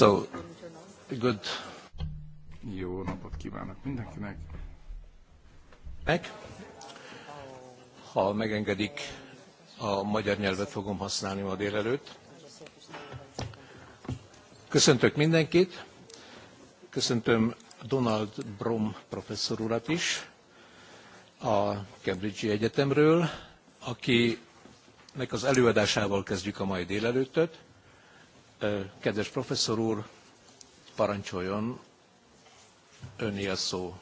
So, good. Jó napot kívánok mindenkinek. Meg. Ha megengedik, a magyar nyelvet fogom használni ma délelőtt. Köszöntök mindenkit. Köszöntöm Donald Brom professzor urat is a Cambridge Egyetemről, akinek az előadásával kezdjük a mai délelőttöt Kedves professzor úr, parancsoljon, öné a szó.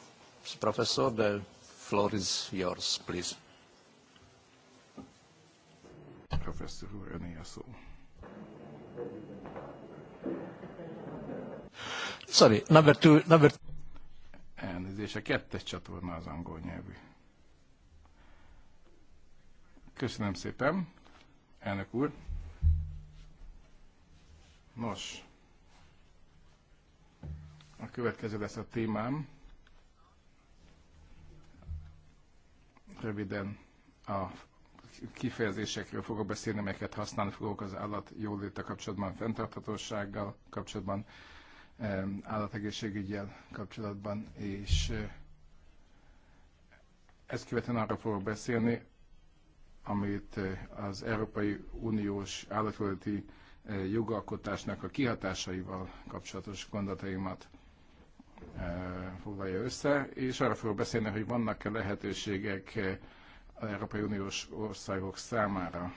Professzor, de floor is yours, please. Professzor úr, öné a szó. Sorry, number two, number two. Elnézés, a kettes csatorna az angol nyelvű. Köszönöm szépen, elnök úr. Nos, a következő lesz a témám. Röviden a kifejezésekről fogok beszélni, melyeket használni fogok az állat jóléte kapcsolatban, fenntarthatósággal kapcsolatban, állategészségügyel kapcsolatban, és eh, ezt követően arra fogok beszélni, amit eh, az Európai Uniós állatjóléti jogalkotásnak a kihatásaival kapcsolatos gondolataimat foglalja össze, és arra fogok beszélni, hogy vannak-e lehetőségek az Európai Uniós országok számára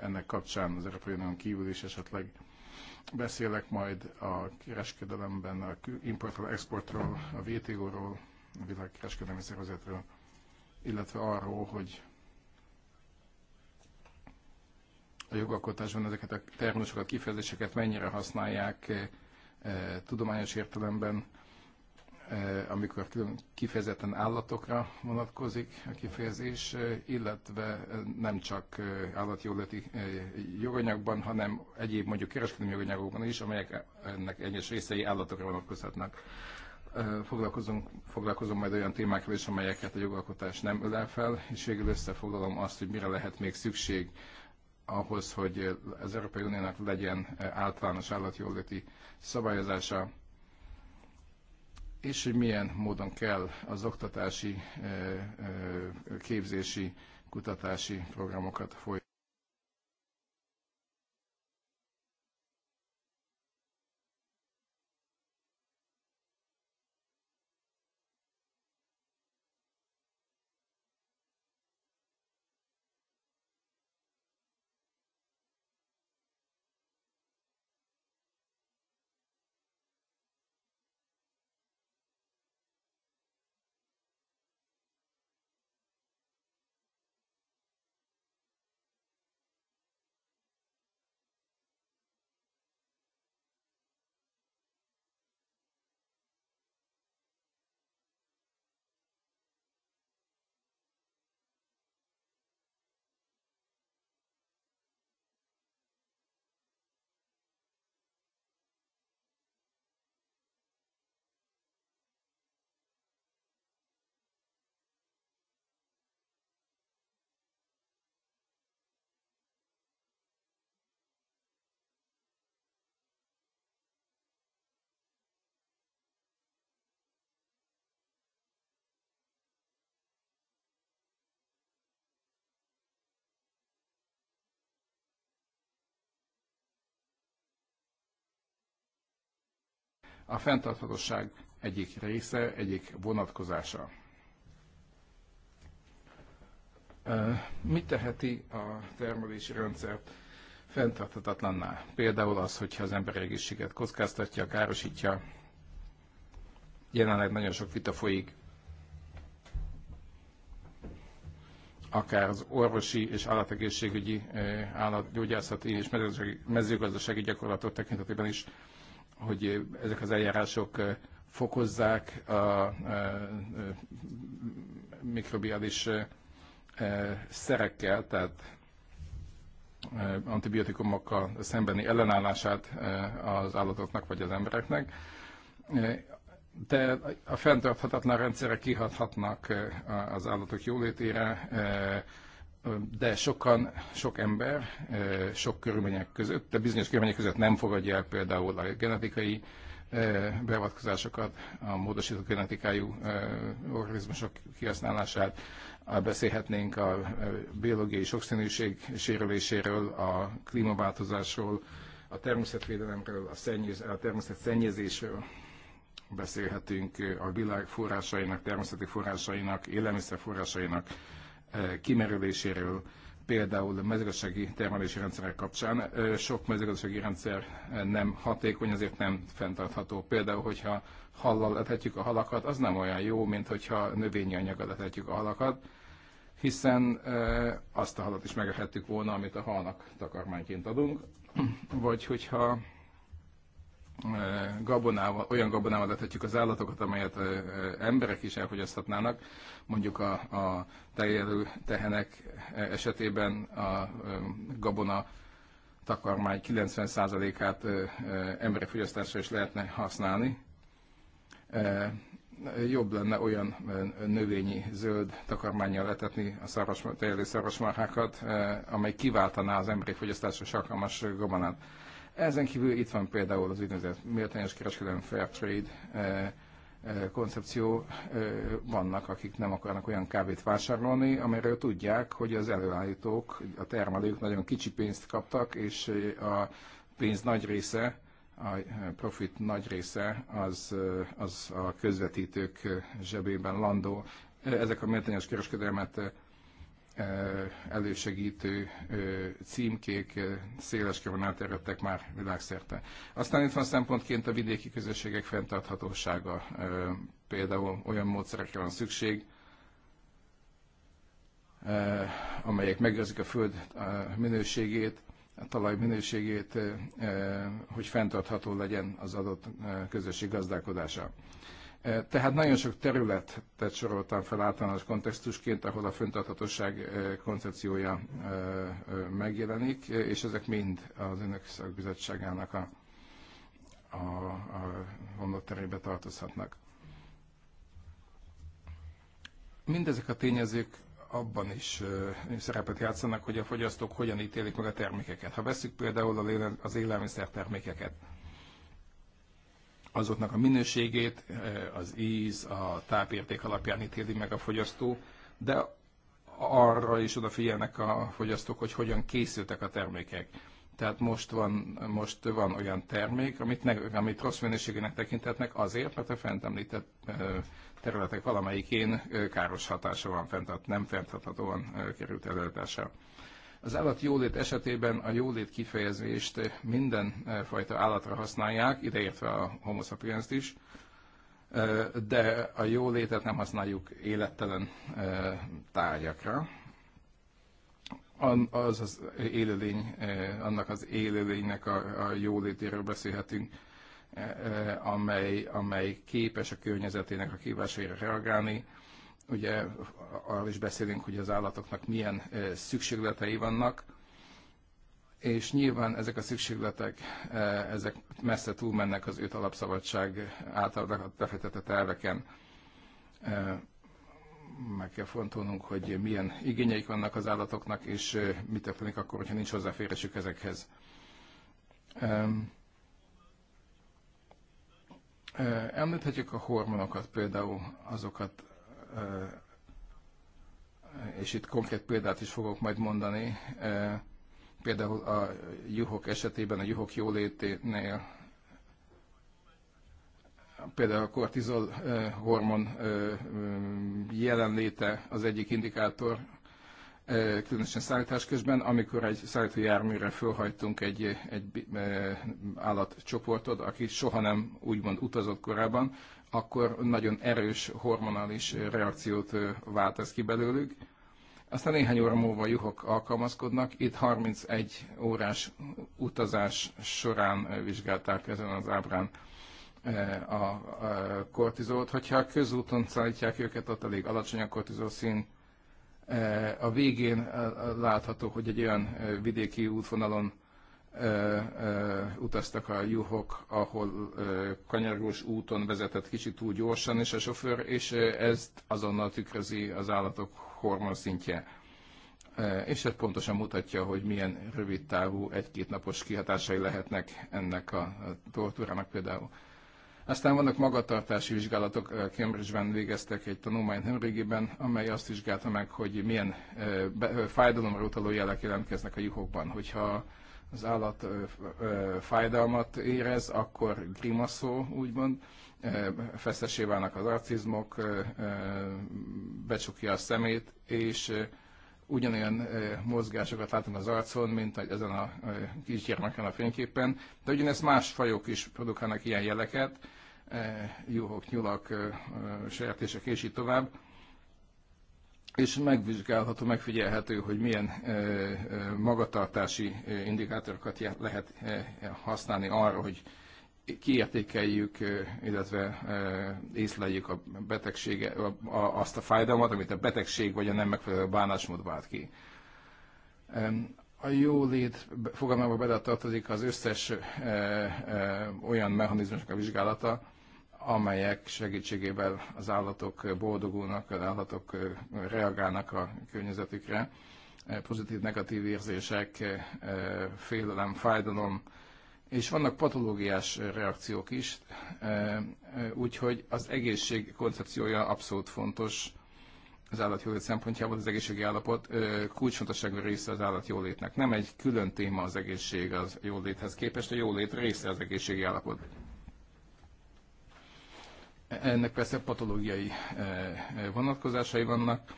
ennek kapcsán az Európai Unión kívül is esetleg beszélek majd a kereskedelemben, a importról, exportról, a WTO-ról, a világkereskedelmi szervezetről, illetve arról, hogy a jogalkotásban ezeket a terminusokat, kifejezéseket mennyire használják eh, eh, tudományos értelemben, eh, amikor kifejezetten állatokra vonatkozik a kifejezés, illetve nem csak e, joganyagban, hanem egyéb mondjuk kereskedelmi joganyagokban is, amelyek ennek egyes részei állatokra vonatkozhatnak. Foglalkozunk, foglalkozom majd olyan témákkal is, amelyeket a jogalkotás nem ölel fel, és végül összefoglalom azt, hogy mire lehet még szükség ahhoz, hogy az Európai Uniónak legyen általános állatjóléti szabályozása, és hogy milyen módon kell az oktatási, képzési, kutatási programokat folytatni. a fenntarthatóság egyik része, egyik vonatkozása. Mit teheti a termelési rendszert fenntarthatatlanná? Például az, hogyha az ember egészséget kockáztatja, károsítja. Jelenleg nagyon sok vita folyik akár az orvosi és állategészségügyi, állatgyógyászati és mezőgazdasági gyakorlatok tekintetében is hogy ezek az eljárások fokozzák a mikrobiális szerekkel, tehát antibiotikumokkal szembeni ellenállását az állatoknak vagy az embereknek, de a fenntarthatatlan rendszerek kihathatnak az állatok jólétére, de sokan, sok ember sok körülmények között, de bizonyos körülmények között nem fogadja el például a genetikai beavatkozásokat, a módosított genetikájú organizmusok kihasználását, beszélhetnénk a biológiai sokszínűség sérüléséről, a klímaváltozásról, a természetvédelemről, a, szennyez, a természet szennyezésről beszélhetünk, a világ forrásainak, természeti forrásainak, élelmiszer forrásainak, kimerüléséről, például a mezőgazdasági termelési rendszerek kapcsán. Sok mezőgazdasági rendszer nem hatékony, azért nem fenntartható. Például, hogyha hallal etetjük a halakat, az nem olyan jó, mint hogyha növényi anyaggal etetjük a halakat, hiszen azt a halat is megehettük volna, amit a halnak takarmányként adunk, vagy hogyha gabonával, olyan gabonával etetjük az állatokat, amelyet emberek is elfogyaszthatnának, mondjuk a, a tejelő tehenek esetében a gabona takarmány 90%-át emberek fogyasztásra is lehetne használni. Jobb lenne olyan növényi zöld takarmányjal letetni a szarvas, teljelő szarvasmarhákat, amely kiváltaná az emberi fogyasztásra alkalmas gabonát ezen kívül itt van például az úgynevezett méltányos kereskedelmi fair trade eh, eh, koncepció, eh, vannak, akik nem akarnak olyan kávét vásárolni, amiről tudják, hogy az előállítók, a termelők nagyon kicsi pénzt kaptak, és a pénz nagy része, a profit nagy része az, az a közvetítők zsebében landó. Ezek a méltányos kereskedelmet elősegítő címkék széles körben elterjedtek már világszerte. Aztán itt van szempontként a vidéki közösségek fenntarthatósága. Például olyan módszerekre van szükség, amelyek megőrzik a föld minőségét, a talaj minőségét, hogy fenntartható legyen az adott közösség gazdálkodása. E, tehát nagyon sok területet soroltam fel általános kontextusként, ahol a föntarthatóság e, koncepciója e, megjelenik, és ezek mind az önök szakbizottságának a, a, a homlokterébe tartozhatnak. Mindezek a tényezők abban is szerepet játszanak, hogy a fogyasztók hogyan ítélik meg a termékeket. Ha veszük például az élelmiszer termékeket, azoknak a minőségét eh, az íz, a tápérték alapján ítéli meg a fogyasztó, de arra is odafigyelnek a fogyasztók, hogy hogyan készültek a termékek. Tehát most van, most van olyan termék, amit, ne, amit rossz minőségének tekintetnek azért, mert a fent említett eh, területek valamelyikén eh, káros hatása van, tehát nem fenntarthatóan került előadásra. Az állat jólét esetében a jólét kifejezést minden e, fajta állatra használják, ideértve a homo sapiens is, e, de a jólétet nem használjuk élettelen e, tárgyakra. Az az élőlény, annak az élőlénynek a, a jólétéről beszélhetünk, amely, amely képes a környezetének a kívásaira reagálni, ugye arról is beszélünk, hogy az állatoknak milyen szükségletei vannak, és nyilván ezek a szükségletek, ezek messze túlmennek az öt alapszabadság által befektetett elveken. Meg kell fontolnunk, hogy milyen igényeik vannak az állatoknak, és mit történik akkor, hogyha nincs hozzáférésük ezekhez. Említhetjük a hormonokat, például azokat Eh, és itt konkrét példát is fogok majd mondani, eh, például a juhok esetében, a juhok jóléténél, például a kortizol eh, hormon jelenléte az egyik indikátor, különösen szállítás közben, amikor egy szállítójárműre fölhajtunk egy, egy állatcsoportot, aki soha nem úgymond utazott korábban, akkor nagyon erős hormonális reakciót vált ez ki belőlük. Aztán néhány óra múlva juhok alkalmazkodnak. Itt 31 órás utazás során vizsgálták ezen az ábrán a kortizolt. Hogyha közúton szállítják őket, ott elég alacsony a kortizol szín. A végén látható, hogy egy olyan vidéki útvonalon utaztak a juhok, ahol kanyargós úton vezetett kicsit túl gyorsan, és a sofőr, és ezt azonnal tükrözi az állatok hormonszintje. És ez pontosan mutatja, hogy milyen rövid távú, egy-két napos kihatásai lehetnek ennek a tortúrának például. Aztán vannak magatartási vizsgálatok, Cambridge-ben végeztek egy tanulmányt nemrégiben, amely azt vizsgálta meg, hogy milyen fájdalomra utaló jelek jelentkeznek a juhokban. Hogyha az állat ö, ö, fájdalmat érez, akkor grimaszó, úgymond, feszesé válnak az arcizmok, becsukja a szemét, és ugyanolyan mozgásokat látunk az arcon, mint ezen a kisgyermeken a fényképen, de ugyanezt más fajok is produkálnak ilyen jeleket, juhok, nyulak, sejtések, és így tovább és megvizsgálható, megfigyelhető, hogy milyen magatartási indikátorokat lehet használni arra, hogy kiértékeljük, illetve észleljük a betegsége, azt a fájdalmat, amit a betegség vagy a nem megfelelő bánásmód vált ki. A lét fogalmába beletartozik az összes olyan mechanizmusok a vizsgálata, amelyek segítségével az állatok boldogulnak, az állatok reagálnak a környezetükre. Pozitív-negatív érzések, félelem, fájdalom, és vannak patológiás reakciók is, úgyhogy az egészség koncepciója abszolút fontos az állatjólét szempontjából, az egészségi állapot kulcsfontosságú része az állatjólétnek. Nem egy külön téma az egészség az jóléthez képest, a jólét része az egészségi állapot. Ennek persze patológiai eh, eh, vonatkozásai vannak.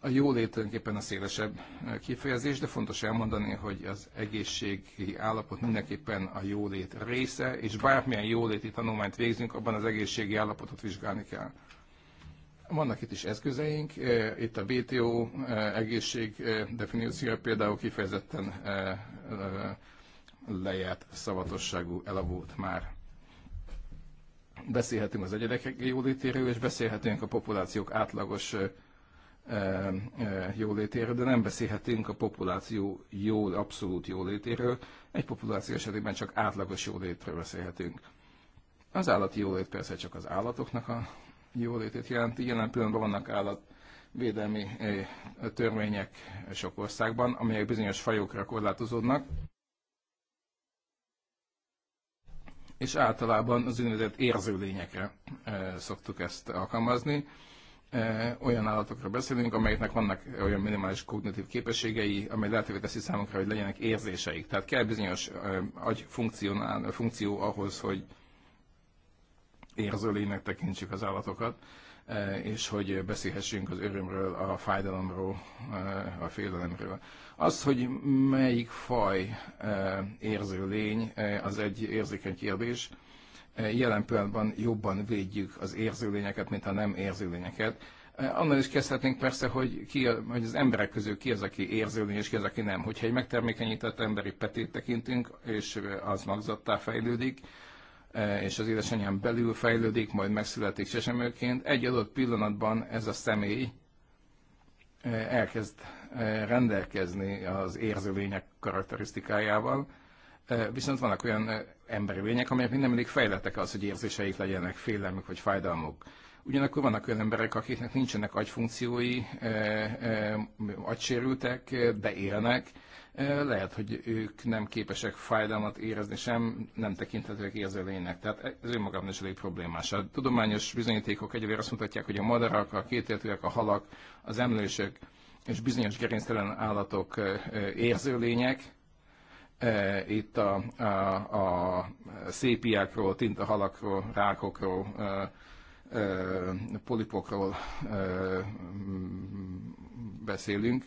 A jólét tulajdonképpen a szélesebb eh, kifejezés, de fontos elmondani, hogy az egészségi állapot mindenképpen a jólét része, és bármilyen jóléti tanulmányt végzünk, abban az egészségi állapotot vizsgálni kell. Vannak itt is eszközeink, itt a BTO egészség definíciója például kifejezetten lejárt szavatosságú elavult már. Beszélhetünk az egyedek jólétéről, és beszélhetünk a populációk átlagos jólétéről, de nem beszélhetünk a populáció jól, abszolút jólétéről. Egy populáció esetében csak átlagos jólétről beszélhetünk. Az állati jólét persze csak az állatoknak a jólétét jelenti. Jelen pillanatban vannak állatvédelmi törvények sok országban, amelyek bizonyos fajokra korlátozódnak. és általában az úgynevezett érző lényekre szoktuk ezt alkalmazni. Olyan állatokra beszélünk, amelyeknek vannak olyan minimális kognitív képességei, amely lehetővé teszi számunkra, hogy legyenek érzéseik. Tehát kell bizonyos agy funkció ahhoz, hogy érző lénynek tekintsük az állatokat. Eh, és hogy beszélhessünk az örömről, a fájdalomról, eh, a félelemről. Az, hogy melyik faj eh, érző lény, az egy érzékeny kérdés. Jelen pillanatban jobban védjük az érző lényeket, mint a nem érző lényeket. Annál is kezdhetnénk persze, hogy, ki, hogy az emberek közül ki az, aki lény és ki az, aki nem. Hogyha egy megtermékenyített emberi petét tekintünk, és az magzattá fejlődik, E, és az édesanyám belül fejlődik, majd megszületik sesemőként, egy adott pillanatban ez a személy e, elkezd e, rendelkezni az érző lények karakterisztikájával, viszont vannak olyan emberi lények, amelyek nem elég fejlettek az, hogy érzéseik legyenek, félelmük vagy fájdalmuk. Ugyanakkor vannak olyan emberek, akiknek nincsenek agyfunkciói, agysérültek, de élnek, lehet, hogy ők nem képesek fájdalmat érezni sem, nem tekinthetőek lénynek. Tehát ez önmagában is elég problémás. A tudományos bizonyítékok egyelőre azt mutatják, hogy a madarak, a kétértőek, a halak, az emlősök és bizonyos gerinctelen állatok lények, itt a, a, a szépiákról, tintahalakról, rákokról, polipokról beszélünk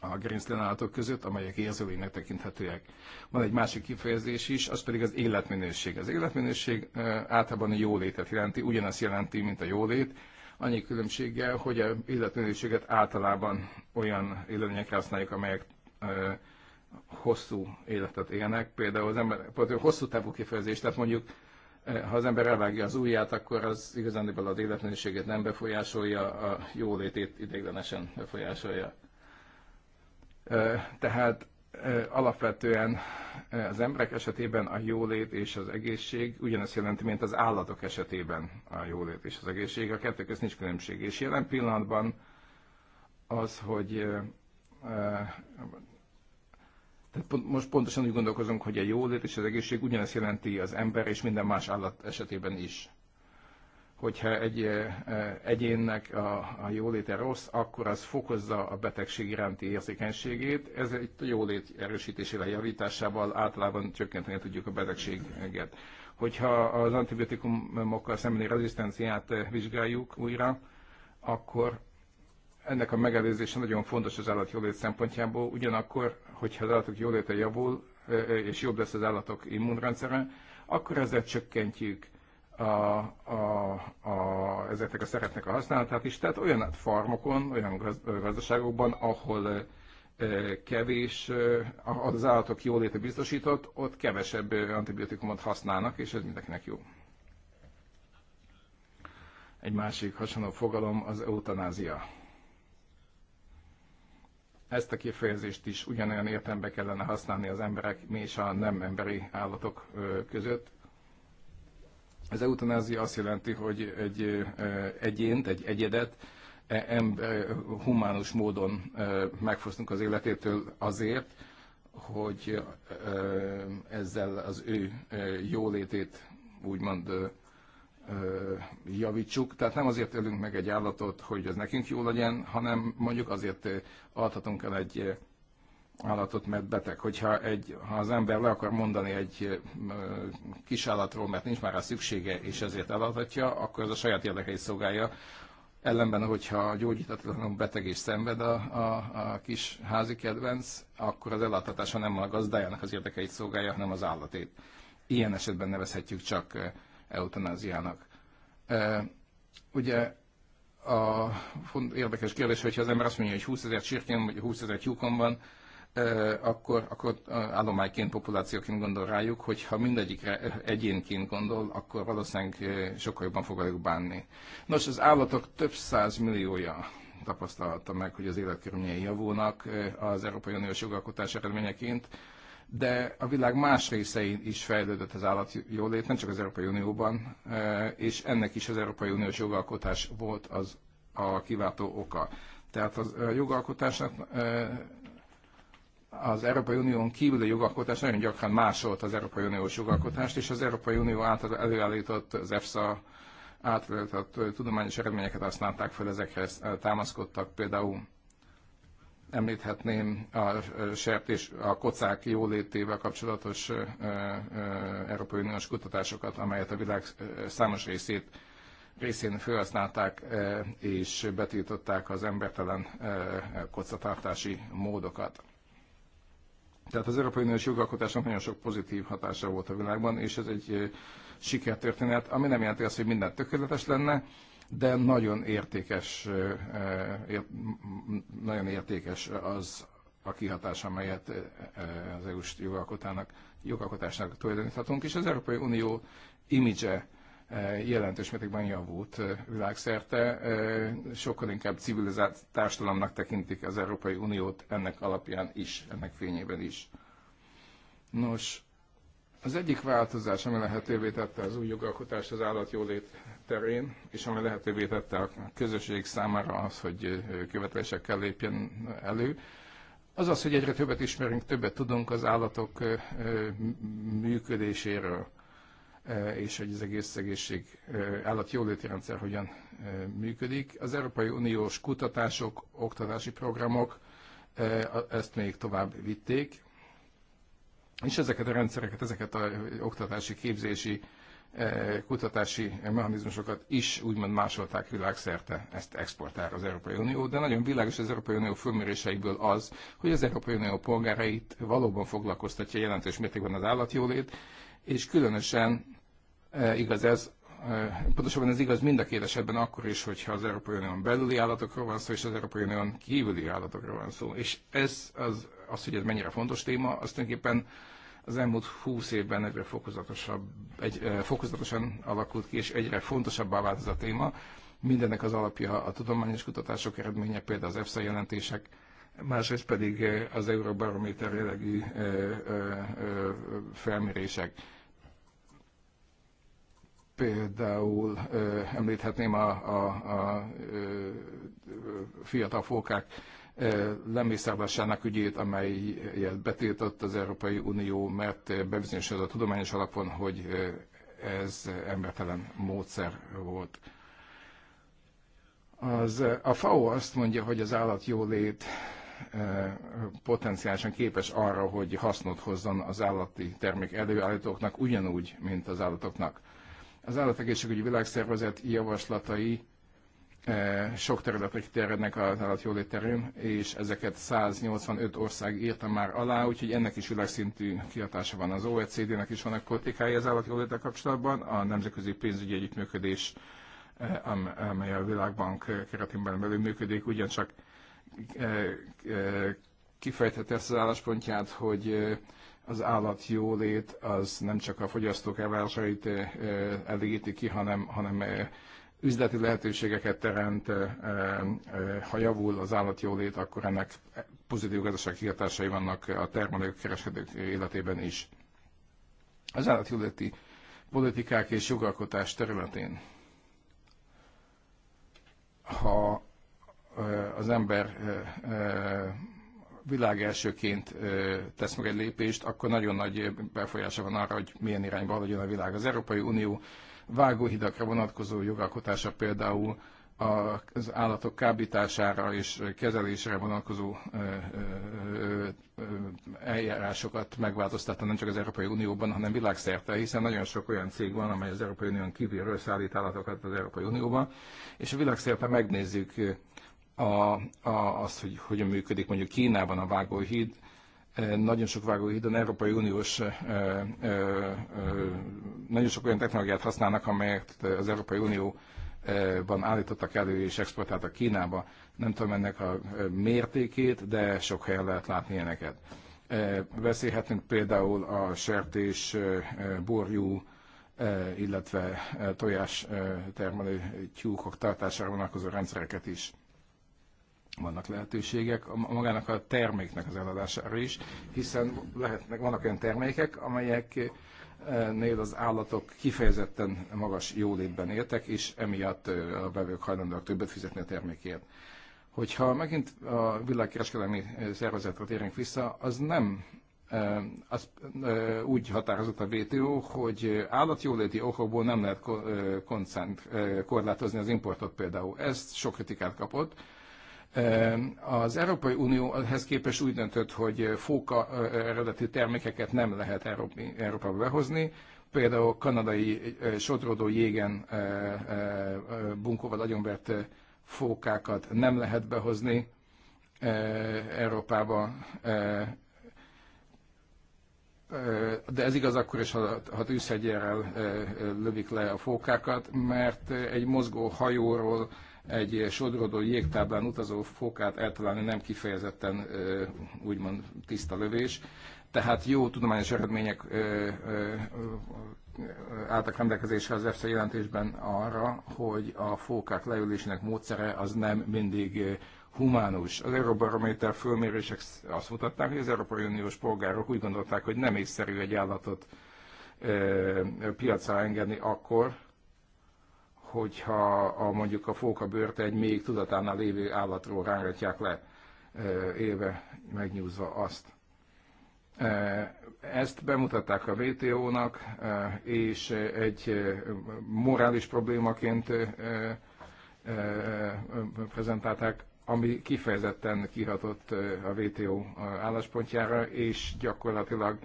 a gerinctelen állatok között, amelyek érzőlénynek tekinthetőek. Van egy másik kifejezés is, az pedig az életminőség. Az életminőség általában a jólétet jelenti, ugyanazt jelenti, mint a jólét, annyi különbséggel, hogy a életminőséget általában olyan élőlényekre használjuk, amelyek hosszú életet élnek. Például az ember, például hosszú távú kifejezés, tehát mondjuk ha az ember elvágja az ujját, akkor az igazándiból az életminőséget nem befolyásolja, a jólétét ideiglenesen befolyásolja. Tehát alapvetően az emberek esetében a jólét és az egészség ugyanezt jelenti, mint az állatok esetében a jólét és az egészség. A kettő között nincs különbség. És jelen pillanatban az, hogy tehát most pontosan úgy gondolkozunk, hogy a jólét és az egészség ugyanezt jelenti az ember és minden más állat esetében is hogyha egy egyénnek a, a jóléte rossz, akkor az fokozza a betegség iránti érzékenységét. Ez egy jólét erősítésével, javításával általában csökkenteni tudjuk a betegséget. Hogyha az antibiotikumokkal szembeni rezisztenciát vizsgáljuk újra, akkor ennek a megelőzése nagyon fontos az állat jólét szempontjából, ugyanakkor, hogyha az állatok jóléte javul, és jobb lesz az állatok immunrendszere, akkor ezzel csökkentjük a, a, a, ezeknek a szeretnek a használatát is, tehát olyan farmokon, olyan gazdaságokban, ahol kevés, az állatok jóléte biztosított, ott kevesebb antibiotikumot használnak, és ez mindenkinek jó. Egy másik hasonló fogalom az eutanázia. Ezt a kifejezést is ugyanolyan értelembe kellene használni az emberek és a nem emberi állatok között, az eutanázia azt jelenti, hogy egy egyént, egy egyedet e, ember, humánus módon megfosztunk az életétől azért, hogy ezzel az ő jólétét úgymond javítsuk. Tehát nem azért ölünk meg egy állatot, hogy ez nekünk jó legyen, hanem mondjuk azért adhatunk el egy állatot, mert beteg. Hogyha egy, ha az ember le akar mondani egy kis állatról, mert nincs már rá szüksége, és ezért eladhatja, akkor ez a saját érdekei szolgálja. Ellenben, hogyha gyógyítatlanul beteg és szenved a, a, a kis házi kedvenc, akkor az eladhatása nem a gazdájának az érdekeit szolgálja, hanem az állatét. Ilyen esetben nevezhetjük csak eutanáziának. Ugye a érdekes kérdés, hogyha az ember azt mondja, hogy 20 ezer csirkén vagy 20 ezer tyúkon van, akkor, akkor állományként, populációként gondol rájuk, hogy ha mindegyikre egyénként gondol, akkor valószínűleg sokkal jobban fog velük bánni. Nos, az állatok több száz milliója tapasztalta meg, hogy az életkörülményei javulnak az Európai Uniós jogalkotás eredményeként, de a világ más részein is fejlődött az állatjólét, nem csak az Európai Unióban, és ennek is az Európai Uniós jogalkotás volt az a kiváltó oka. Tehát az jogalkotásnak az Európai Unión kívüli jogalkotás nagyon gyakran másolt az Európai Uniós jogalkotást, és az Európai Unió által előállított, az EFSA által előállított tudományos eredményeket használták fel, ezekre támaszkodtak például említhetném a sertés, a kocák jólétével kapcsolatos Európai Uniós kutatásokat, amelyet a világ számos részét részén felhasználták és betiltották az embertelen kocatartási módokat. Tehát az Európai Uniós jogalkotásnak nagyon sok pozitív hatása volt a világban, és ez egy sikertörténet, ami nem jelenti azt, hogy minden tökéletes lenne, de nagyon értékes, nagyon értékes az a kihatás, amelyet az EU-s jogalkotásnak, jogalkotásnak tulajdoníthatunk, és az Európai Unió imidzse jelentős mértékben javult világszerte. Sokkal inkább civilizált társadalomnak tekintik az Európai Uniót ennek alapján is, ennek fényében is. Nos, az egyik változás, ami lehetővé tette az új jogalkotást az állatjólét terén, és ami lehetővé tette a közösség számára az, hogy követelésekkel lépjen elő, az az, hogy egyre többet ismerünk, többet tudunk az állatok működéséről E, és hogy az egész egészség e, jóléti rendszer hogyan e, működik. Az Európai Uniós kutatások, oktatási programok ezt még tovább vitték, és ezeket a rendszereket, ezeket a oktatási, képzési, kutatási mechanizmusokat is úgymond másolták világszerte, ezt exportál az Európai Unió, de nagyon világos az Európai Unió fölméréseiből az, hogy az Európai Unió polgárait valóban foglalkoztatja jelentős mértékben az állatjólét, és különösen e, igaz ez, e, pontosabban ez igaz mind a két esetben akkor is, hogyha az Európai Unión belüli állatokról van szó, és az Európai Unión kívüli állatokról van szó. És ez az, az hogy ez mennyire fontos téma, az tulajdonképpen az elmúlt húsz évben egyre fokozatosabb, egy, e, fokozatosan alakult ki, és egyre fontosabbá vált ez a téma. Mindennek az alapja a tudományos kutatások eredménye, például az EFSA jelentések, másrészt pedig az Euróbarométer jellegű felmérések Például ö, említhetném a, a, a ö, fiatal fókák lemészárlásának ügyét, amelyet betiltott az Európai Unió, mert bebizonyosodott tudományos alapon, hogy ez embertelen módszer volt. Az, a FAO azt mondja, hogy az állat jólét potenciálisan képes arra, hogy hasznot hozzon az állati termék előállítóknak, ugyanúgy, mint az állatoknak. Az Állategészségügyi Világszervezet javaslatai eh, sok területre kiterjednek az állatjólét terén, és ezeket 185 ország írta már alá, úgyhogy ennek is világszintű kiadása van az OECD-nek is vannak politikája az állatjóléttel kapcsolatban, a nemzetközi pénzügyi együttműködés, eh, amely a Világbank keretében belül működik, ugyancsak eh, kifejtette ezt az álláspontját, hogy az állatjólét az nem csak a fogyasztók elvárásait elégíti ki, hanem, hanem üzleti lehetőségeket teremt, ha javul az állatjólét, akkor ennek pozitív gazdasági kihatásai vannak a termelők, kereskedők életében is. Az állatjóléti politikák és jogalkotás területén, ha az ember világ elsőként tesz meg egy lépést, akkor nagyon nagy befolyása van arra, hogy milyen irányba haladjon a világ. Az Európai Unió vágóhidakra vonatkozó jogalkotása például az állatok kábítására és kezelésre vonatkozó eljárásokat megváltoztatta nem csak az Európai Unióban, hanem világszerte, hiszen nagyon sok olyan cég van, amely az Európai Unión kívülről szállít állatokat az Európai Unióban, és a világszerte megnézzük a, a, azt, hogy hogyan működik mondjuk Kínában a vágóhíd, e, nagyon sok vágóhídon Európai Uniós, e, e, nagyon sok olyan technológiát használnak, amelyet az Európai Unióban állítottak elő és exportáltak Kínába. Nem tudom ennek a mértékét, de sok helyen lehet látni ilyeneket. Beszélhetünk például a sertés, borjú, illetve tojás termelő tyúkok tartására vonatkozó rendszereket is vannak lehetőségek magának a terméknek az eladására is, hiszen lehetnek, vannak olyan termékek, amelyek nél az állatok kifejezetten magas jólétben éltek, és emiatt a bevők hajlandóak többet fizetni a termékért. Hogyha megint a világkereskedelmi szervezetre térünk vissza, az nem az úgy határozott a WTO, hogy állatjóléti okokból nem lehet korlátozni az importot például. Ezt sok kritikát kapott, az Európai Unióhez képest úgy döntött, hogy fóka eredeti termékeket nem lehet Európába behozni, például kanadai sodródó jégen bunkóval agyonvert fókákat nem lehet behozni Európába, de ez igaz akkor is, ha, ha tűzhegyérrel lövik le a fókákat, mert egy mozgó hajóról egy sodrodó jégtáblán utazó fokát eltalálni nem kifejezetten úgymond tiszta lövés. Tehát jó tudományos eredmények álltak rendelkezésre az EFSA jelentésben arra, hogy a fókák leülésének módszere az nem mindig humánus. Az Eurobarométer fölmérések azt mutatták, hogy az Európai Uniós polgárok úgy gondolták, hogy nem észszerű egy állatot piacra engedni akkor, hogyha a, mondjuk a fóka bőrt egy még tudatánál lévő állatról rángatják le, élve megnyúzva azt. Ezt bemutatták a WTO-nak, és egy morális problémaként prezentálták, ami kifejezetten kihatott a WTO álláspontjára, és gyakorlatilag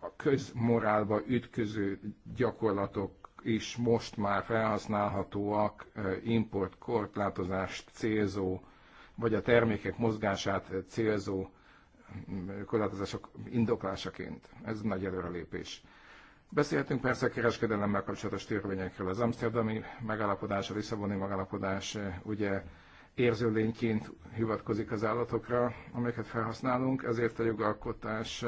a közmorálba ütköző gyakorlatok is most már felhasználhatóak importkorlátozást célzó, vagy a termékek mozgását célzó mm, korlátozások indoklásaként. Ez nagy előrelépés. Beszéltünk persze a kereskedelemmel kapcsolatos törvényekről. Az amsterdami megállapodás, a Lisszaboni megállapodás ugye érzőlényként hivatkozik az állatokra, amelyeket felhasználunk, ezért a jogalkotás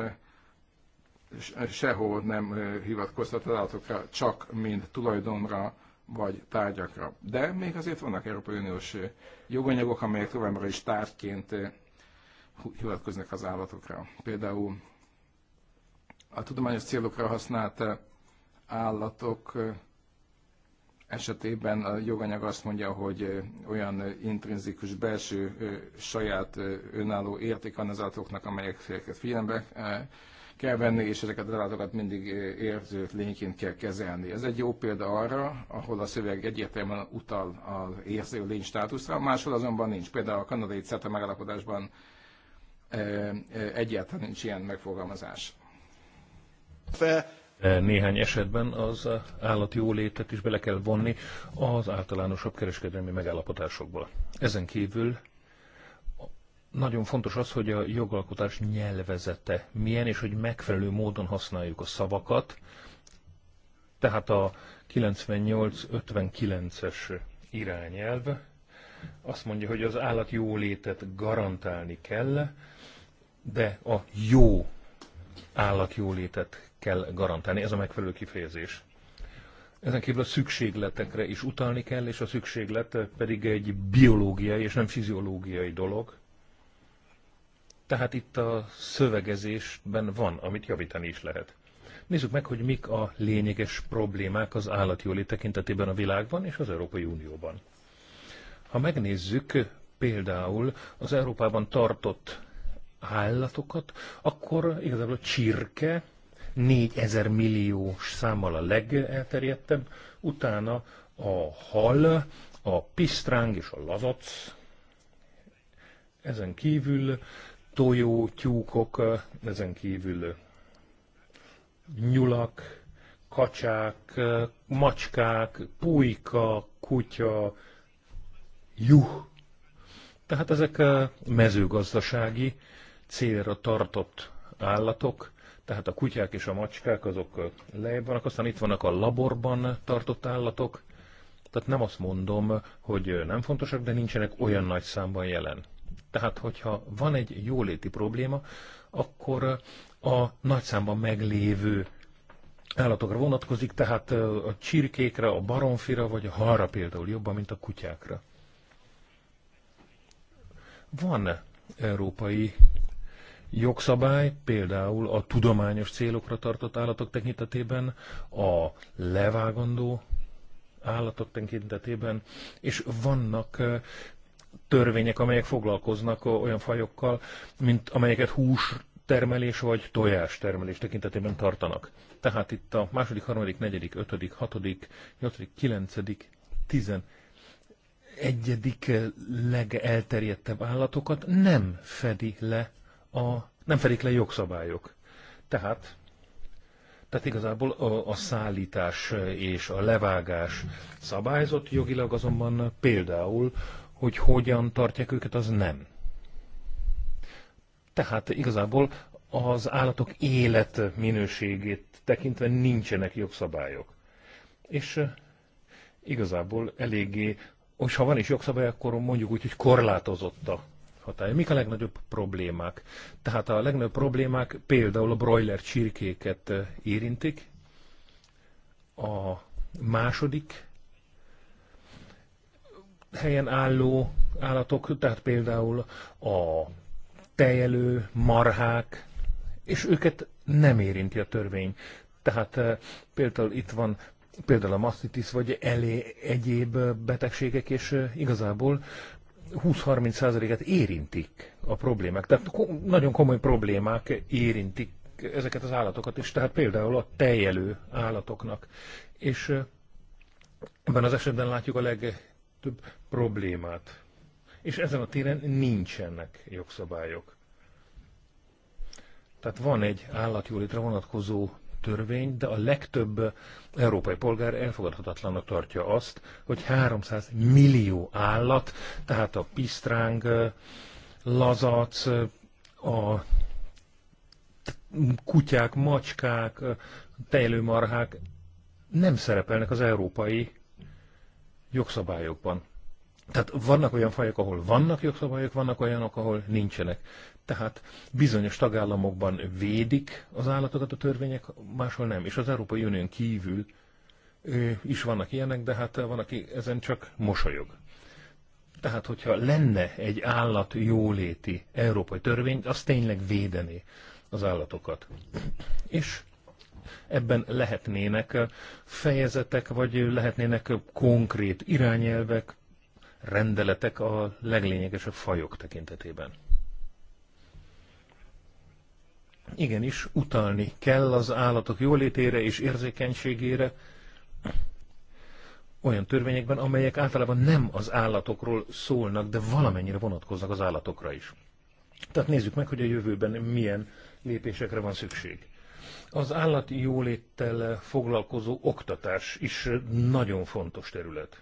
sehol nem hivatkoztat az állatokra, csak mint tulajdonra vagy tárgyakra. De még azért vannak Európai Uniós joganyagok, amelyek továbbra is tárgyként hivatkoznak az állatokra. Például a tudományos célokra használt állatok esetében a joganyag azt mondja, hogy olyan intrinzikus belső saját önálló érték van az állatoknak, amelyeket figyelembe kell venni, és ezeket a találatokat mindig eh, érző lényként kell kezelni. Ez egy jó példa arra, ahol a szöveg egyértelműen utal az érző lény státuszra, máshol azonban nincs. Például a kanadai CETA megállapodásban eh, eh, egyáltalán nincs ilyen megfogalmazás. Néhány esetben az jólétet is bele kell vonni az általánosabb kereskedelmi megállapodásokból. Ezen kívül nagyon fontos az, hogy a jogalkotás nyelvezete milyen, és hogy megfelelő módon használjuk a szavakat. Tehát a 98-59-es irányelv azt mondja, hogy az állat jólétet garantálni kell, de a jó állat jólétet kell garantálni. Ez a megfelelő kifejezés. Ezen kívül a szükségletekre is utalni kell, és a szükséglet pedig egy biológiai és nem fiziológiai dolog. Tehát itt a szövegezésben van, amit javítani is lehet. Nézzük meg, hogy mik a lényeges problémák az állatjóli tekintetében a világban és az Európai Unióban. Ha megnézzük például az Európában tartott állatokat, akkor igazából a csirke 4000 milliós számmal a legelterjedtebb, utána a hal, a pisztráng és a lazac, ezen kívül tojó, tyúkok, ezen kívül nyulak, kacsák, macskák, pulyka, kutya, juh. Tehát ezek mezőgazdasági célra tartott állatok, tehát a kutyák és a macskák azok lejjebb vannak, aztán itt vannak a laborban tartott állatok, tehát nem azt mondom, hogy nem fontosak, de nincsenek olyan nagy számban jelen. Tehát, hogyha van egy jóléti probléma, akkor a nagyszámban meglévő állatokra vonatkozik, tehát a csirkékre, a baromfira vagy a halra például jobban, mint a kutyákra. Van európai jogszabály, például a tudományos célokra tartott állatok tekintetében, a levágandó állatok tekintetében, és vannak törvények, amelyek foglalkoznak olyan fajokkal, mint amelyeket hús termelés vagy tojás termelés tekintetében tartanak. Tehát itt a második, harmadik, negyedik, ötödik, hatodik, nyolcadik, kilencedik, tizen egyedik eh, legelterjedtebb állatokat nem fedi le a, nem fedik le jogszabályok. Tehát, tehát igazából a, a szállítás eh, és a levágás szabályzott jogilag azonban például hogy hogyan tartják őket, az nem. Tehát igazából az állatok élet minőségét tekintve nincsenek jogszabályok. És eh, igazából eléggé, és ha van is jogszabály, akkor mondjuk úgy, hogy korlátozott a hatály. Mik a legnagyobb problémák? Tehát a legnagyobb problémák például a broiler csirkéket eh, érintik, a második helyen álló állatok, tehát például a tejelő, marhák, és őket nem érinti a törvény. Tehát eh, például itt van például a mastitis vagy elé egyéb eh, betegségek, és eh, igazából 20-30%-et érintik a problémák. Tehát nagyon komoly problémák érintik ezeket az állatokat is, tehát például a tejelő állatoknak. És ebben az esetben látjuk a leg több problémát. És ezen a téren nincsenek jogszabályok. Tehát van egy állatjólétre vonatkozó törvény, de a legtöbb európai polgár elfogadhatatlannak tartja azt, hogy 300 millió állat, tehát a pisztráng, lazac, a kutyák, macskák, tejlőmarhák nem szerepelnek az európai jogszabályokban. Tehát vannak olyan fajok, ahol vannak jogszabályok, vannak olyanok, ahol nincsenek. Tehát bizonyos tagállamokban védik az állatokat a törvények, máshol nem. És az Európai Unión kívül is vannak ilyenek, de hát van, aki ezen csak mosolyog. Tehát, hogyha lenne egy állat jóléti európai törvény, az tényleg védené az állatokat. És ebben lehetnének fejezetek, vagy lehetnének konkrét irányelvek, rendeletek a leglényegesebb fajok tekintetében. Igenis, utalni kell az állatok jólétére és érzékenységére olyan törvényekben, amelyek általában nem az állatokról szólnak, de valamennyire vonatkoznak az állatokra is. Tehát nézzük meg, hogy a jövőben milyen lépésekre van szükség. Az állati jóléttel foglalkozó oktatás is nagyon fontos terület.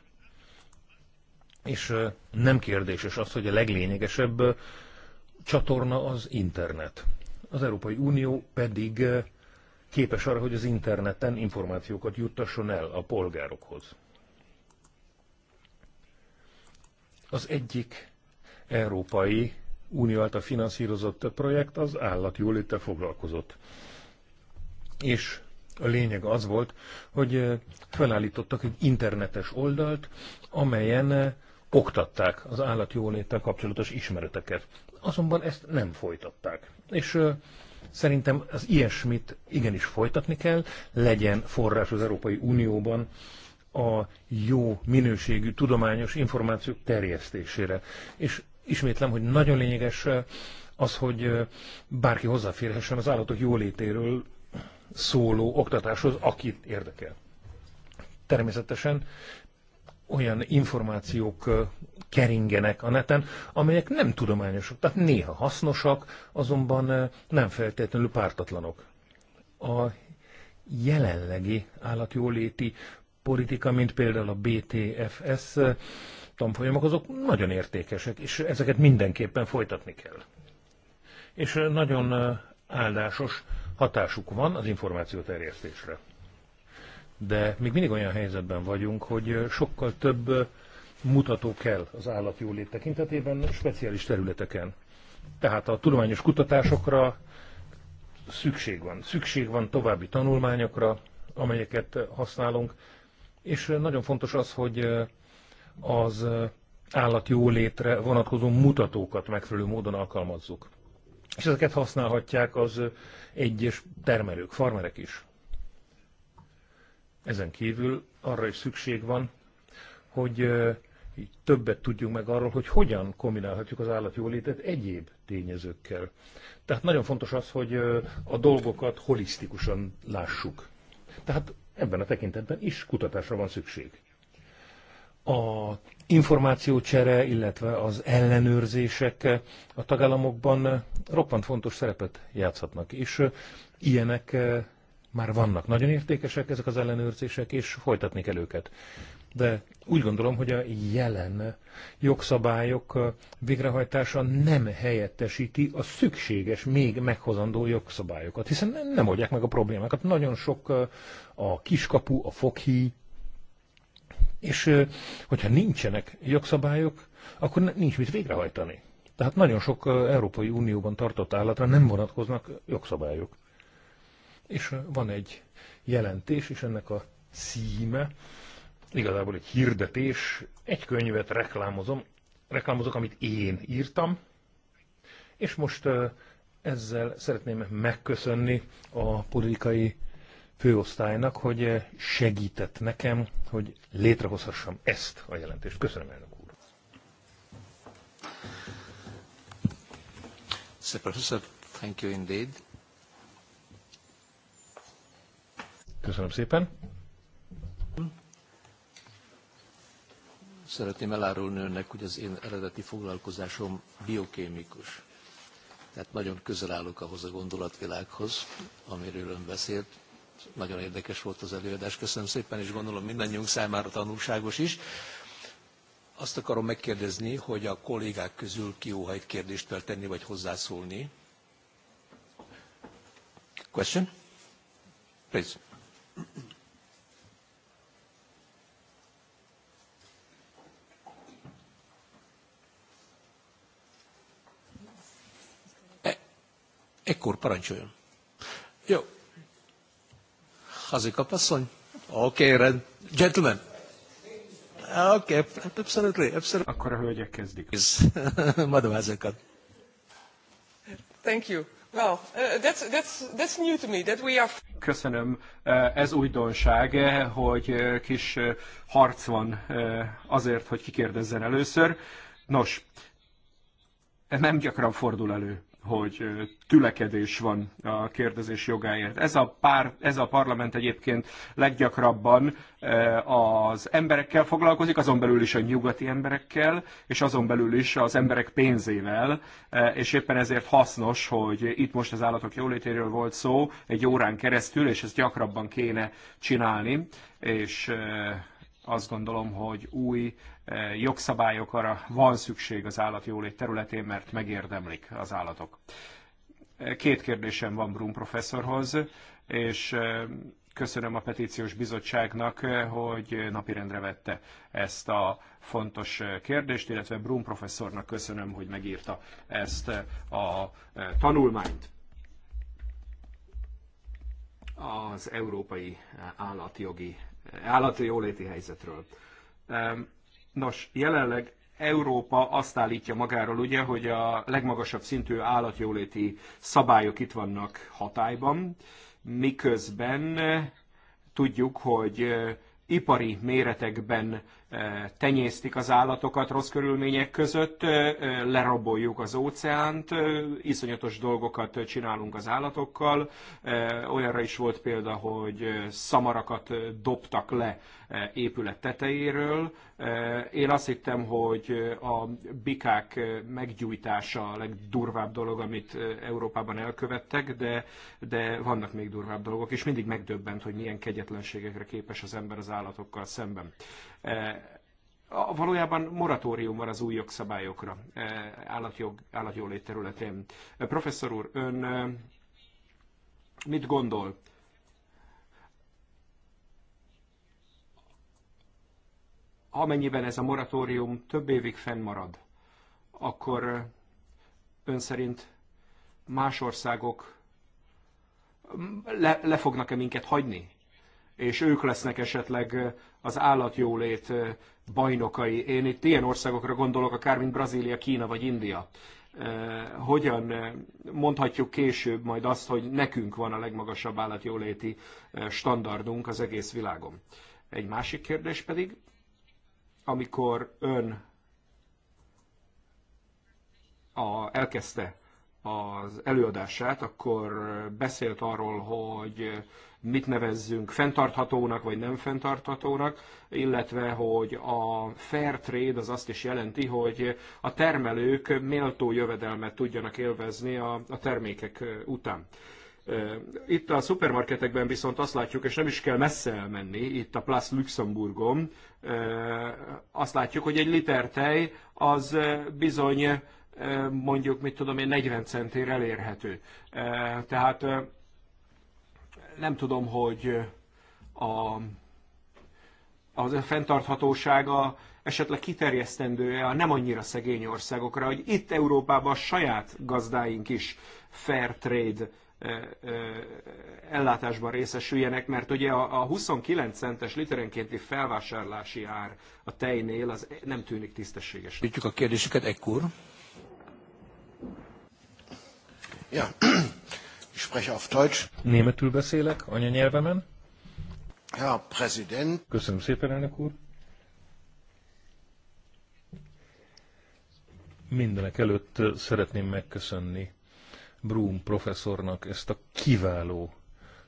És nem kérdéses az, hogy a leglényegesebb csatorna az internet. Az Európai Unió pedig képes arra, hogy az interneten információkat juttasson el a polgárokhoz. Az egyik Európai Unió által finanszírozott projekt az állatjólétel foglalkozott. És a lényeg az volt, hogy felállítottak egy internetes oldalt, amelyen oktatták az állatjóléttel kapcsolatos ismereteket. Azonban ezt nem folytatták. És szerintem az ilyesmit igenis folytatni kell, legyen forrás az Európai Unióban a jó minőségű tudományos információk terjesztésére. És ismétlem, hogy nagyon lényeges az, hogy bárki hozzáférhessen az állatok jólétéről szóló oktatáshoz, akit érdekel. Természetesen olyan információk keringenek a neten, amelyek nem tudományosak, tehát néha hasznosak, azonban nem feltétlenül pártatlanok. A jelenlegi állatjóléti politika, mint például a BTFS tanfolyamok, azok nagyon értékesek, és ezeket mindenképpen folytatni kell. És nagyon áldásos, hatásuk van az információ terjesztésre. De még mindig olyan helyzetben vagyunk, hogy sokkal több mutató kell az állatjólét tekintetében speciális területeken. Tehát a tudományos kutatásokra szükség van. Szükség van további tanulmányokra, amelyeket használunk, és nagyon fontos az, hogy az állatjólétre vonatkozó mutatókat megfelelő módon alkalmazzuk és ezeket használhatják az egyes termelők, farmerek is. Ezen kívül arra is szükség van, hogy többet tudjunk meg arról, hogy hogyan kombinálhatjuk az állatjólétet egyéb tényezőkkel. Tehát nagyon fontos az, hogy a dolgokat holisztikusan lássuk. Tehát ebben a tekintetben is kutatásra van szükség a információcsere, illetve az ellenőrzések a tagállamokban roppant fontos szerepet játszhatnak, és ilyenek eh, már vannak. Nagyon értékesek ezek az ellenőrzések, és folytatni kell őket. De úgy gondolom, hogy a jelen jogszabályok eh, végrehajtása nem helyettesíti a szükséges, még meghozandó jogszabályokat, hiszen nem oldják meg a problémákat. Nagyon sok eh, a kiskapu, a fokhíj, és hogyha nincsenek jogszabályok, akkor nincs mit végrehajtani. Tehát nagyon sok Európai Unióban tartott állatra nem vonatkoznak jogszabályok. És van egy jelentés, és ennek a szíme, igazából egy hirdetés, egy könyvet reklámozom, reklámozok, amit én írtam, és most ezzel szeretném megköszönni a politikai főosztálynak, hogy segített nekem, hogy létrehozhassam ezt a jelentést. Köszönöm, elnök úr. Professor, thank you indeed. Köszönöm szépen. Szeretném elárulni önnek, hogy az én eredeti foglalkozásom biokémikus. Tehát nagyon közel állok ahhoz a gondolatvilághoz, amiről ön beszélt, nagyon érdekes volt az előadás, köszönöm szépen, és gondolom mindannyiunk számára tanulságos is. Azt akarom megkérdezni, hogy a kollégák közül ki óhajt kérdést feltenni, vagy hozzászólni. Question? Please. E- ekkor parancsoljon. Jó, Hazikap asszony? Oké, okay, rend. Gentlemen. Oké, okay, absolutely, absolutely. Akkor a hölgyek kezdik. Madovázokat. Thank you. Well, uh, that's, that's, that's new to me, that we are... Köszönöm. Uh, ez újdonság, uh, hogy uh, kis harc van azért, hogy kikérdezzen először. Nos, nem gyakran fordul elő hogy tülekedés van a kérdezés jogáért. Ez a, pár, ez a parlament egyébként leggyakrabban az emberekkel foglalkozik, azon belül is a nyugati emberekkel, és azon belül is az emberek pénzével, és éppen ezért hasznos, hogy itt most az állatok jólétéről volt szó egy órán keresztül, és ezt gyakrabban kéne csinálni, és azt gondolom, hogy új eh, jogszabályokra van szükség az állatjólét területén, mert megérdemlik az állatok. Eh, két kérdésem van Brum professzorhoz, és eh, köszönöm a petíciós bizottságnak, hogy napirendre vette ezt a fontos kérdést, illetve Brum professzornak köszönöm, hogy megírta ezt a tanulmányt. Az Európai Állatjogi állati jóléti helyzetről. Nos, jelenleg Európa azt állítja magáról, ugye, hogy a legmagasabb szintű állatjóléti szabályok itt vannak hatályban, miközben tudjuk, hogy eh, ipari méretekben tenyésztik az állatokat rossz körülmények között, leraboljuk az óceánt, iszonyatos dolgokat csinálunk az állatokkal. Olyanra is volt példa, hogy szamarakat dobtak le Eh, épület tetejéről. Eh, én azt hittem, hogy eh, a bikák meggyújtása a legdurvább dolog, amit Európában elkövettek, de, de vannak még durvább dolgok, és mindig megdöbbent, hogy milyen kegyetlenségekre képes az ember az állatokkal szemben valójában moratórium van az új jogszabályokra állatjog, állatjólét területén. Professzor úr, ön mit gondol amennyiben ez a moratórium több évig fennmarad, akkor eh, ön szerint más országok mm, le, le fognak-e minket hagyni? És ők lesznek esetleg eh, az állatjólét eh, bajnokai. Én itt ilyen országokra gondolok, akár mint Brazília, Kína vagy India. Hogyan mondhatjuk később majd azt, hogy nekünk van a legmagasabb állatjóléti standardunk az egész világon? Egy másik kérdés pedig, amikor ön a, elkezdte az előadását, akkor beszélt arról, hogy mit nevezzünk fenntarthatónak vagy nem fenntarthatónak, illetve hogy a fair trade az azt is jelenti, hogy a termelők méltó jövedelmet tudjanak élvezni a, a termékek után. Itt a szupermarketekben viszont azt látjuk, és nem is kell messze elmenni, itt a Plus Luxemburgon, azt látjuk, hogy egy liter tej az bizony mondjuk, mit tudom én, 40 centér elérhető. Tehát nem tudom, hogy a, az a fenntarthatósága esetleg kiterjesztendő-e a nem annyira szegény országokra, hogy itt Európában a saját gazdáink is fair trade ellátásban részesüljenek, mert ugye a, 29 centes literenkénti felvásárlási ár a tejnél az nem tűnik tisztességes. Tudjuk a kérdéseket ekkor. Ja, ich spreche auf Deutsch. Németül beszélek, anyanyelvemen. Herr Präsident. Köszönöm szépen, elnök úr. Mindenek előtt szeretném megköszönni Brum professzornak ezt a kiváló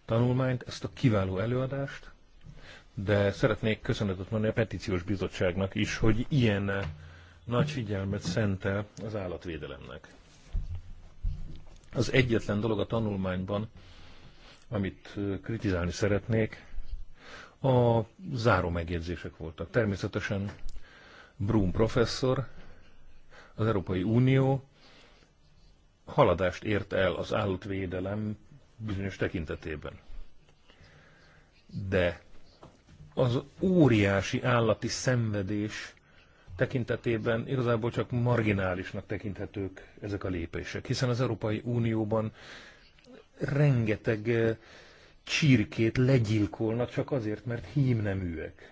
tanulmányt, ezt a kiváló előadást, de szeretnék köszönetet mondani a petíciós bizottságnak is, hogy ilyen nagy figyelmet szentel az állatvédelemnek. Az egyetlen dolog a tanulmányban, amit kritizálni szeretnék, a záró megjegyzések voltak. Természetesen Brum professzor, az Európai Unió haladást ért el az állatvédelem bizonyos tekintetében. De az óriási állati szenvedés tekintetében igazából csak marginálisnak tekinthetők ezek a lépések, hiszen az Európai Unióban rengeteg eh, csirkét legyilkolnak csak azért, mert hímneműek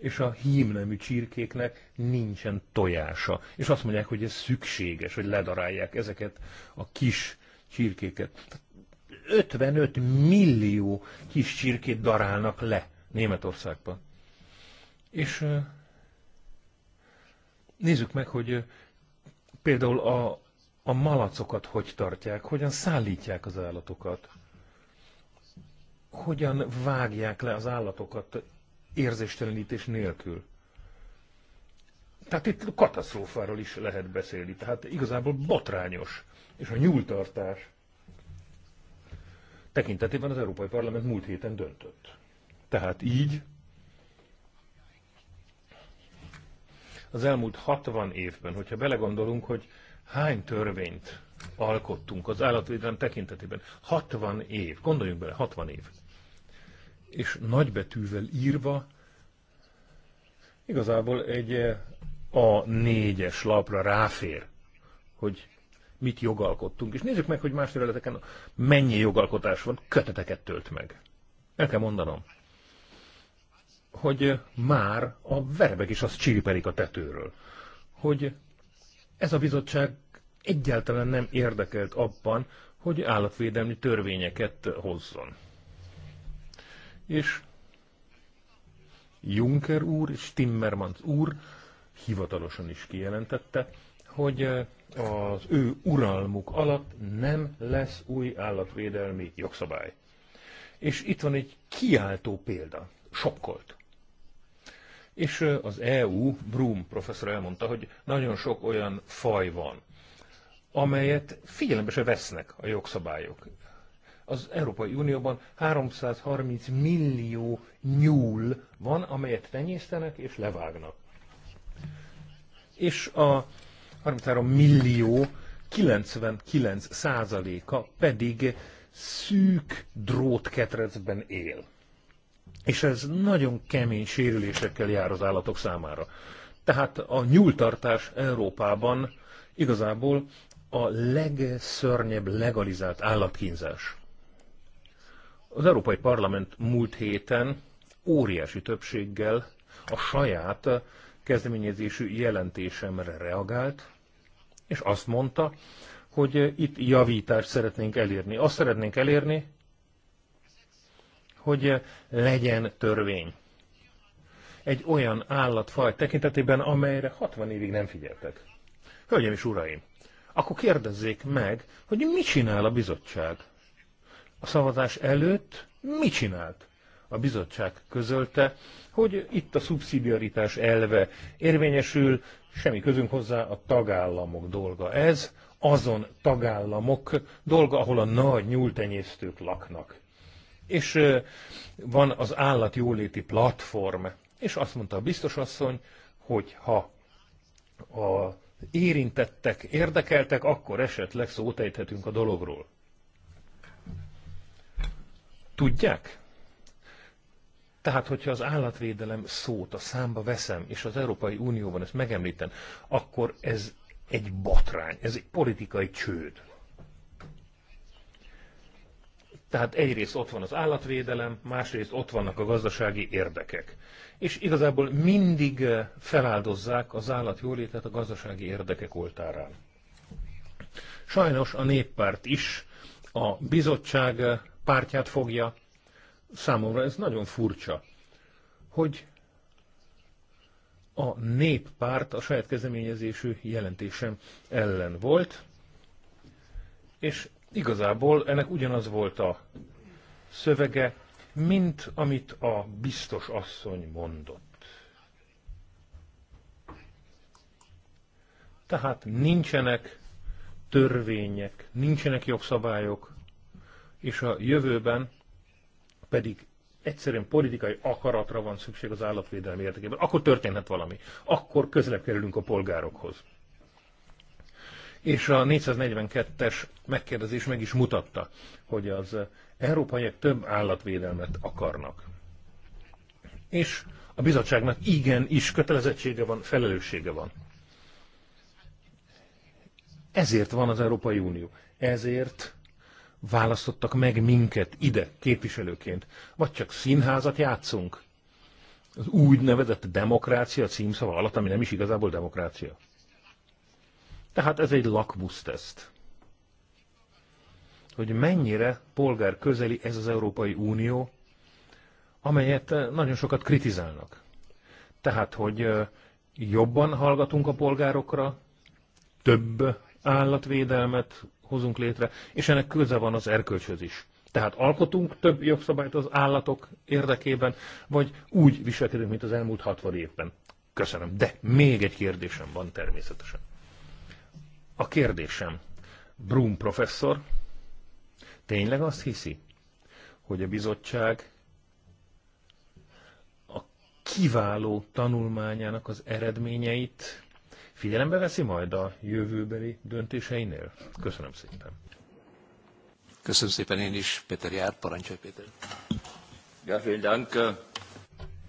és a hímnemű csirkéknek nincsen tojása. És azt mondják, hogy ez szükséges, hogy ledarálják ezeket a kis csirkéket. 55 millió kis csirkét darálnak le Németországban. És nézzük meg, hogy például a, a malacokat hogy tartják, hogyan szállítják az állatokat, hogyan vágják le az állatokat érzéstelenítés nélkül. Tehát itt katasztrófáról is lehet beszélni, tehát igazából botrányos. És a nyúltartás tekintetében az Európai Parlament múlt héten döntött. Tehát így az elmúlt 60 évben, hogyha belegondolunk, hogy hány törvényt alkottunk az állatvédelem tekintetében, 60 év, gondoljunk bele, 60 év és nagybetűvel írva igazából egy eh, a négyes lapra ráfér, hogy mit jogalkottunk. És nézzük meg, hogy más területeken mennyi jogalkotás van, köteteket tölt meg. El kell mondanom, hogy eh, már a verbek is azt csirpelik a tetőről, hogy ez a bizottság egyáltalán nem érdekelt abban, hogy állatvédelmi törvényeket hozzon és Juncker úr és Timmermans úr hivatalosan is kijelentette, hogy eh, az ő uralmuk alatt nem lesz új állatvédelmi jogszabály. És itt van egy kiáltó példa, sokkolt. És eh, az EU, Brum professzor elmondta, hogy nagyon sok olyan faj van, amelyet figyelembe se vesznek a jogszabályok. Az Európai Unióban 330 millió nyúl van, amelyet tenyésztenek és levágnak. És a 33 millió 99 százaléka pedig szűk drótketrecben él. És ez nagyon kemény sérülésekkel jár az állatok számára. Tehát a nyúltartás Európában igazából a legszörnyebb legalizált állatkínzás. Az Európai Parlament múlt héten óriási többséggel a saját kezdeményezésű jelentésemre reagált, és azt mondta, hogy itt javítást szeretnénk elérni. Azt szeretnénk elérni, hogy legyen törvény. Egy olyan állatfaj tekintetében, amelyre 60 évig nem figyeltek. Hölgyeim és uraim, akkor kérdezzék meg, hogy mit csinál a bizottság? a szavazás előtt mit csinált? A bizottság közölte, hogy itt a szubszidiaritás elve érvényesül, semmi közünk hozzá a tagállamok dolga ez, azon tagállamok dolga, ahol a nagy nyúltenyésztők laknak. És van az állatjóléti platform, és azt mondta a biztosasszony, hogy ha a érintettek, érdekeltek, akkor esetleg szót a dologról. Tudják? Tehát, hogyha az állatvédelem szót a számba veszem, és az Európai Unióban ezt megemlítem, akkor ez egy botrány, ez egy politikai csőd. Tehát egyrészt ott van az állatvédelem, másrészt ott vannak a gazdasági érdekek. És igazából mindig eh, feláldozzák az állatjólétet a gazdasági érdekek oltárán. Sajnos a néppárt is a bizottság eh, pártját fogja. Számomra ez nagyon furcsa, hogy a néppárt a saját kezdeményezésű jelentésem ellen volt, és igazából ennek ugyanaz volt a szövege, mint amit a biztos asszony mondott. Tehát nincsenek törvények, nincsenek jogszabályok, és a jövőben pedig egyszerűen politikai akaratra van szükség az állatvédelmi érdekében, akkor történhet valami. Akkor közelebb kerülünk a polgárokhoz. És a 442-es megkérdezés meg is mutatta, hogy az európaiak több állatvédelmet akarnak. És a bizottságnak igen is kötelezettsége van, felelőssége van. Ezért van az Európai Unió. Ezért választottak meg minket ide képviselőként, vagy csak színházat játszunk. Az úgynevezett demokrácia címszava alatt, ami nem is igazából demokrácia. Tehát ez egy lakmuszteszt. Hogy mennyire polgár közeli ez az Európai Unió, amelyet eh, nagyon sokat kritizálnak. Tehát, hogy eh, jobban hallgatunk a polgárokra, több állatvédelmet, hozunk létre, és ennek köze van az erkölcshöz is. Tehát alkotunk több jogszabályt az állatok érdekében, vagy úgy viselkedünk, mint az elmúlt 60 évben. Köszönöm. De még egy kérdésem van természetesen. A kérdésem, Brum professzor tényleg azt hiszi, hogy a bizottság a kiváló tanulmányának az eredményeit figyelembe veszi majd a jövőbeli döntéseinél? Köszönöm szépen. Köszönöm szépen én is. Péter Jár, parancsolj Péter. Ja, vielen Dank.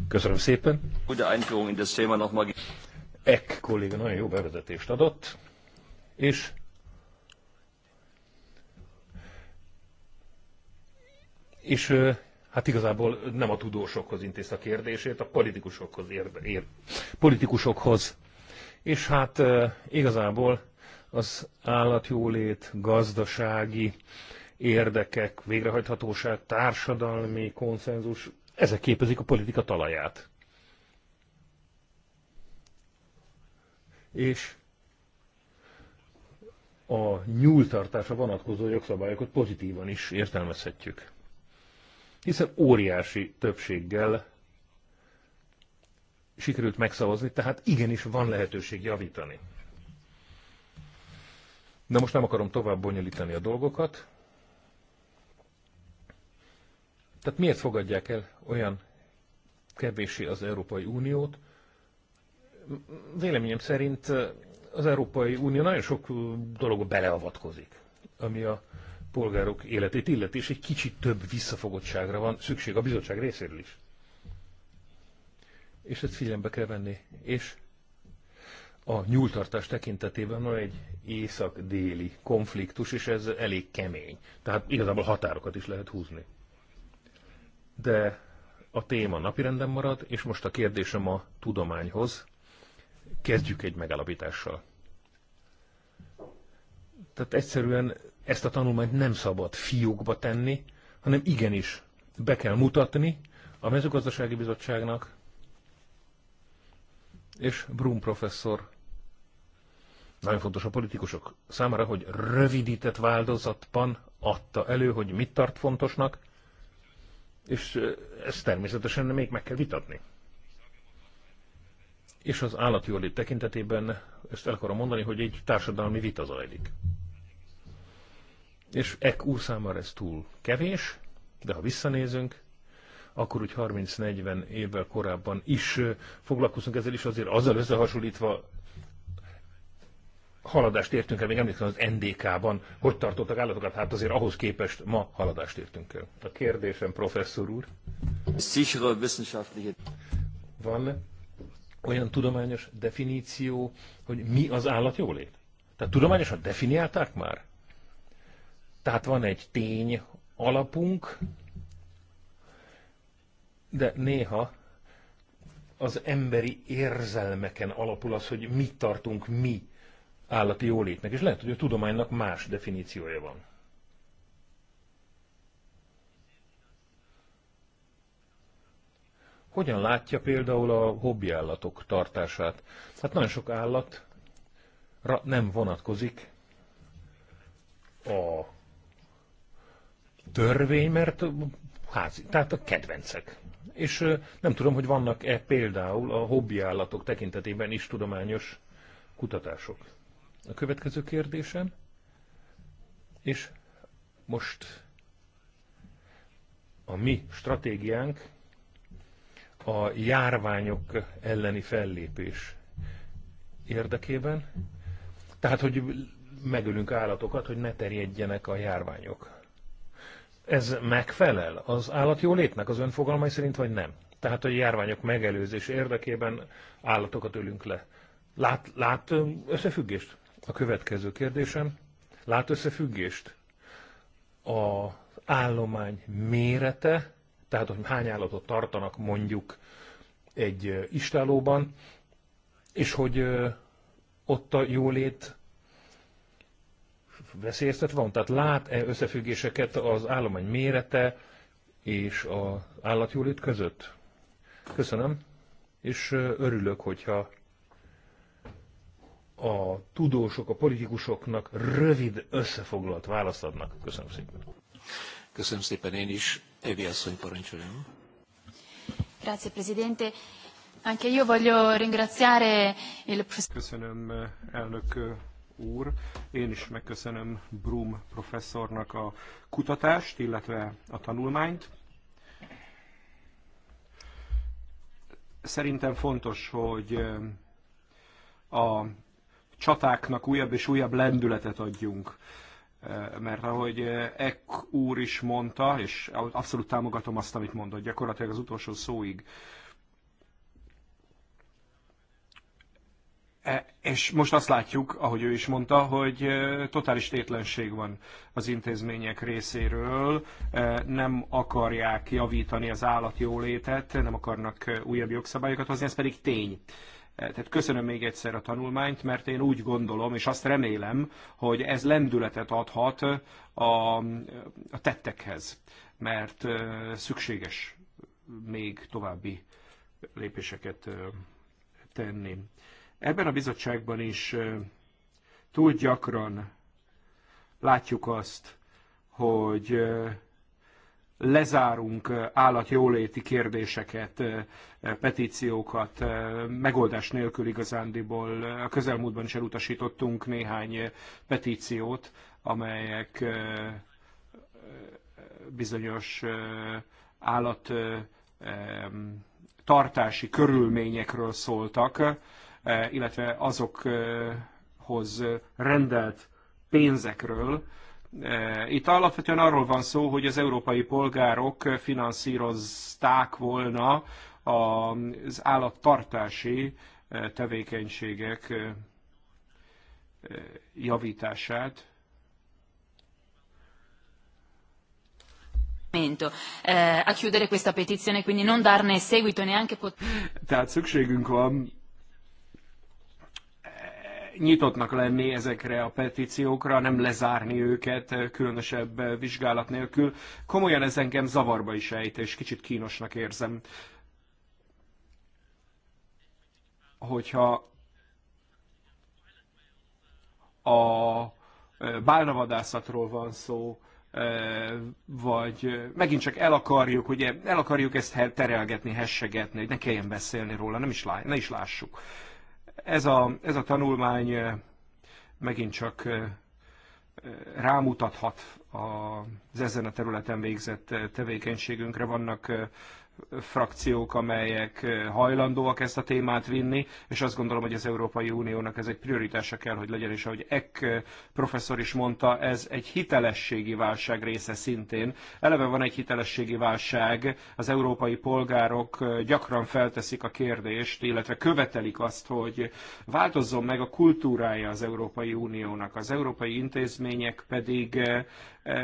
Köszönöm szépen. Gute Einführung in das Thema nochmal. Eck kolléga nagyon jó bevezetést adott, és és hát igazából nem a tudósokhoz intéz a kérdését, a politikusokhoz, ér, ér, politikusokhoz és hát igazából az állatjólét, gazdasági érdekek, végrehajthatóság, társadalmi konszenzus, ezek képezik a politika talaját. És a nyúltartásra vonatkozó jogszabályokat pozitívan is értelmezhetjük. Hiszen óriási többséggel sikerült megszavazni, tehát igenis van lehetőség javítani. De most nem akarom tovább bonyolítani a dolgokat. Tehát miért fogadják el olyan kevéssé az Európai Uniót? Véleményem szerint az Európai Unió nagyon sok dologba beleavatkozik, ami a polgárok életét illeti, és egy kicsit több visszafogottságra van szükség a bizottság részéről is és ezt figyelembe kell venni. És a nyúltartás tekintetében van egy észak-déli konfliktus, és ez elég kemény. Tehát igazából határokat is lehet húzni. De a téma napirenden marad, és most a kérdésem a tudományhoz. Kezdjük egy megállapítással. Tehát egyszerűen ezt a tanulmányt nem szabad fiókba tenni, hanem igenis be kell mutatni a mezőgazdasági bizottságnak, és Brum professzor nagyon fontos a politikusok számára, hogy rövidített változatban adta elő, hogy mit tart fontosnak, és ezt természetesen még meg kell vitatni. És az állatjólét tekintetében ezt el akarom mondani, hogy egy társadalmi vita zajlik. És Ek úr számára ez túl kevés, de ha visszanézünk, akkor úgy 30-40 évvel korábban is foglalkozunk ezzel, is azért azzal összehasonlítva haladást értünk el, még emlékszem az NDK-ban, hogy tartottak állatokat, hát azért ahhoz képest ma haladást értünk el. A kérdésem, professzor úr. Van olyan tudományos definíció, hogy mi az állat jólét? Tehát tudományosan definiálták már? Tehát van egy tény alapunk, de néha az emberi érzelmeken alapul az, hogy mit tartunk mi állati jólétnek, és lehet, hogy a tudománynak más definíciója van. Hogyan látja például a hobbi állatok tartását? Hát nagyon sok állatra nem vonatkozik a törvény, mert házi, tehát a kedvencek. És nem tudom, hogy vannak-e például a hobbi állatok tekintetében is tudományos kutatások. A következő kérdésem, és most a mi stratégiánk a járványok elleni fellépés érdekében, tehát hogy megölünk állatokat, hogy ne terjedjenek a járványok ez megfelel az állatjólétnek az önfogalmai szerint, vagy nem? Tehát a járványok megelőzés érdekében állatokat ölünk le. Lát, lát összefüggést? A következő kérdésem. Lát összefüggést? A állomány mérete, tehát hogy hány állatot tartanak mondjuk egy istálóban, és hogy ott a jólét veszélyeztetve van? Tehát lát-e összefüggéseket az állomány mérete és az állatjólét között? Köszönöm, és örülök, hogyha a tudósok, a politikusoknak rövid összefoglalt választ adnak. Köszönöm szépen. Köszönöm szépen én is. Evi asszony, parancsoljon. Grazie, Presidente. Anche io voglio ringraziare il... Köszönöm, elnök úr. Én is megköszönöm Brum professzornak a kutatást, illetve a tanulmányt. Szerintem fontos, hogy eh, a csatáknak újabb és újabb lendületet adjunk. Eh, mert ahogy Ek eh, úr is mondta, és abszolút támogatom azt, amit mondott, gyakorlatilag az utolsó szóig, és most azt látjuk, ahogy ő is mondta, hogy totális tétlenség van az intézmények részéről, nem akarják javítani az állatjólétet, nem akarnak újabb jogszabályokat hozni, ez pedig tény. Tehát köszönöm még egyszer a tanulmányt, mert én úgy gondolom, és azt remélem, hogy ez lendületet adhat a, a tettekhez, mert szükséges még további lépéseket tenni. Ebben a bizottságban is túl gyakran látjuk azt, hogy lezárunk állatjóléti kérdéseket, petíciókat, megoldás nélkül igazándiból. A közelmúltban is elutasítottunk néhány petíciót, amelyek bizonyos állat tartási körülményekről szóltak, E, illetve azokhoz e, rendelt pénzekről. E, itt alapvetően arról van szó, hogy az európai polgárok finanszírozták volna az állattartási tevékenységek javítását. Eh, a chiudere questa petizione, quindi non darne seguito neanche Tehát szükségünk van nyitottnak lenni ezekre a petíciókra, nem lezárni őket eh, különösebb eh, vizsgálat nélkül. Komolyan ez engem zavarba is ejt, és kicsit kínosnak érzem. Hogyha a eh, bálnavadászatról van szó, vagy megint csak el akarjuk, ugye el akarjuk ezt terelgetni, hessegetni, hogy ne kelljen beszélni róla, nem is, lá, ne is lássuk. Ez a, ez a tanulmány megint csak rámutathat az ezen a területen végzett tevékenységünkre. Vannak frakciók, amelyek hajlandóak ezt a témát vinni, és azt gondolom, hogy az Európai Uniónak ez egy prioritása kell, hogy legyen, és ahogy Eck professzor is mondta, ez egy hitelességi válság része szintén. Eleve van egy hitelességi válság, az európai polgárok gyakran felteszik a kérdést, illetve követelik azt, hogy változzon meg a kultúrája az Európai Uniónak. Az európai intézmények pedig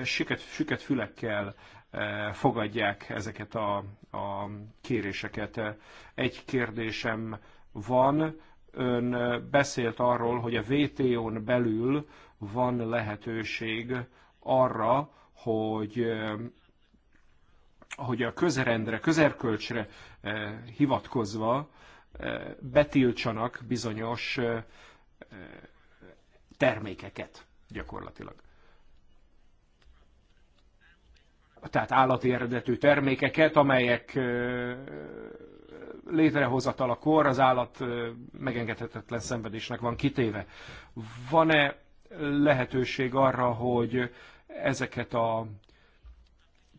süket, süket fülekkel Eh, fogadják ezeket a, a kéréseket. Egy kérdésem van, ön beszélt arról, hogy a VTO-n belül van lehetőség arra, hogy eh, hogy a közrendre, közerkölcsre eh, hivatkozva betiltsanak bizonyos termékeket gyakorlatilag. tehát állati eredetű termékeket, amelyek kor, az állat megengedhetetlen szenvedésnek van kitéve. Van-e lehetőség arra, hogy ezeket a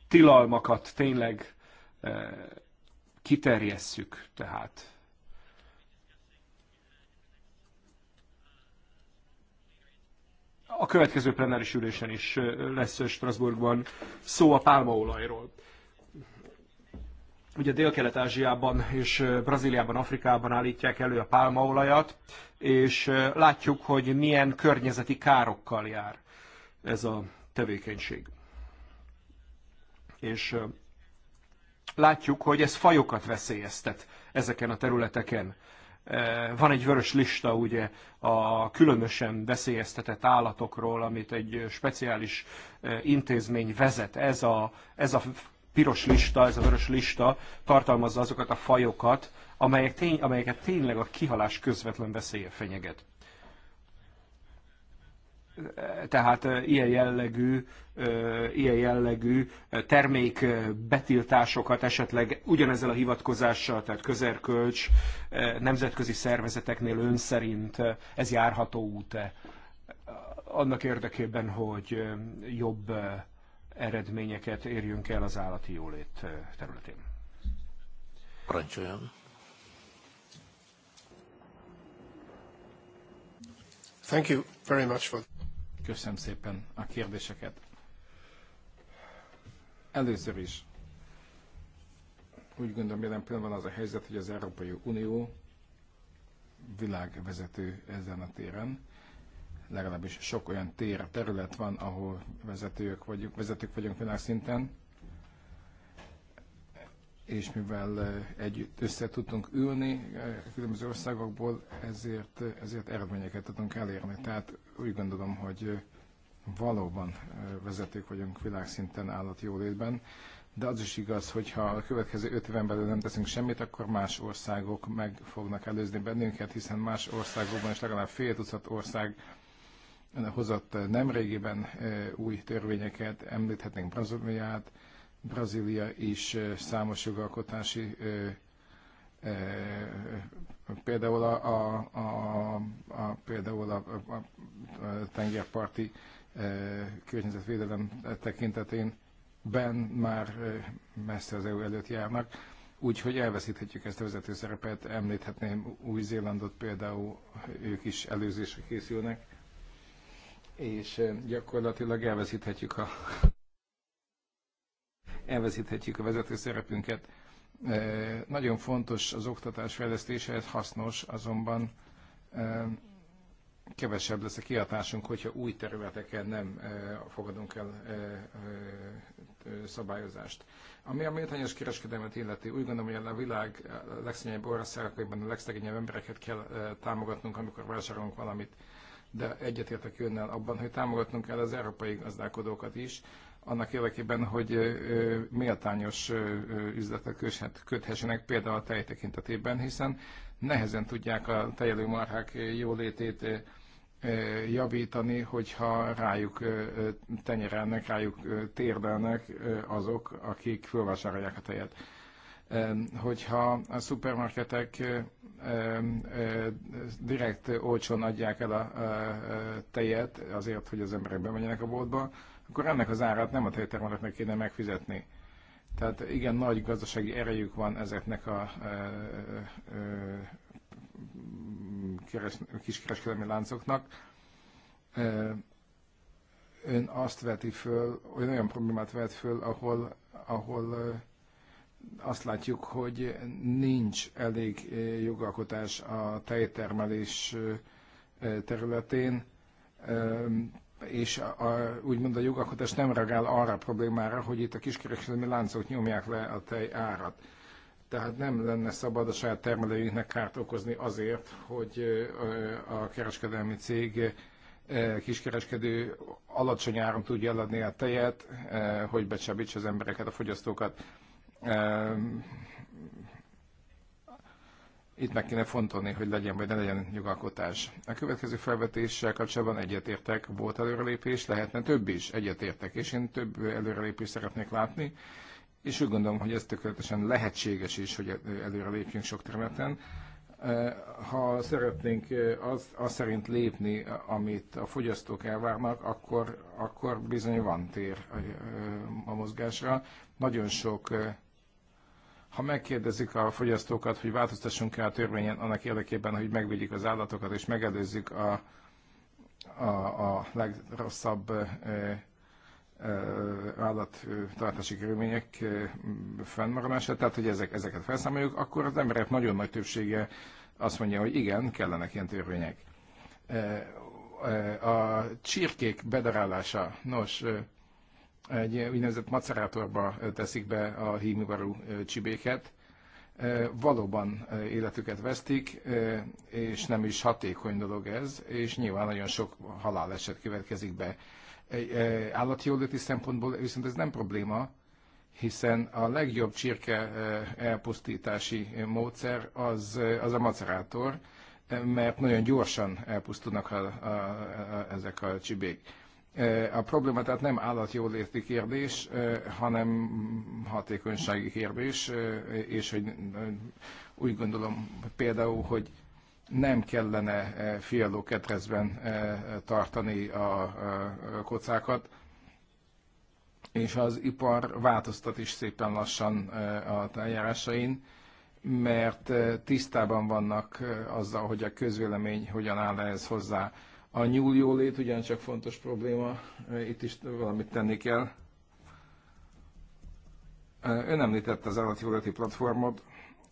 tilalmakat tényleg kiterjesszük, tehát a következő plenáris ülésen is lesz Strasbourgban szó a pálmaolajról. Ugye Dél-Kelet-Ázsiában és Brazíliában, Afrikában állítják elő a pálmaolajat, és látjuk, hogy milyen környezeti károkkal jár ez a tevékenység. És látjuk, hogy ez fajokat veszélyeztet ezeken a területeken. Eh, van egy vörös lista ugye a különösen veszélyeztetett állatokról, amit egy speciális eh, intézmény vezet. Ez a, ez a piros lista, ez a vörös lista tartalmazza azokat a fajokat, amelyek tény, amelyeket tényleg a kihalás közvetlen veszélye fenyeget tehát ilyen jellegű, ilyen jellegű termék betiltásokat esetleg ugyanezzel a hivatkozással, tehát közerkölcs nemzetközi szervezeteknél ön szerint ez járható út -e? annak érdekében, hogy jobb eredményeket érjünk el az állati jólét területén. Parancsoljon! Thank you very much for Köszönöm szépen a kérdéseket. Először is úgy gondolom jelen pillanatban az a helyzet, hogy az Európai Unió világvezető ezen a téren. Legalábbis sok olyan tér, terület van, ahol vezetők vagyunk, vezetők vagyunk világszinten és mivel eh, együtt össze tudtunk ülni eh, különböző országokból, ezért, eh, ezért eredményeket tudunk elérni. Tehát úgy gondolom, hogy valóban vezetők vagyunk világszinten jólétben, de az is igaz, hogy ha a következő öt éven belül nem teszünk semmit, akkor más országok meg fognak előzni bennünket, hiszen más országokban is legalább fél tucat ország hozott nemrégiben új törvényeket, említhetnénk Brazíliát, Brazília is számos jogalkotási például a, a, a, a, például a, a, a tengerparti környezetvédelem tekintetén ben már messze az EU előtt járnak, úgyhogy elveszíthetjük ezt a vezető szerepet. Említhetném Új-Zélandot például, ők is előzésre készülnek, és gyakorlatilag elveszíthetjük a elveszíthetjük a vezető szerepünket. Nagyon fontos az oktatás fejlesztése, ez hasznos, azonban kevesebb lesz a kiadásunk, hogyha új területeken nem fogadunk el szabályozást. Ami a méltányos kereskedelmet illeti, úgy gondolom, hogy a világ legszegényebb országaiban a legszegényebb embereket kell támogatnunk, amikor vásárolunk valamit de egyetértek önnel abban, hogy támogatnunk kell az európai gazdálkodókat is, annak érdekében, hogy méltányos üzletet köthessenek például a tej tekintetében, hiszen nehezen tudják a tejelőmarhák jólétét javítani, hogyha rájuk tenyerelnek, rájuk térdelnek azok, akik fölvásárolják a tejet. Hogyha a szupermarketek direkt olcsón adják el a tejet azért, hogy az emberek bemenjenek a boltba, akkor ennek az árát nem a tejtermelőknek kéne megfizetni. Tehát igen, nagy gazdasági erejük van ezeknek a ö, ö, keres, kiskereskedelmi láncoknak. Ö, ön azt veti föl, olyan, olyan problémát vet föl, ahol, ahol ö, azt látjuk, hogy nincs elég jogalkotás a tejtermelés területén és a, a, úgymond a jogalkotás nem reagál arra a problémára, hogy itt a kiskereskedelmi láncok nyomják le a tej árat. Tehát nem lenne szabad a saját termelőinknek kárt okozni azért, hogy a kereskedelmi cég kiskereskedő alacsony áron tudja eladni a tejet, hogy becsebítse az embereket, a fogyasztókat. Itt meg kéne fontolni, hogy legyen vagy ne legyen jogalkotás. A következő felvetéssel kapcsolatban egyetértek, volt előrelépés, lehetne több is, egyetértek, és én több előrelépést szeretnék látni, és úgy gondolom, hogy ez tökéletesen lehetséges is, hogy előrelépjünk sok területen ha szeretnénk az, az szerint lépni, amit a fogyasztók elvárnak, akkor, akkor bizony van tér a mozgásra. Nagyon sok ha megkérdezik a fogyasztókat, hogy változtassunk-e a törvényen annak érdekében, hogy megvédjük az állatokat és megelőzzük a, a, a legrosszabb e, állattartási körülmények fennmaradását, tehát hogy ezek, ezeket felszámoljuk, akkor az emberek nagyon nagy többsége azt mondja, hogy igen, kellenek ilyen törvények. A csirkék bedarálása, nos, egy úgynevezett macerátorba teszik be a hímivarú csibéket, valóban életüket vesztik, és nem is hatékony dolog ez, és nyilván nagyon sok haláleset következik be. Állatjóléti szempontból viszont ez nem probléma, hiszen a legjobb csirke elpusztítási módszer az, az a macerátor, mert nagyon gyorsan elpusztulnak a, a, a, ezek a csibék a probléma tehát nem állatjóléti kérdés, hanem hatékonysági kérdés, és hogy úgy gondolom például, hogy nem kellene fialó ketrezben tartani a kocákat, és az ipar változtat is szépen lassan a eljárásain, mert tisztában vannak azzal, hogy a közvélemény hogyan áll ehhez hozzá a nyúljólét ugyancsak fontos probléma, eh, itt is valamit tenni kell. Eh, ön említette az állatjóléti platformot,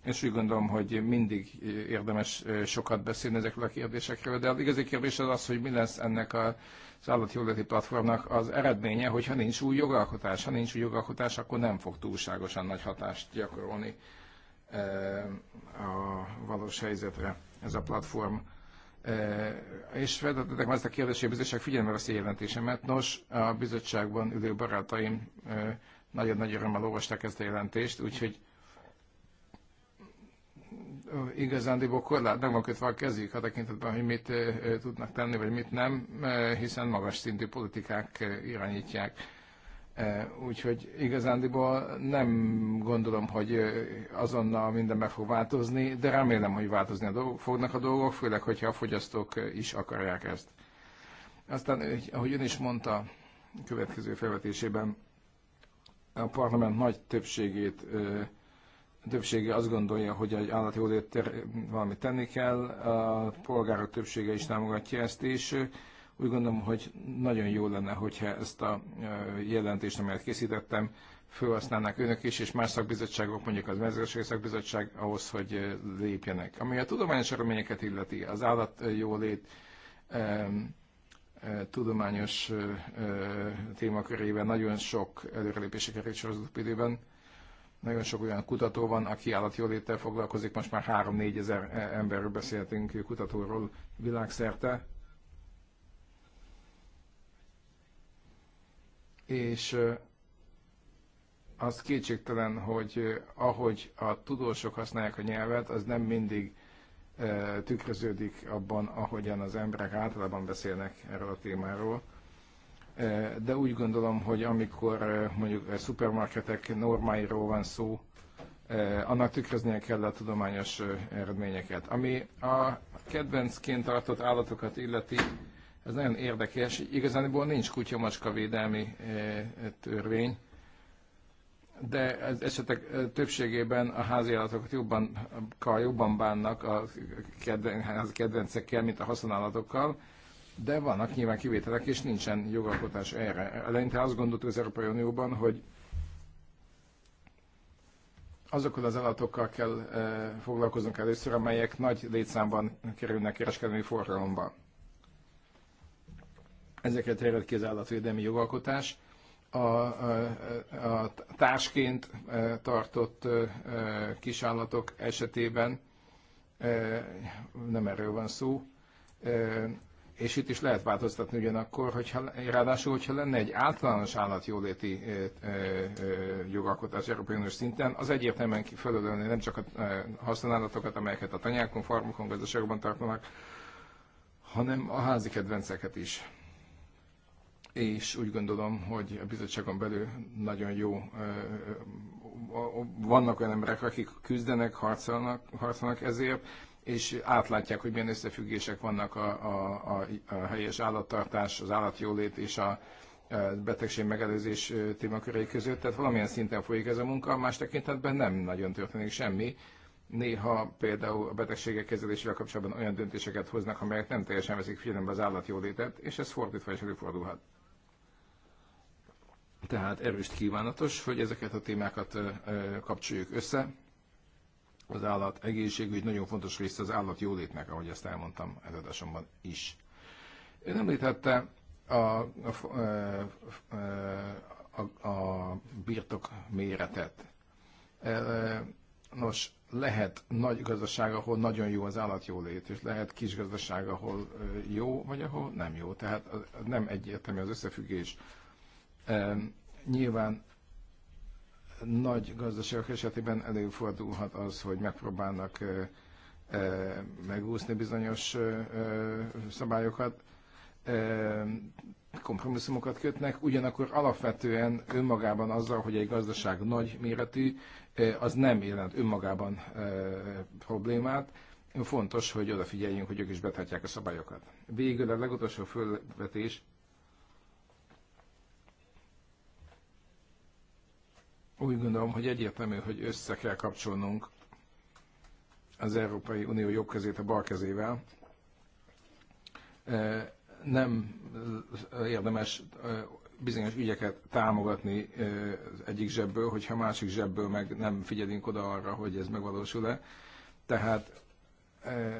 és úgy gondolom, hogy mindig érdemes eh, sokat beszélni ezekről a kérdésekről, de az igazi kérdés az az, hogy mi lesz ennek az állatjóléti platformnak az eredménye, hogyha nincs új jogalkotás. Ha nincs új jogalkotás, akkor nem fog túlságosan nagy hatást gyakorolni a valós helyzetre ez a platform. Eh, és feltettek már ezt a kérdést, hogy a bizottság figyelme veszi jelentésemet. Nos, a bizottságban ülő barátaim eh, nagyon nagy örömmel olvasták ezt a jelentést, úgyhogy eh, igazándiból korlát meg van kötve a kezük a tekintetben, hogy mit tudnak tenni, vagy mit nem, hiszen magas szintű politikák irányítják Úgyhogy igazándiból nem gondolom, hogy azonnal minden meg fog változni, de remélem, hogy változni a dolgok, fognak a dolgok, főleg, hogyha a fogyasztók is akarják ezt. Aztán, ahogy ön is mondta, következő felvetésében a parlament nagy többségét többsége azt gondolja, hogy egy állati valami valamit tenni kell, a polgárok többsége is támogatja ezt, és úgy gondolom, hogy nagyon jó lenne, hogyha ezt a jelentést, amelyet készítettem, felhasználnák önök is, és más szakbizottságok, mondjuk az mezőgazdasági szakbizottság ahhoz, hogy lépjenek. Ami a tudományos eredményeket illeti, az állatjólét tudományos témakörében nagyon sok előrelépésre került sorozatok időben. Nagyon sok olyan kutató van, aki állatjóléttel foglalkozik, most már 3-4 ezer e, emberről beszéltünk kutatóról világszerte, és az kétségtelen, hogy ahogy a tudósok használják a nyelvet, az nem mindig tükröződik abban, ahogyan az emberek általában beszélnek erről a témáról. De úgy gondolom, hogy amikor mondjuk a szupermarketek normáiról van szó, annak tükröznie kell a tudományos eredményeket. Ami a kedvencként tartott állatokat illeti, ez nagyon érdekes, igazából nincs kutyamacska védelmi e, e, törvény, de az esetek e, többségében a háziállatokat jobban, jobban bánnak a kedvencekkel, mint a használatokkal. de vannak nyilván kivételek, és nincsen jogalkotás erre. Eleinte azt gondoltuk az Európai Unióban, hogy azokkal az állatokkal kell e, foglalkozunk először, amelyek nagy létszámban kerülnek kereskedelmi forgalomba ezeket terjed ki az állatvédelmi jogalkotás. A, a, a társként e, tartott e, e, kisállatok esetében nem erről van szó, és itt is lehet változtatni ugyanakkor, hogyha, ráadásul, hogyha lenne egy általános állatjóléti jogalkotás Európai Uniós szinten, az egyértelműen fölölölni nem csak a használatokat, amelyeket a tanyákon, farmokon, gazdaságban tartanak, hanem a házi kedvenceket is és úgy gondolom, hogy a bizottságon belül nagyon jó, vannak olyan emberek, akik küzdenek, harcolnak, harcolnak ezért, és átlátják, hogy milyen összefüggések vannak a, a, a, a helyes állattartás, az állatjólét és a, betegség megelőzés témaköré között, tehát valamilyen szinten folyik ez a munka, más tekintetben nem nagyon történik semmi. Néha például a betegségek kezelésével kapcsolatban olyan döntéseket hoznak, amelyek nem teljesen veszik figyelembe az állatjólétet, és ez fordítva is előfordulhat. Tehát erőst kívánatos, hogy ezeket a témákat kapcsoljuk össze. Az állat egészségügy nagyon fontos része az állat jólétnek, ahogy ezt elmondtam az adásomban is. Ön említette a, a, a, a birtok méretet. Nos, lehet nagy gazdaság, ahol nagyon jó az állatjólét, és lehet kis gazdaság, ahol jó, vagy ahol nem jó. Tehát nem egyértelmű az összefüggés Nyilván nagy gazdaságok esetében előfordulhat az, hogy megpróbálnak megúszni bizonyos szabályokat, kompromisszumokat kötnek, ugyanakkor alapvetően önmagában azzal, hogy egy gazdaság nagy méretű, az nem jelent önmagában problémát. Fontos, hogy odafigyeljünk, hogy ők is betartják a szabályokat. Végül a legutolsó fölvetés Úgy gondolom, hogy egyértelmű, hogy össze kell kapcsolnunk az Európai Unió jobb kezét a bal kezével. Nem érdemes bizonyos ügyeket támogatni egyik zsebből, hogyha másik zsebből meg nem figyelünk oda arra, hogy ez megvalósul-e. Tehát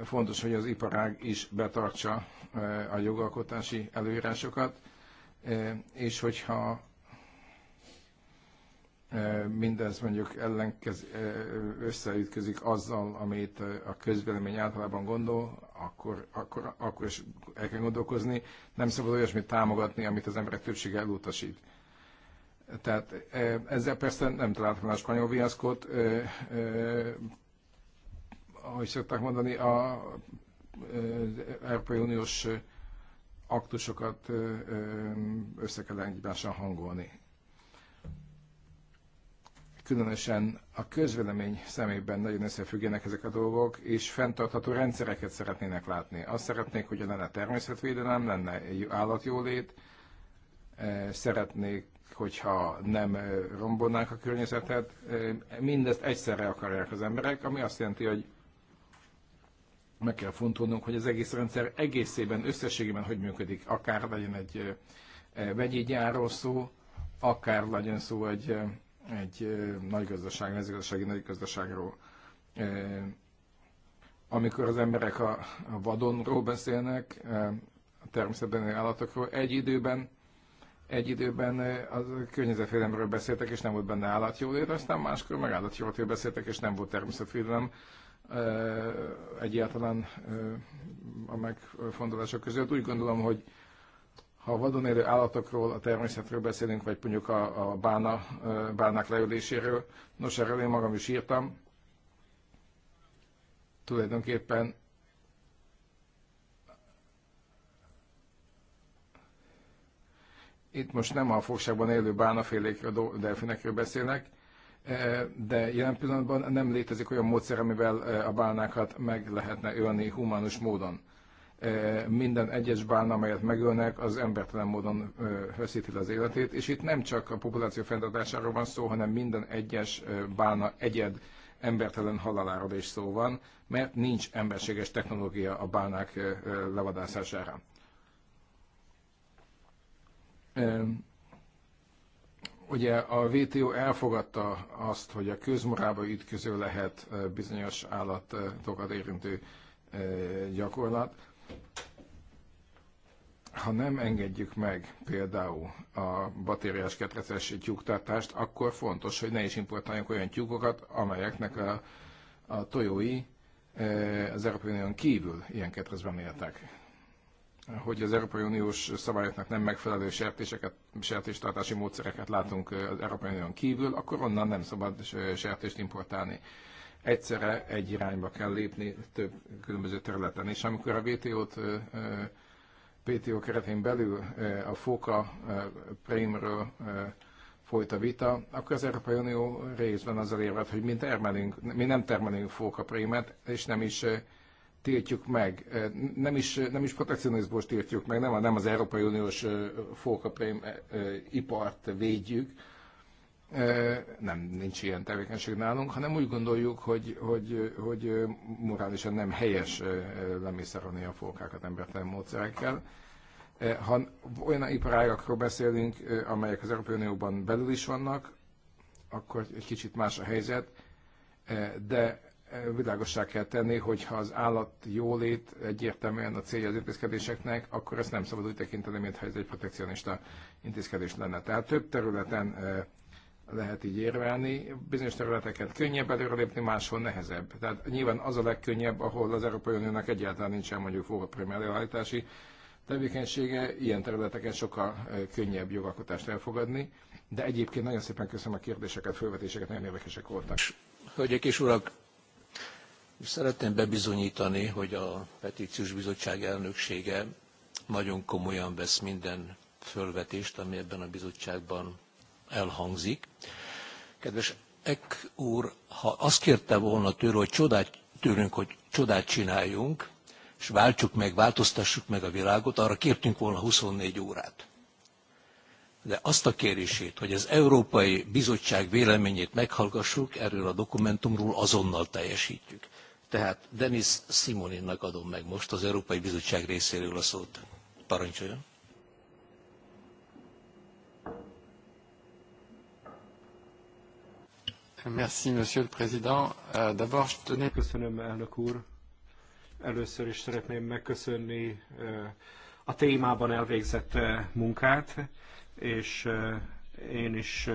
fontos, hogy az iparág is betartsa a jogalkotási előírásokat, és hogyha mindez mondjuk ellenkez, összeütközik azzal, amit a közvélemény általában gondol, akkor, akkor, akkor is el kell gondolkozni. Nem szabad olyasmit támogatni, amit az emberek többsége elutasít. Tehát ezzel persze nem találtam a spanyol viaszkot, ahogy szokták mondani, a, Európai Uniós aktusokat össze kell egymással hangolni különösen a közvélemény szemében nagyon összefüggenek ezek a dolgok, és fenntartható rendszereket szeretnének látni. Azt szeretnék, hogy lenne természetvédelem, lenne állatjólét, eh, szeretnék, hogyha nem eh, rombolnák a környezetet. Eh, mindezt egyszerre akarják az emberek, ami azt jelenti, hogy meg kell fontolnunk, hogy az egész rendszer egészében, összességében hogy működik, akár legyen egy vegyi gyárról szó, akár legyen szó egy egy nagy gazdaság, mezőgazdasági nagy gazdaságról. Amikor az emberek a, vadonról beszélnek, a természetben állatokról, egy időben egy időben a környezetvédelemről beszéltek, és nem volt benne állatjólét, aztán máskor meg állatjólétről beszéltek, és nem volt természetvédelem egyáltalán a megfontolások között. Úgy gondolom, hogy ha vadon élő állatokról, a természetről beszélünk, vagy mondjuk a, a bána, bánák leüléséről, nos, erről én magam is írtam, tulajdonképpen itt most nem a fogságban élő bánafélékről, delfinekről beszélnek, de jelen pillanatban nem létezik olyan módszer, amivel a bánákat meg lehetne ölni humánus módon minden egyes bán, amelyet megölnek, az embertelen módon veszíti az életét, és itt nem csak a populáció fenntartásáról van szó, hanem minden egyes bána egyed embertelen haláláról is szó van, mert nincs emberséges technológia a bánák levadászására. Ugye a VTO elfogadta azt, hogy a közmorába ütköző lehet bizonyos állatokat érintő gyakorlat, ha nem engedjük meg például a batériás ketreces tyúktartást, akkor fontos, hogy ne is importáljunk olyan tyúkokat, amelyeknek a, a tojói e, az Európai Unión kívül ilyen ketrezben éltek. Hogy az Európai Uniós szabályoknak nem megfelelő sertéseket, sertéstartási módszereket látunk e, az Európai Unión kívül, akkor onnan nem szabad sertést importálni egyszerre egy irányba kell lépni több különböző területen. És amikor a WTO-t PTO keretén belül a FOKA prémről folyt a vita, akkor az Európai Unió részben azzal érvelt, hogy mi, termelünk, mi nem termelünk FOKA prémet, és nem is tiltjuk meg, nem is, nem is protekcionizmus tiltjuk meg, nem, nem az Európai Uniós fókaprém ipart védjük, nem, nincs ilyen tevékenység nálunk, hanem úgy gondoljuk, hogy, hogy, hogy morálisan nem helyes lemészárolni a fókákat embertelen módszerekkel. Ha olyan iparágakról beszélünk, amelyek az Európai Unióban belül is vannak, akkor egy kicsit más a helyzet, de világossá kell tenni, hogy ha az állat jólét egyértelműen a célja az intézkedéseknek, akkor ezt nem szabad úgy tekinteni, mintha ez egy protekcionista intézkedés lenne. Tehát több területen lehet így érvelni. Bizonyos területeket könnyebb előrelépni, máshol nehezebb. Tehát nyilván az a legkönnyebb, ahol az Európai Uniónak egyáltalán nincsen mondjuk forgaprém előállítási tevékenysége, ilyen területeken sokkal könnyebb jogalkotást elfogadni. De egyébként nagyon szépen köszönöm a kérdéseket, felvetéseket, nagyon érdekesek voltak. Hölgyek és urak, szeretném bebizonyítani, hogy a Petíciós Bizottság elnöksége nagyon komolyan vesz minden fölvetést, ami ebben a bizottságban elhangzik. Kedves Ek úr, ha azt kérte volna tőle, hogy csodát, tőlünk, hogy csodát csináljunk, és váltsuk meg, változtassuk meg a világot, arra kértünk volna 24 órát. De azt a kérését, hogy az Európai Bizottság véleményét meghallgassuk, erről a dokumentumról azonnal teljesítjük. Tehát Denis Simoninnak adom meg most az Európai Bizottság részéről a szót. Parancsoljon! Merci, Monsieur le Président. Euh, d'abord, je tenais... Köszönöm, elnök úr. Először is szeretném megköszönni a témában elvégzett munkát, és én is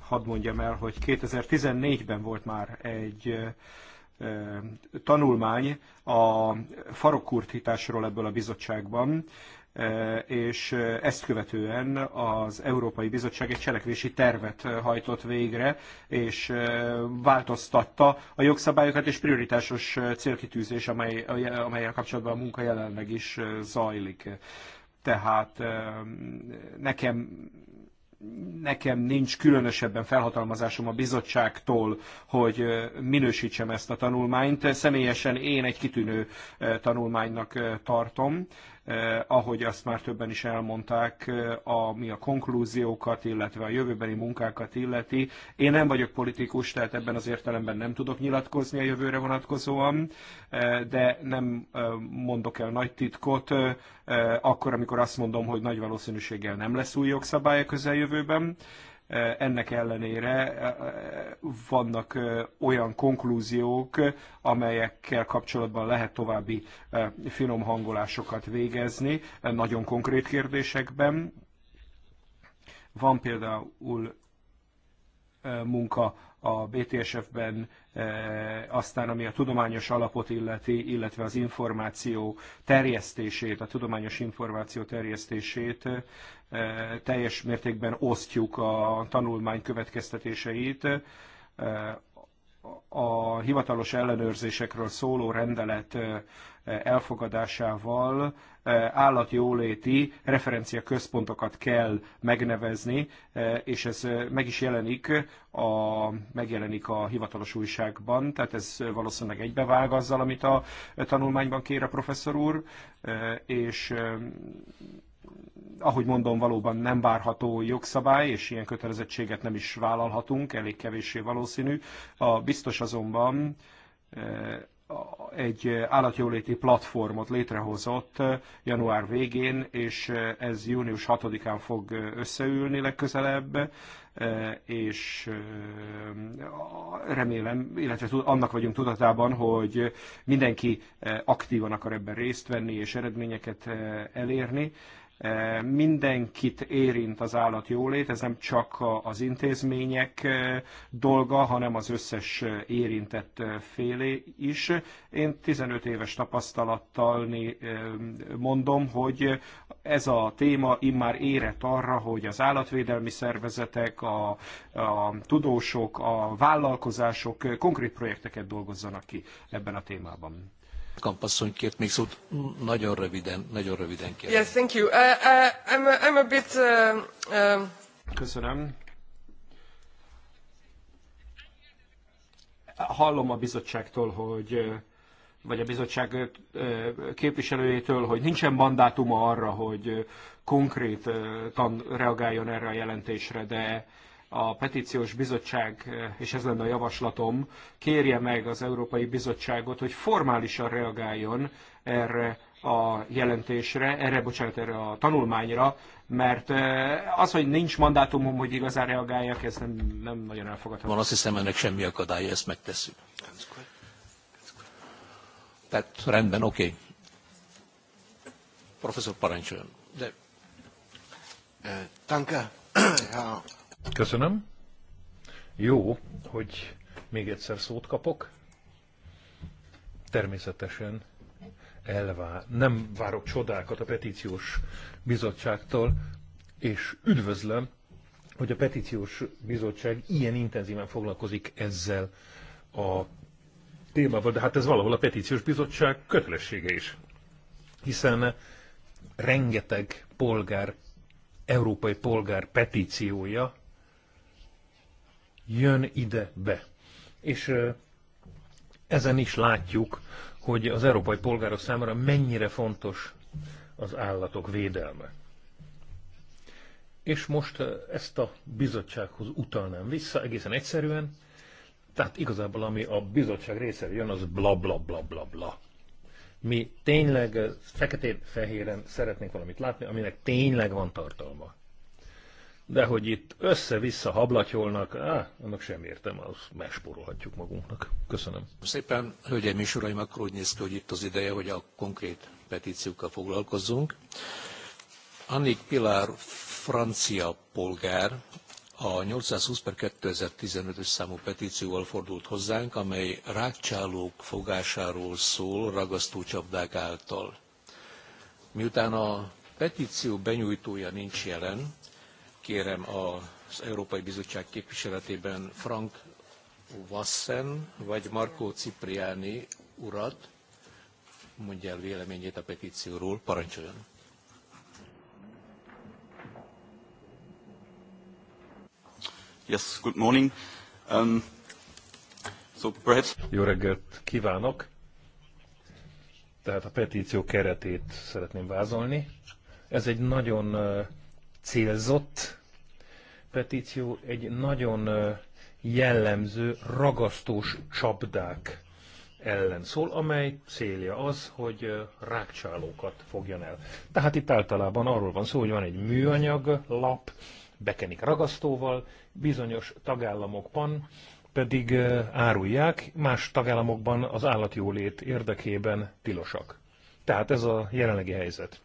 hadd mondjam el, hogy 2014-ben volt már egy tanulmány a farokkurtításról ebből a bizottságban, E, és e, ezt követően az Európai Bizottság egy cselekvési tervet hajtott végre, és e, változtatta a jogszabályokat, és prioritásos célkitűzés, amely, amelyen kapcsolatban a munka jelenleg is zajlik. Tehát nekem nekem nincs különösebben felhatalmazásom a bizottságtól, hogy minősítsem ezt a tanulmányt. Személyesen én egy kitűnő tanulmánynak tartom. Eh, ahogy azt már többen is elmondták, eh, ami a konklúziókat, illetve a jövőbeni munkákat illeti. Én nem vagyok politikus, tehát ebben az értelemben nem tudok nyilatkozni a jövőre vonatkozóan, eh, de nem mondok el nagy titkot, akkor, amikor azt mondom, hogy nagy valószínűséggel nem lesz új jogszabály a közeljövőben. Eh, ennek ellenére eh, vannak eh, olyan konklúziók, amelyekkel kapcsolatban lehet további finom hangolásokat végezni, nagyon konkrét kérdésekben. Van például munka a BTSF-ben, e, aztán ami a tudományos alapot illeti, illetve az információ terjesztését, a tudományos információ terjesztését e, teljes mértékben osztjuk a tanulmány következtetéseit. E, a hivatalos ellenőrzésekről szóló rendelet elfogadásával eh, állatjóléti referencia központokat kell megnevezni, eh, és ez eh, meg is jelenik a, megjelenik a hivatalos újságban, tehát ez valószínűleg egybevág azzal, amit a tanulmányban kér a professzor úr, és ahogy mondom, valóban nem várható jogszabály, és ilyen kötelezettséget nem is vállalhatunk, elég kevéssé valószínű. A biztos azonban egy állatjóléti platformot létrehozott eh, január végén, és eh, ez június 6-án fog eh, összeülni legközelebb, és remélem, illetve annak vagyunk tudatában, hogy mindenki aktívan akar ebben részt venni és eredményeket elérni Mindenkit érint az jólét, ez nem csak az intézmények eh, dolga, hanem az összes eh, érintett eh, félé is. Én 15 éves tapasztalattal mondom, hogy ez a téma immár érett arra, hogy az állatvédelmi szervezetek, a, a tudósok, a vállalkozások konkrét projekteket dolgozzanak ki ebben a témában. Kampasszony kért még szót, nagyon röviden, nagyon röviden kérem. Yes, thank you. Uh, uh, I'm, a, I'm a bit... Uh, um... Köszönöm. Hallom a bizottságtól, hogy uh, vagy a bizottság uh, képviselőjétől, hogy nincsen mandátuma arra, hogy konkrétan reagáljon erre a jelentésre, de a petíciós bizottság, és ez lenne a javaslatom, kérje meg az Európai Bizottságot, hogy formálisan reagáljon erre a jelentésre, erre, bocsánat, erre a tanulmányra, mert az, hogy nincs mandátumom, hogy igazán reagáljak, ez nem, nem nagyon elfogadható. Van azt hiszem, ennek semmi akadálya, ezt megteszünk. Tehát rendben, oké. Okay. Professzor parancsoljon. De... Danke, Herr Köszönöm. Jó, hogy még egyszer szót kapok. Természetesen elvá. Nem várok csodákat a petíciós bizottságtól, és üdvözlöm, hogy a petíciós bizottság ilyen intenzíven foglalkozik ezzel a témával, de hát ez valahol a petíciós bizottság kötelessége is. Hiszen rengeteg polgár, európai polgár petíciója jön ide be. És ezen is látjuk, hogy az európai polgárok számára mennyire fontos az állatok védelme. És most ezt a bizottsághoz utalnám vissza, egészen egyszerűen. Tehát igazából, ami a bizottság részéről jön, az bla bla bla bla bla. Mi tényleg feketén-fehéren szeretnénk valamit látni, aminek tényleg van tartalma de hogy itt össze-vissza hablatyolnak, á, annak sem értem, azt megsporolhatjuk magunknak. Köszönöm. Szépen, hölgyeim és uraim, akkor úgy néz ki, hogy itt az ideje, hogy a konkrét petíciókkal foglalkozzunk. Annik Pilar francia polgár a 820 per 2015-ös számú petícióval fordult hozzánk, amely rákcsálók fogásáról szól ragasztócsapdák által. Miután a petíció benyújtója nincs jelen, kérem az Európai Bizottság képviseletében Frank Vassen vagy Marco Cipriani urat, mondja el véleményét a petícióról, parancsoljon. Yes, good morning. Um, so perhaps... Jó reggelt kívánok! Tehát a petíció keretét szeretném vázolni. Ez egy nagyon uh, célzott petíció egy nagyon jellemző ragasztós csapdák ellen szól, amely célja az, hogy rákcsálókat fogjon el. Tehát itt általában arról van szó, hogy van egy műanyag lap, bekenik ragasztóval, bizonyos tagállamokban pedig árulják, más tagállamokban az állatjólét érdekében tilosak. Tehát ez a jelenlegi helyzet.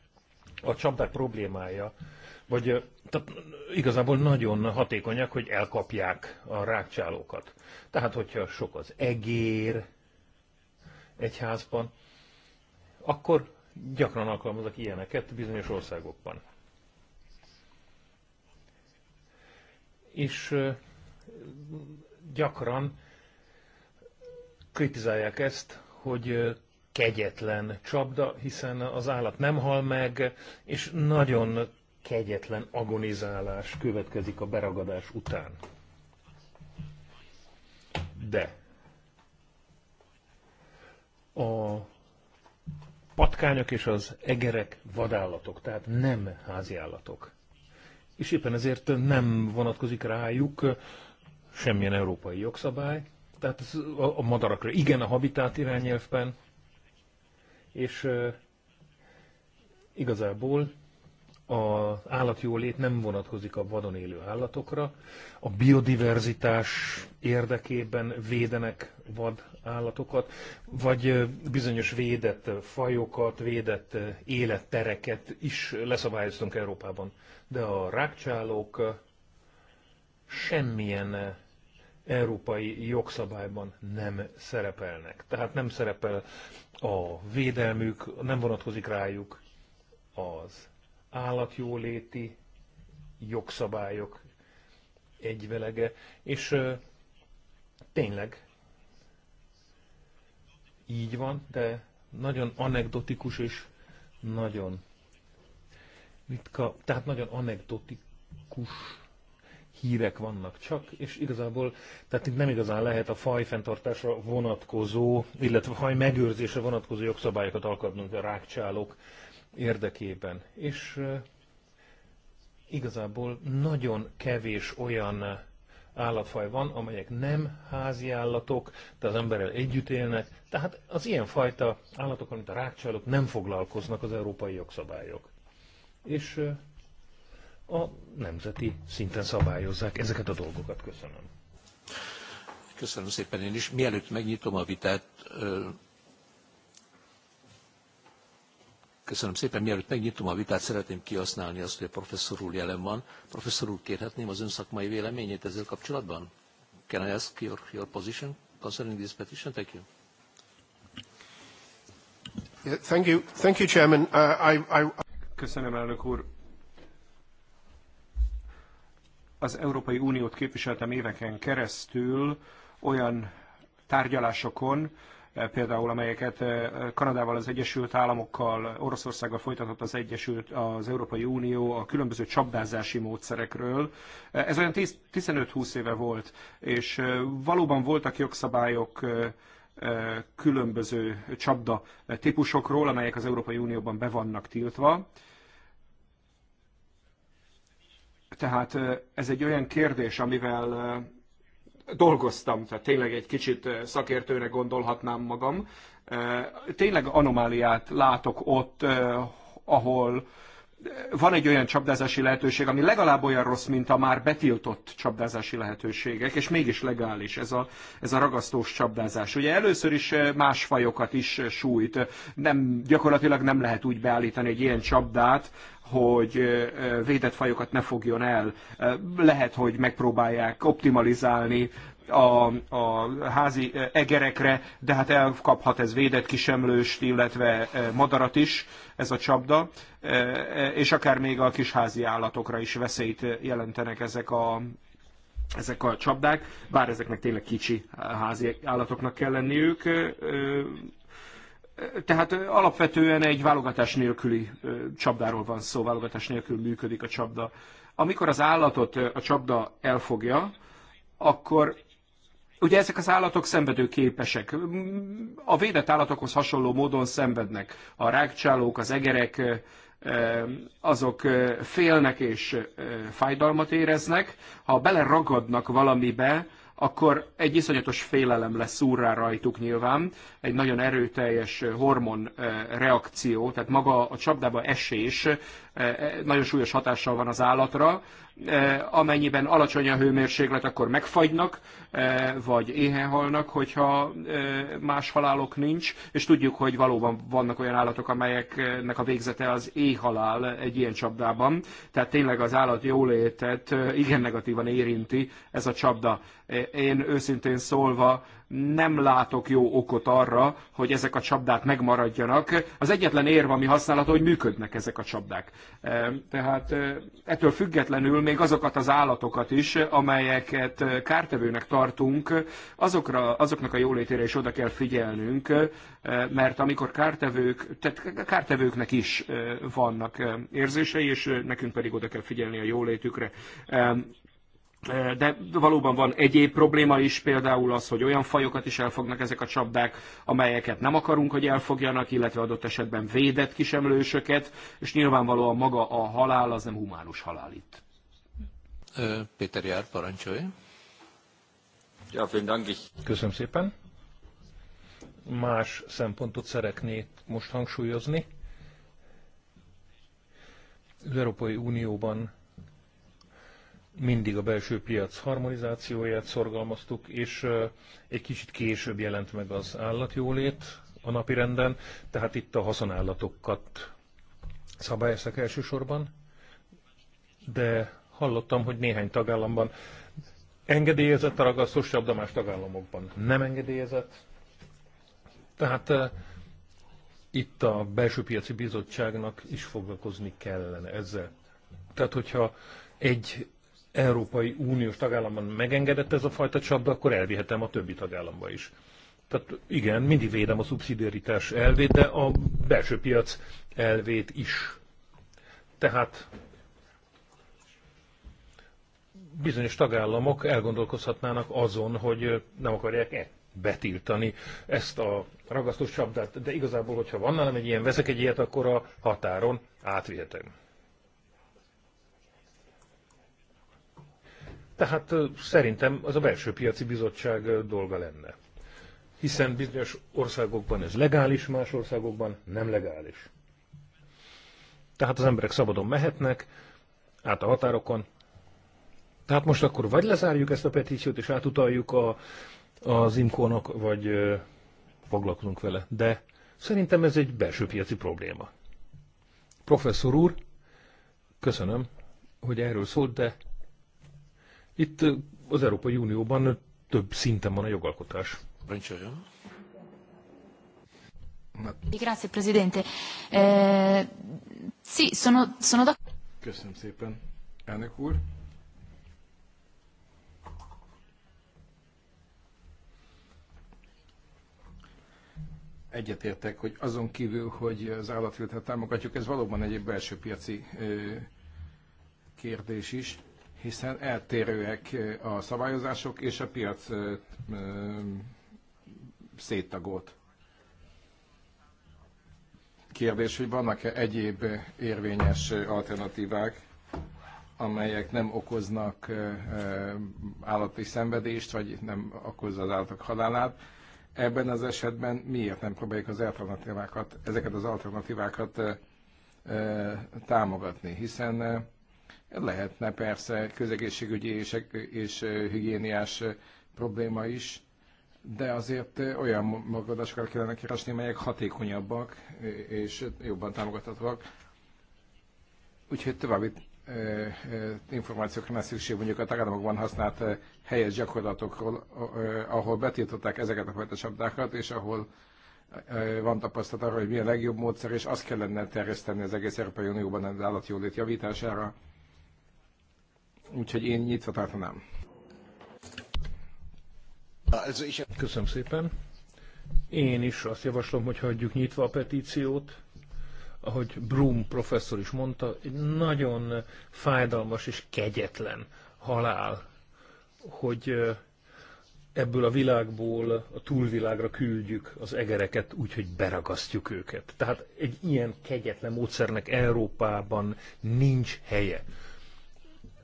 A csapdák problémája vagy tehát igazából nagyon hatékonyak, hogy elkapják a rákcsálókat. Tehát, hogyha sok az egér egy házban, akkor gyakran alkalmazok ilyeneket bizonyos országokban. És gyakran kritizálják ezt, hogy kegyetlen csapda, hiszen az állat nem hal meg, és nagyon kegyetlen agonizálás következik a beragadás után. De a patkányok és az egerek vadállatok, tehát nem háziállatok. És éppen ezért nem vonatkozik rájuk semmilyen európai jogszabály, tehát a madarakra. Igen, a habitát irányelvben, és igazából az állatjólét nem vonatkozik a vadon élő állatokra. A biodiverzitás érdekében védenek vad állatokat, vagy bizonyos védett fajokat, védett élettereket is leszabályoztunk Európában. De a rákcsálók semmilyen európai jogszabályban nem szerepelnek. Tehát nem szerepel a védelmük, nem vonatkozik rájuk az állatjóléti jogszabályok egyvelege, és tényleg így van, de nagyon anekdotikus és nagyon ritka, tehát nagyon anekdotikus hírek vannak csak, és igazából, tehát itt nem igazán lehet a fenntartásra vonatkozó, illetve faj megőrzésre vonatkozó jogszabályokat alkalmazni, a rákcsálók érdekében. És igazából nagyon kevés olyan állatfaj van, amelyek nem házi állatok, de az emberrel együtt élnek. Tehát az ilyen fajta állatok, mint a rákcsálók, nem foglalkoznak az európai jogszabályok. És a nemzeti szinten szabályozzák ezeket a dolgokat. Köszönöm. Köszönöm szépen én is. Mielőtt megnyitom a vitát, Köszönöm szépen. Mielőtt megnyitom a vitát, szeretném kihasználni azt, hogy a professzor úr jelen van. Professzor úr, kérhetném az ön szakmai véleményét ezzel kapcsolatban? Can I ask your, your position concerning this petition? Thank you. thank you, thank you, Chairman. Uh, I, I... Köszönöm, elnök úr. Az Európai Uniót képviseltem éveken keresztül olyan tárgyalásokon, például amelyeket Kanadával, az Egyesült Államokkal, Oroszországgal folytatott az Egyesült, az Európai Unió a különböző csapdázási módszerekről. Ez olyan 15-20 éve volt, és valóban voltak jogszabályok, különböző csapda típusokról, amelyek az Európai Unióban be vannak tiltva. Tehát ez egy olyan kérdés, amivel dolgoztam, tehát tényleg egy kicsit szakértőre gondolhatnám magam. Tényleg anomáliát látok ott, ahol van egy olyan csapdázási lehetőség, ami legalább olyan rossz, mint a már betiltott csapdázási lehetőségek, és mégis legális ez a, ez a ragasztós csapdázás. Ugye először is eh, más fajokat is eh, sújt, nem, gyakorlatilag nem lehet úgy beállítani egy ilyen csapdát, hogy eh, védett fajokat ne fogjon el. Lehet, hogy megpróbálják optimalizálni a, a házi egerekre, de hát elkaphat ez védett kisemlőst, illetve e, madarat is ez a csapda, e, e, és akár még a kis házi állatokra is veszélyt jelentenek ezek a, ezek a csapdák, bár ezeknek tényleg kicsi házi állatoknak kell lenniük. Tehát alapvetően egy válogatás nélküli csapdáról van szó, válogatás nélkül működik a csapda. Amikor az állatot a csapda elfogja, akkor Ugye ezek az állatok szenvedőképesek. A védett állatokhoz hasonló módon szenvednek. A rákcsálók, az egerek, azok félnek és fájdalmat éreznek. Ha beleragadnak valamibe, akkor egy iszonyatos félelem lesz úrrá rajtuk nyilván, egy nagyon erőteljes hormon reakció, tehát maga a csapdába esés nagyon súlyos hatással van az állatra, Eh, amennyiben alacsony a hőmérséklet, akkor megfagynak, eh, vagy éhen halnak, hogyha eh, más halálok nincs, és tudjuk, hogy valóban vannak olyan állatok, amelyeknek a végzete az éhhalál egy ilyen csapdában, tehát tényleg az állat jólétet igen negatívan érinti ez a csapda. Én őszintén szólva nem látok jó okot arra, hogy ezek a csapdák megmaradjanak. Az egyetlen érv, ami használható, hogy működnek ezek a csapdák. Tehát ettől függetlenül még azokat az állatokat is, amelyeket kártevőnek tartunk, azokra, azoknak a jólétére is oda kell figyelnünk, mert amikor kártevők, tehát kártevőknek is vannak érzései, és nekünk pedig oda kell figyelni a jólétükre de valóban van egyéb probléma is, például az, hogy olyan fajokat is elfognak ezek a csapdák, amelyeket nem akarunk, hogy elfogjanak, illetve adott esetben védett kisemlősöket, és nyilvánvalóan maga a halál az nem humánus halál itt. Péter Jár, parancsolj. Ja, Köszönöm szépen. Más szempontot szeretnék most hangsúlyozni. Az Európai Unióban mindig a belső piac harmonizációját szorgalmaztuk, és egy kicsit később jelent meg az állatjólét a renden, tehát itt a haszonállatokat szabályoztak elsősorban, de hallottam, hogy néhány tagállamban engedélyezett a ragasztós de más tagállamokban nem engedélyezett. Tehát uh, itt a belső piaci bizottságnak is foglalkozni kellene ezzel. Tehát, hogyha egy Európai Uniós tagállamban megengedett ez a fajta csapda, akkor elvihetem a többi tagállamba is. Tehát igen, mindig védem a szubszidiaritás elvét, de a belső piac elvét is. Tehát bizonyos tagállamok elgondolkozhatnának azon, hogy nem akarják-e betiltani ezt a ragasztós csapdát, de igazából, hogyha van nálam egy ilyen, veszek egy ilyet, akkor a határon átvihetem. Tehát szerintem az a belső piaci bizottság dolga lenne. Hiszen bizonyos országokban ez legális, más országokban nem legális. Tehát az emberek szabadon mehetnek, át a határokon. Tehát most akkor vagy lezárjuk ezt a petíciót, és átutaljuk a, az imkónak, vagy ö, foglalkozunk vele. De szerintem ez egy belső piaci probléma. Professzor úr, köszönöm, hogy erről szólt, de itt az Európai Unióban több szinten van a jogalkotás. Grazie, Presidente. Eh, sì, sono, sono Köszönöm szépen, elnök úr. Egyetértek, hogy azon kívül, hogy az állatvételt támogatjuk, ez valóban egy belső piaci kérdés is hiszen eltérőek a szabályozások és a piac széttagolt. Kérdés, hogy vannak-e egyéb érvényes alternatívák, amelyek nem okoznak állati szenvedést, vagy nem okozza az állatok halálát. Ebben az esetben miért nem próbáljuk az alternatívákat, ezeket az alternatívákat támogatni, hiszen Lehetne persze közegészségügyi és, és higiéniás probléma is, de azért olyan megoldásokat kellene keresni, melyek hatékonyabbak és jobban támogathatóak. Úgyhogy további információkra lesz szükség mondjuk a tagállamokban használt helyes gyakorlatokról, ahol betiltották ezeket a fajta csapdákat, és ahol van tapasztalat arra, hogy mi a legjobb módszer, és azt kellene terjeszteni az egész Európai Unióban az állatjólét javítására, Úgyhogy én nyitva tartanám. Köszönöm szépen. Én is azt javaslom, hogy hagyjuk nyitva a petíciót. Ahogy Brum professzor is mondta, egy nagyon fájdalmas és kegyetlen halál, hogy ebből a világból a túlvilágra küldjük az egereket, úgyhogy beragasztjuk őket. Tehát egy ilyen kegyetlen módszernek Európában nincs helye.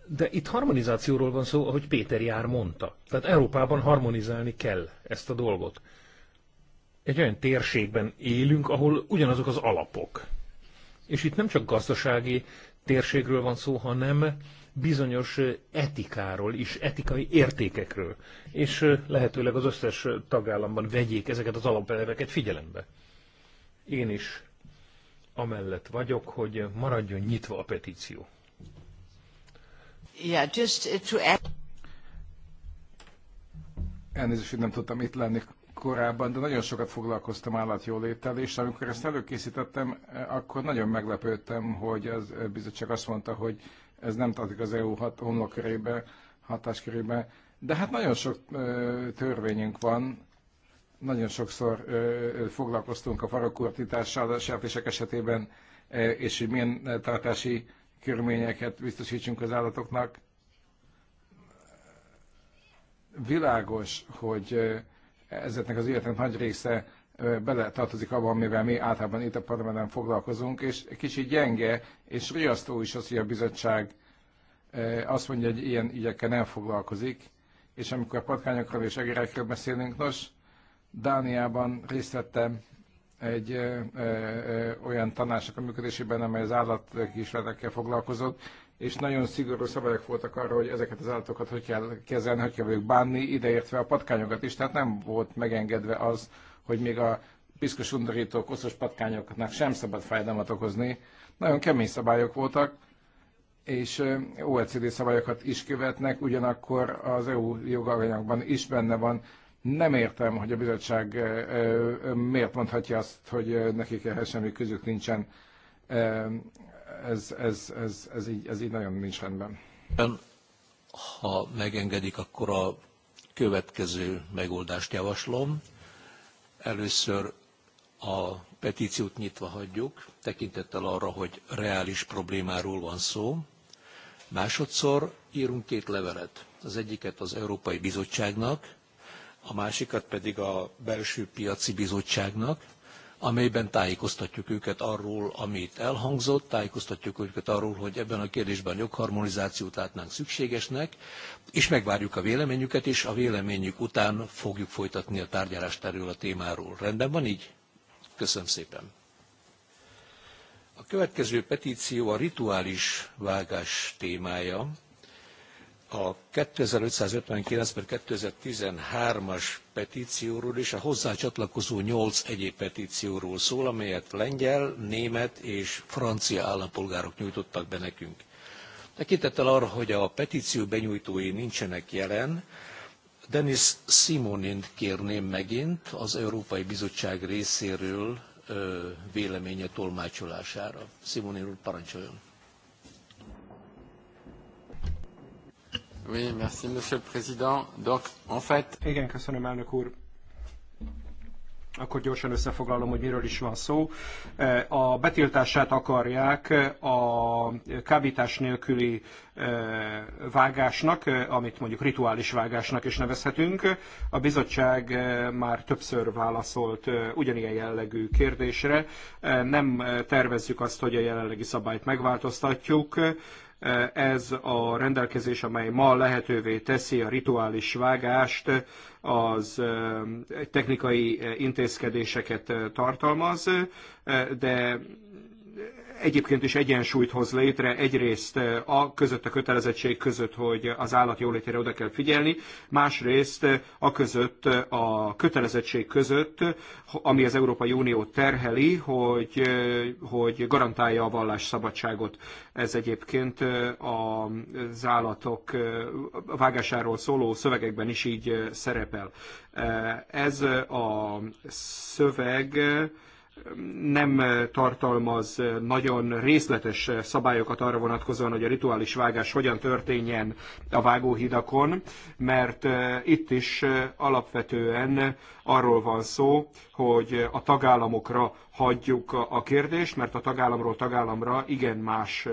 De itt harmonizációról van szó, ahogy Péter Jár mondta. Tehát Európában harmonizálni kell ezt a dolgot. Egy olyan térségben élünk, ahol ugyanazok az alapok. És itt nem csak gazdasági térségről van szó, hanem bizonyos etikáról is, etikai értékekről. És lehetőleg az összes tagállamban vegyék ezeket az alapelveket figyelembe. Én is amellett vagyok, hogy maradjon nyitva a petíció. Elnézést, hogy nem tudtam itt lenni korábban, de nagyon sokat foglalkoztam állatjóléttel, és amikor ezt előkészítettem, eh, akkor nagyon meglepődtem, hogy az eh, bizottság azt mondta, hogy ez nem tartozik az EU hat, homlokkörébe, hatáskörébe. De hát nagyon sok ö, eh, törvényünk van, nagyon sokszor ö, foglalkoztunk a farokkortítással, a sertések esetében, ö, és hogy milyen tartási körülményeket biztosítsunk az állatoknak. Világos, hogy ezeknek az életnek nagy része bele tartozik abban, amivel mi általában itt a parlamentben foglalkozunk, és kicsit gyenge és riasztó is az, hogy a bizottság azt mondja, hogy ilyen ügyekkel nem foglalkozik, és amikor a patkányokról és egerekről beszélünk, nos, Dániában részt vettem egy ö, ö, olyan tanácsnak a működésében, amely az állatkísérletekkel foglalkozott, és nagyon szigorú szabályok voltak arra, hogy ezeket az állatokat hogy kell kezelni, hogy kell ők bánni, ideértve a patkányokat is, tehát nem volt megengedve az, hogy még a piszkos undorító koszos patkányoknak sem szabad fájdalmat okozni. Nagyon kemény szabályok voltak, és OECD szabályokat is követnek, ugyanakkor az EU joganyagban is benne van nem értem, hogy a bizottság miért mondhatja azt, hogy nekik ehhez semmi közük nincsen. Ez, ez, ez, ez, így, ez így nagyon nincs rendben. Ha megengedik, akkor a következő megoldást javaslom. Először a petíciót nyitva hagyjuk, tekintettel arra, hogy reális problémáról van szó. Másodszor írunk két levelet. Az egyiket az Európai Bizottságnak, a másikat pedig a belső piaci bizottságnak, amelyben tájékoztatjuk őket arról, amit elhangzott, tájékoztatjuk őket arról, hogy ebben a kérdésben jogharmonizációt látnánk szükségesnek, és megvárjuk a véleményüket, és a véleményük után fogjuk folytatni a tárgyalást erről a témáról. Rendben van így? Köszönöm szépen. A következő petíció a rituális vágás témája a 2559 per 2013-as petícióról és a hozzá csatlakozó 8 egyéb petícióról szól, amelyet lengyel, német és francia állampolgárok nyújtottak be nekünk. Tekintettel arra, hogy a petíció benyújtói nincsenek jelen, Denis Simonint kérném megint az Európai Bizottság részéről véleménye tolmácsolására. Simonin úr, parancsoljon! Oui, merci, Monsieur le Président. Donc, en fait... Igen, köszönöm, elnök úr. Akkor gyorsan összefoglalom, hogy miről is van szó. Eh, a betiltását akarják eh, a kábítás nélküli eh, vágásnak, amit mondjuk rituális vágásnak is nevezhetünk. A bizottság már többször válaszolt ugyanilyen jellegű kérdésre. Nem tervezzük azt, hogy a jelenlegi szabályt megváltoztatjuk. Ez a rendelkezés, amely ma lehetővé teszi a rituális vágást, az technikai intézkedéseket tartalmaz, de egyébként is egyensúlyt hoz létre, egyrészt eh, a között a kötelezettség között, hogy az állat jólétére oda kell figyelni, másrészt eh, a között eh, a kötelezettség között, ami az Európai Unió terheli, hogy, hogy garantálja a vallásszabadságot. Ez egyébként az állatok vágásáról szóló szövegekben is így szerepel. Ez a szöveg nem eh, tartalmaz eh, nagyon részletes eh, szabályokat arra vonatkozóan, hogy a rituális vágás hogyan történjen a vágóhidakon, mert itt is alapvetően arról van szó, hogy a tagállamokra hagyjuk a kérdést, mert a tagállamról tagállamra igen más,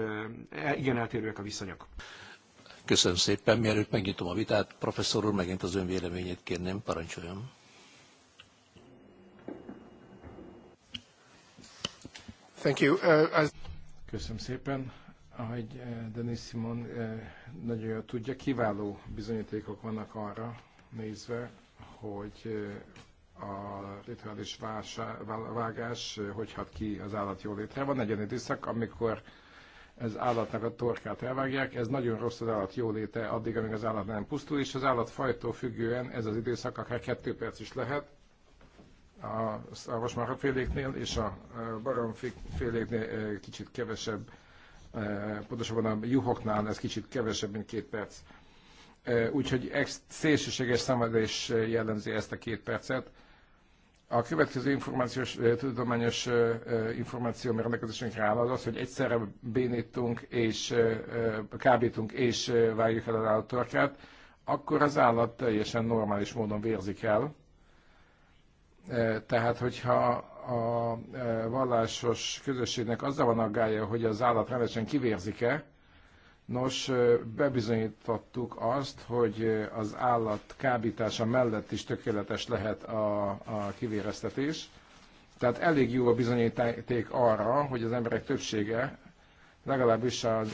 e, igen eltérőek a viszonyok. Köszönöm szépen. Mielőtt megnyitom a vitát, professzor úr, megint az ön véleményét kérném, parancsoljon. Thank you. Uh, as... Köszönöm szépen. Ahogy uh, Denis Simon uh, nagyon jól tudja, kiváló bizonyítékok vannak arra nézve, hogy uh, a rituális vágás hogy hat ki az állat jólétre. Van egy olyan időszak, amikor az állatnak a torkát elvágják, ez nagyon rossz az állat jóléte addig, amíg az állat nem pusztul, és az állat fajtól függően ez az időszak akár kettő perc is lehet, a szarvasmarhaféléknél és a e, féléknél e, kicsit kevesebb, e, pontosabban a juhoknál ez kicsit kevesebb, mint két perc. Úgyhogy szélsőséges szenvedés jellemzi ezt a két percet. A következő információs, tudományos információ, ami rendelkezésünkre áll, az az, hogy egyszerre bénítunk és kábítunk és vágjuk el az állat akkor az állat teljesen normális módon vérzik el, tehát, hogyha a vallásos közösségnek azzal van aggája, hogy az állat rendesen kivérzik-e, nos, bebizonyítottuk azt, hogy az állat kábítása mellett is tökéletes lehet a, a kivéreztetés. Tehát elég jó a bizonyíték arra, hogy az emberek többsége, legalábbis az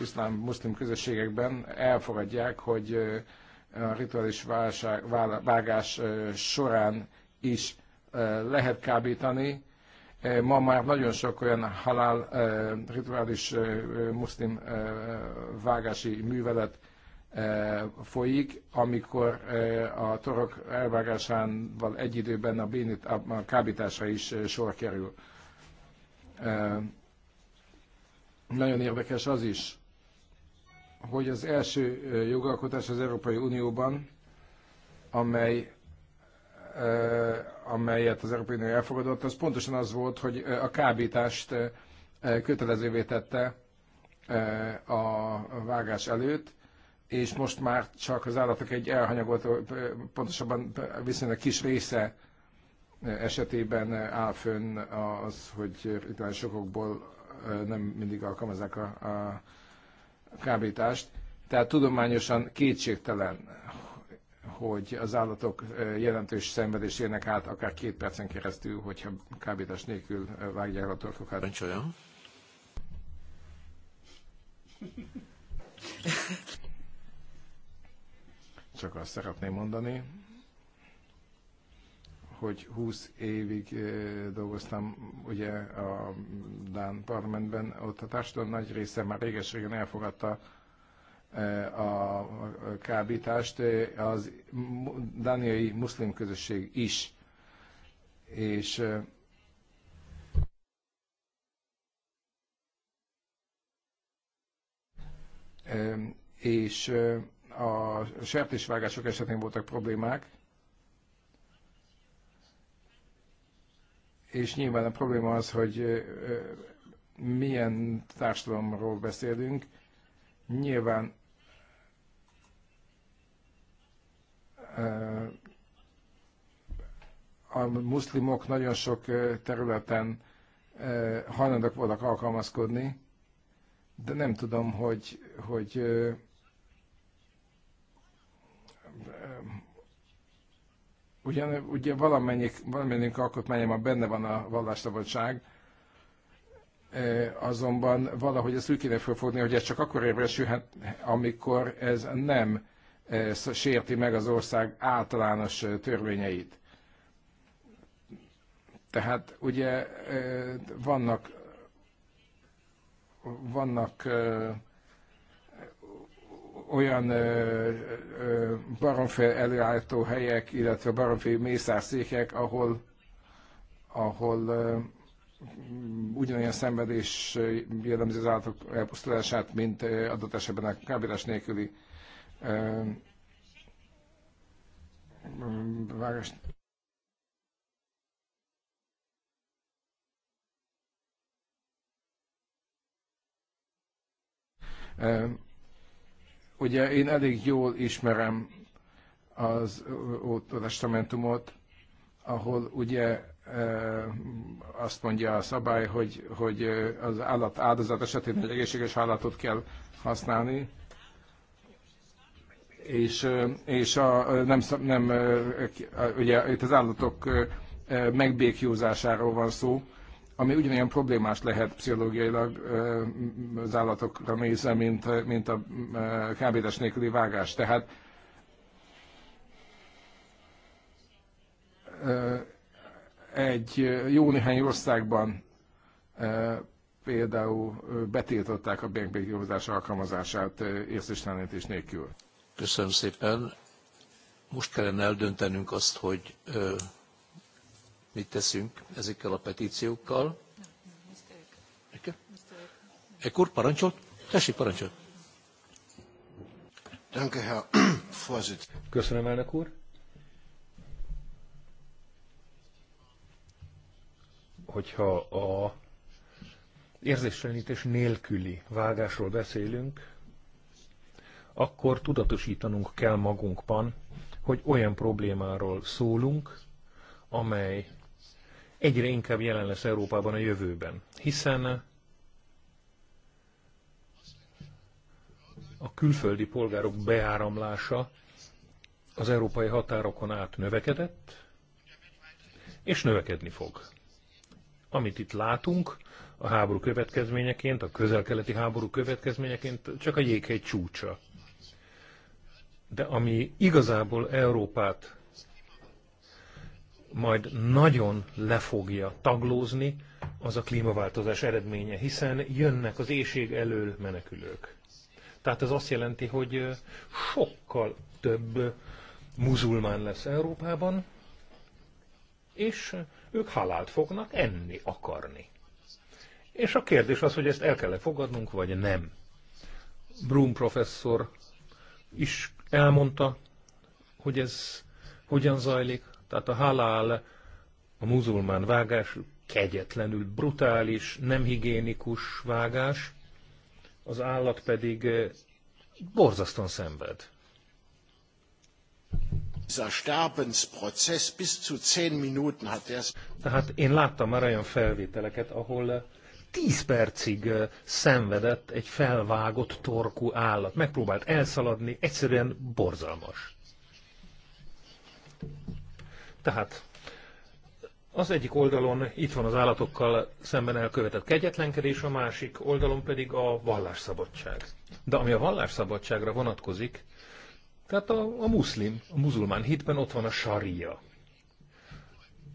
iszlám-muszlim közösségekben elfogadják, hogy a rituális válság, vágás során is eh, lehet kábítani. Eh, ma már nagyon sok olyan halál eh, rituális muszlim vágási művelet folyik, amikor a torok elvágásával egy időben a, bénit, a kábításra is sor kerül. Nagyon érdekes az is, hogy az első jogalkotás az Európai Unióban, amely Eh, amelyet az Európai Unió elfogadott, az pontosan az volt, hogy eh, a kábítást eh, kötelezővé tette a vágás előtt, és most már csak az állatok egy elhanyagolt, pontosabban viszonylag kis része esetében áll fönn az, hogy talán sokokból nem mindig alkalmazzák a, a kábítást. Tehát tudományosan kétségtelen, hogy az állatok jelentős szenvedés érnek át, akár két percen keresztül, hogyha kábítás nélkül vágják a torkokat. Nincs olyan? Csak azt szeretném mondani, hogy 20 évig dolgoztam ugye a Dán parlamentben, ott a társadalom nagy része már réges-régen elfogadta a kábítást, az dániai muszlim közösség is. És és a sertésvágások esetén voltak problémák, és nyilván a probléma az, hogy milyen társadalomról beszélünk. Nyilván a muszlimok nagyon sok területen hajlandók voltak alkalmazkodni, de nem tudom, hogy, hogy ugyan, ugye valamennyik, valamennyik alkotmányában benne van a vallásszabadság, azonban valahogy ezt úgy kéne fölfogni, hogy ez csak akkor érvesülhet, amikor ez nem sérti meg az ország általános törvényeit. Tehát ugye vannak, vannak olyan baromfél előállító helyek, illetve baromfé mészárszékek, ahol, ahol ugyanolyan szenvedés jellemzi az állatok elpusztulását, mint adott esetben a kábírás nélküli Ugye én elég jól ismerem az testamentumot, ahol ugye azt mondja a szabály, hogy, hogy az állat áldozat esetén egy egészséges állatot kell használni, és, és a, nem, nem, ugye itt az állatok megbékjózásáról van szó, ami ugyanolyan problémás lehet pszichológiailag az állatokra nézve, mint, mint a kábítás nélküli vágás. Tehát egy jó néhány országban például betiltották a bankbékjózás alkalmazását észrestenlenítés nélkül. Köszönöm szépen. Most kellene eldöntenünk azt, hogy ö, mit teszünk ezekkel a petíciókkal. Ekkor parancsolt? Tessék parancsolt! Köszönöm, elnök úr! Hogyha a érzéstelenítés nélküli vágásról beszélünk, akkor tudatosítanunk kell magunkban, hogy olyan problémáról szólunk, amely egyre inkább jelen lesz Európában a jövőben. Hiszen a külföldi polgárok beáramlása az európai határokon át növekedett, és növekedni fog. Amit itt látunk, a háború következményeként, a közel-keleti háború következményeként csak a jéghegy csúcsa de ami igazából Európát majd nagyon le fogja taglózni, az a klímaváltozás eredménye, hiszen jönnek az éjség elől menekülők. Tehát ez azt jelenti, hogy sokkal több muzulmán lesz Európában, és ők halált fognak enni akarni. És a kérdés az, hogy ezt el kell -e fogadnunk, vagy nem. Brum professzor is elmondta, hogy ez hogyan zajlik. Tehát a halál, a muzulmán vágás kegyetlenül brutális, nem higiénikus vágás, az állat pedig eh, borzasztóan szenved. Tehát én láttam már olyan felvételeket, ahol eh, tíz percig szenvedett egy felvágott torkú állat. Megpróbált elszaladni, egyszerűen borzalmas. Tehát az egyik oldalon itt van az állatokkal szemben elkövetett kegyetlenkedés, a másik oldalon pedig a vallásszabadság. De ami a vallásszabadságra vonatkozik, tehát a, a muszlim, a muzulmán hitben ott van a saria.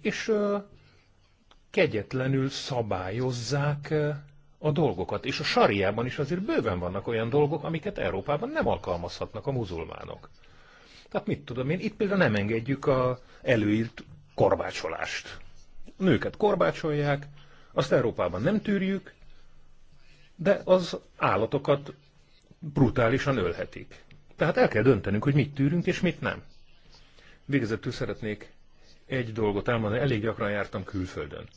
És kegyetlenül szabályozzák a dolgokat. És a sariában is azért bőven vannak olyan dolgok, amiket Európában nem alkalmazhatnak a muzulmánok. Tehát mit tudom én, itt például nem engedjük a előírt korbácsolást. A nőket korbácsolják, azt Európában nem tűrjük, de az állatokat brutálisan ölhetik. Tehát el kell döntenünk, hogy mit tűrünk és mit nem. Végezetül szeretnék egy dolgot elmondani, elég gyakran jártam külföldön.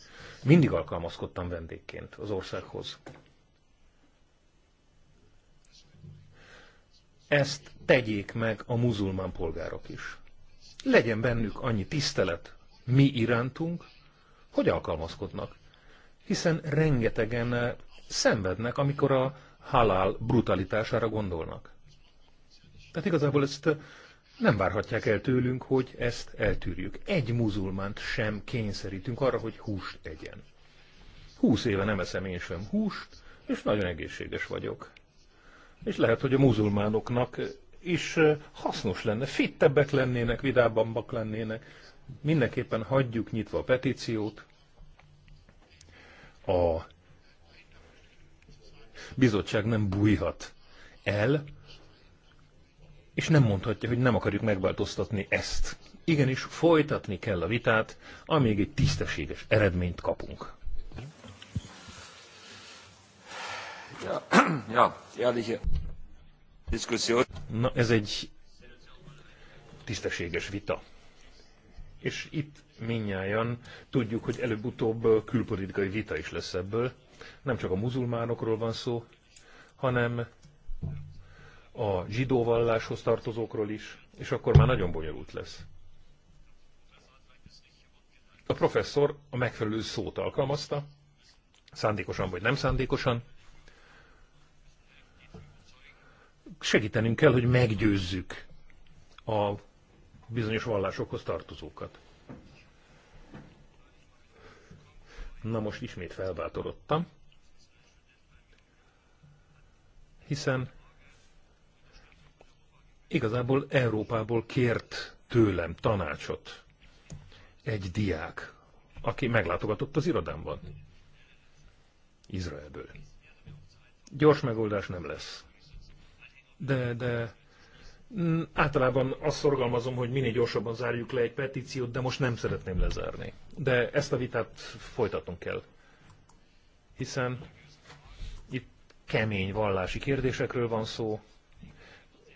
Mindig alkalmazkodtam vendégként az országhoz. Ezt tegyék meg a muzulmán polgárok is. Legyen bennük annyi tisztelet mi irántunk, hogy alkalmazkodnak. Hiszen rengetegen eh, szenvednek, amikor a halál brutalitására gondolnak. Tehát igazából ezt eh, nem várhatják el tőlünk, hogy ezt eltűrjük. Egy muzulmánt sem kényszerítünk arra, hogy húst egyen. Húsz éve nem eszem én sem húst, és nagyon egészséges vagyok. És lehet, hogy a muzulmánoknak is hasznos lenne, fittebbek lennének, vidábbak lennének. Mindenképpen hagyjuk nyitva a petíciót. A bizottság nem bújhat el, és nem mondhatja, hogy nem akarjuk megváltoztatni ezt. Igenis, folytatni kell a vitát, amíg egy tisztességes eredményt kapunk. Ja, ja, ehrliche Diskussion. Na, ez egy tisztességes vita. És itt minnyáján tudjuk, hogy előbb-utóbb külpolitikai vita is lesz ebből. Nem csak a muzulmánokról van szó, hanem a zsidó valláshoz tartozókról is, és akkor már nagyon bonyolult lesz. A professzor a megfelelő szót alkalmazta, szándékosan vagy nem szándékosan. Segítenünk kell, hogy meggyőzzük a bizonyos vallásokhoz tartozókat. Na most ismét felbátorodtam, hiszen Igazából Európából kért tőlem tanácsot egy diák, aki meglátogatott az irodámban. Izraelből. Gyors megoldás nem lesz. De, de mm, általában azt szorgalmazom, hogy minél gyorsabban zárjuk le egy petíciót, de most nem szeretném lezárni. De ezt a vitát folytatnunk kell. Hiszen itt kemény vallási kérdésekről van szó.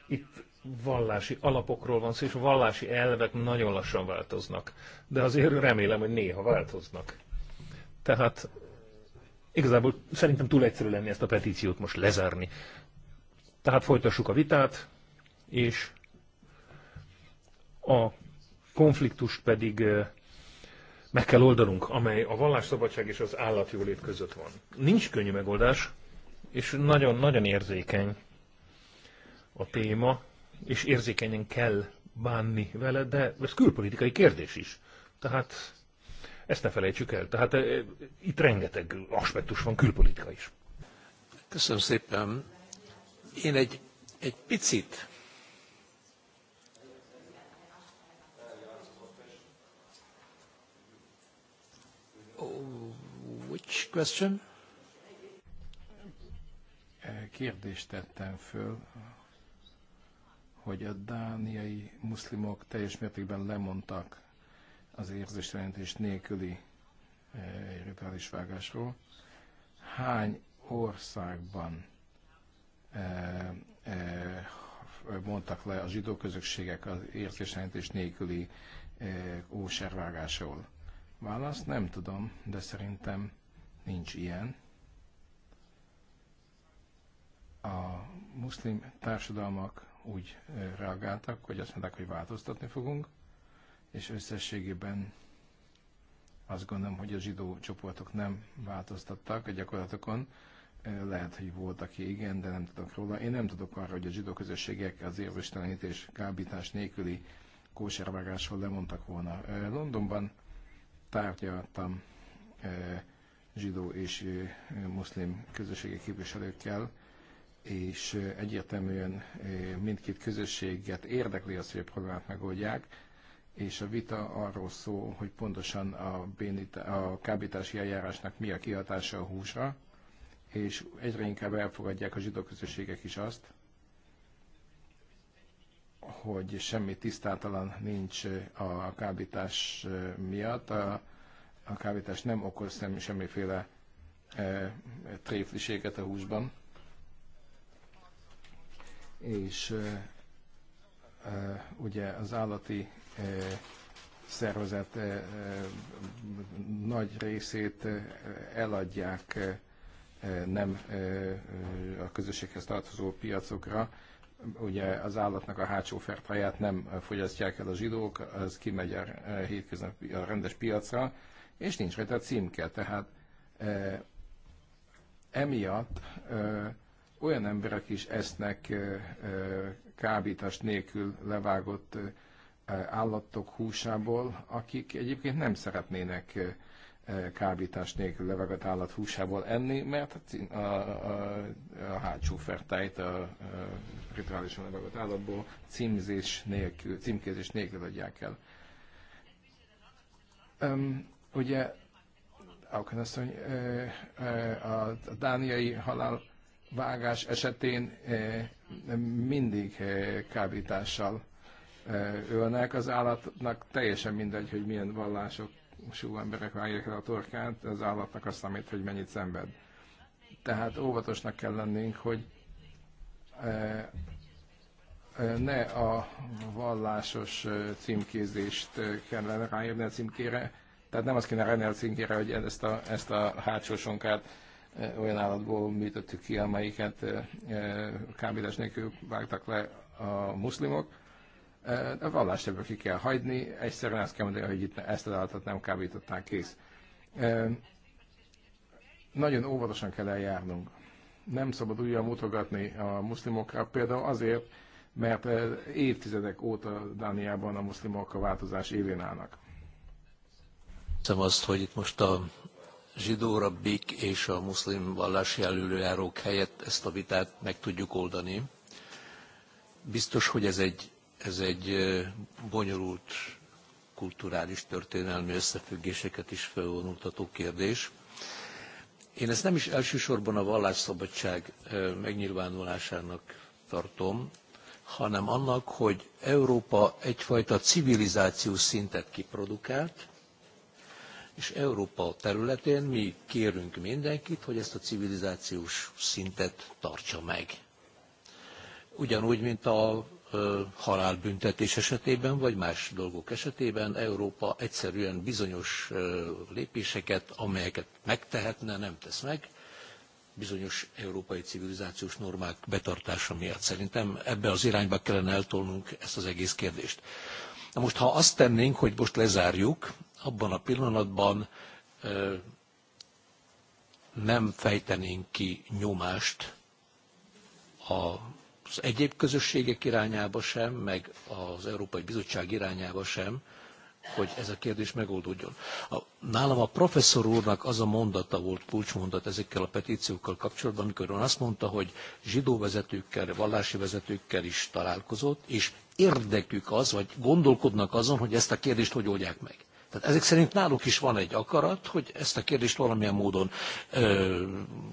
Itt vallási alapokról van szó, és a vallási elvek nagyon lassan változnak. De azért remélem, hogy néha változnak. Tehát igazából szerintem túl egyszerű lenni ezt a petíciót most lezárni. Tehát folytassuk a vitát, és a konfliktust pedig meg kell oldanunk, amely a vallásszabadság és az állatjólét között van. Nincs könnyű megoldás, és nagyon-nagyon érzékeny a téma, és érzékenyen kell bánni vele, de ez külpolitikai kérdés is. Tehát ezt ne felejtsük el. Tehát e, itt rengeteg aspektus van, külpolitika is. Köszönöm szépen. Én egy, egy picit oh, Which question? Kérdést tettem föl hogy a dániai muszlimok teljes mértékben lemondtak az érzésjelentés nélküli eh, rituális vágásról. Hány országban eh, eh, mondtak le a zsidó közösségek az érzésjelentés nélküli óservágásról? Válasz nem tudom, de szerintem nincs ilyen. A muszlim társadalmak úgy reagáltak, hogy azt mondták, hogy változtatni fogunk, és összességében azt gondolom, hogy a zsidó csoportok nem változtattak a gyakorlatokon. Lehet, hogy volt, aki igen, de nem tudok róla. Én nem tudok arra, hogy a zsidó közösségek az érvéstelenítés, kábítás nélküli kóservágásról lemondtak volna. Londonban tárgyaltam zsidó és muszlim közösségi képviselőkkel, és egyértelműen mindkét közösséget érdekli az, hogy a problémát megoldják, és a vita arról szól, hogy pontosan a, bénita, a kábítási eljárásnak mi a kihatása a húsra, és egyre inkább elfogadják a zsidó közösségek is azt, hogy semmi tisztátalan nincs a kábítás miatt, a, a kábítás nem okoz semmiféle e, tréfliséget a húsban és ugye az állati szervezet nagy részét eladják nem a közösséghez tartozó piacokra. Ugye az állatnak a hátsó fertáját nem fogyasztják el a zsidók, az kimegy a hétköznapi a rendes piacra, és nincs rajta címke. Tehát emiatt olyan emberek is esznek kábítás nélkül levágott állatok húsából, akik egyébként nem szeretnének kábítás nélkül levágott állat húsából enni, mert a, a, a hátsó fertájt a, a rituálisan levágott állatból címzés nélkül, címkézés nélkül adják el. Um, ugye Auken a, a, a dániai halál vágás esetén eh, mindig eh, kábítással eh, ölnek. Az állatnak teljesen mindegy, hogy milyen vallások sú emberek vágják el a torkát, az állatnak azt számít, hogy mennyit szenved. Tehát óvatosnak kell lennünk, hogy ne a vallásos címkézést kellene ráírni a címkére, tehát nem azt kéne ráírni a címkére, hogy ezt a, ezt a hátsó sonkát Eh, olyan állatból műtöttük ki, amelyiket eh, eh, kábítás nélkül vágtak le a muszlimok. A vallást ebből ki kell hagyni, egyszerűen azt kell mondani, hogy itt ezt az állatot nem kábították kész. Nagyon óvatosan kell eljárnunk. Nem szabad újra mutogatni a muszlimokra, például azért, mert évtizedek óta Dániában a muszlimok a változás évén állnak. Hiszem azt, hogy itt most a zsidó rabbik és a muszlim vallási előjárók helyett ezt a vitát meg tudjuk oldani. Biztos, hogy ez egy, ez egy bonyolult kulturális történelmi összefüggéseket is felvonultató kérdés. Én ezt nem is elsősorban a vallásszabadság megnyilvánulásának tartom, hanem annak, hogy Európa egyfajta civilizációs szintet kiprodukált, és Európa területén mi kérünk mindenkit, hogy ezt a civilizációs szintet tartsa meg. Ugyanúgy, mint a halálbüntetés esetében, vagy más dolgok esetében Európa egyszerűen bizonyos lépéseket, amelyeket megtehetne, nem tesz meg, bizonyos európai civilizációs normák betartása miatt. Szerintem ebbe az irányba kellene eltolnunk ezt az egész kérdést. Na most, ha azt tennénk, hogy most lezárjuk, abban a pillanatban nem fejtenénk ki nyomást az egyéb közösségek irányába sem, meg az Európai Bizottság irányába sem, hogy ez a kérdés megoldódjon. A, nálam a professzor úrnak az a mondata volt kulcsmondat ezekkel a petíciókkal kapcsolatban, amikor ön azt mondta, hogy zsidó vezetőkkel, vallási vezetőkkel is találkozott, és érdekük az, vagy gondolkodnak azon, hogy ezt a kérdést hogy oldják meg. Tehát ezek szerint náluk is van egy akarat, hogy ezt a kérdést valamilyen módon ö,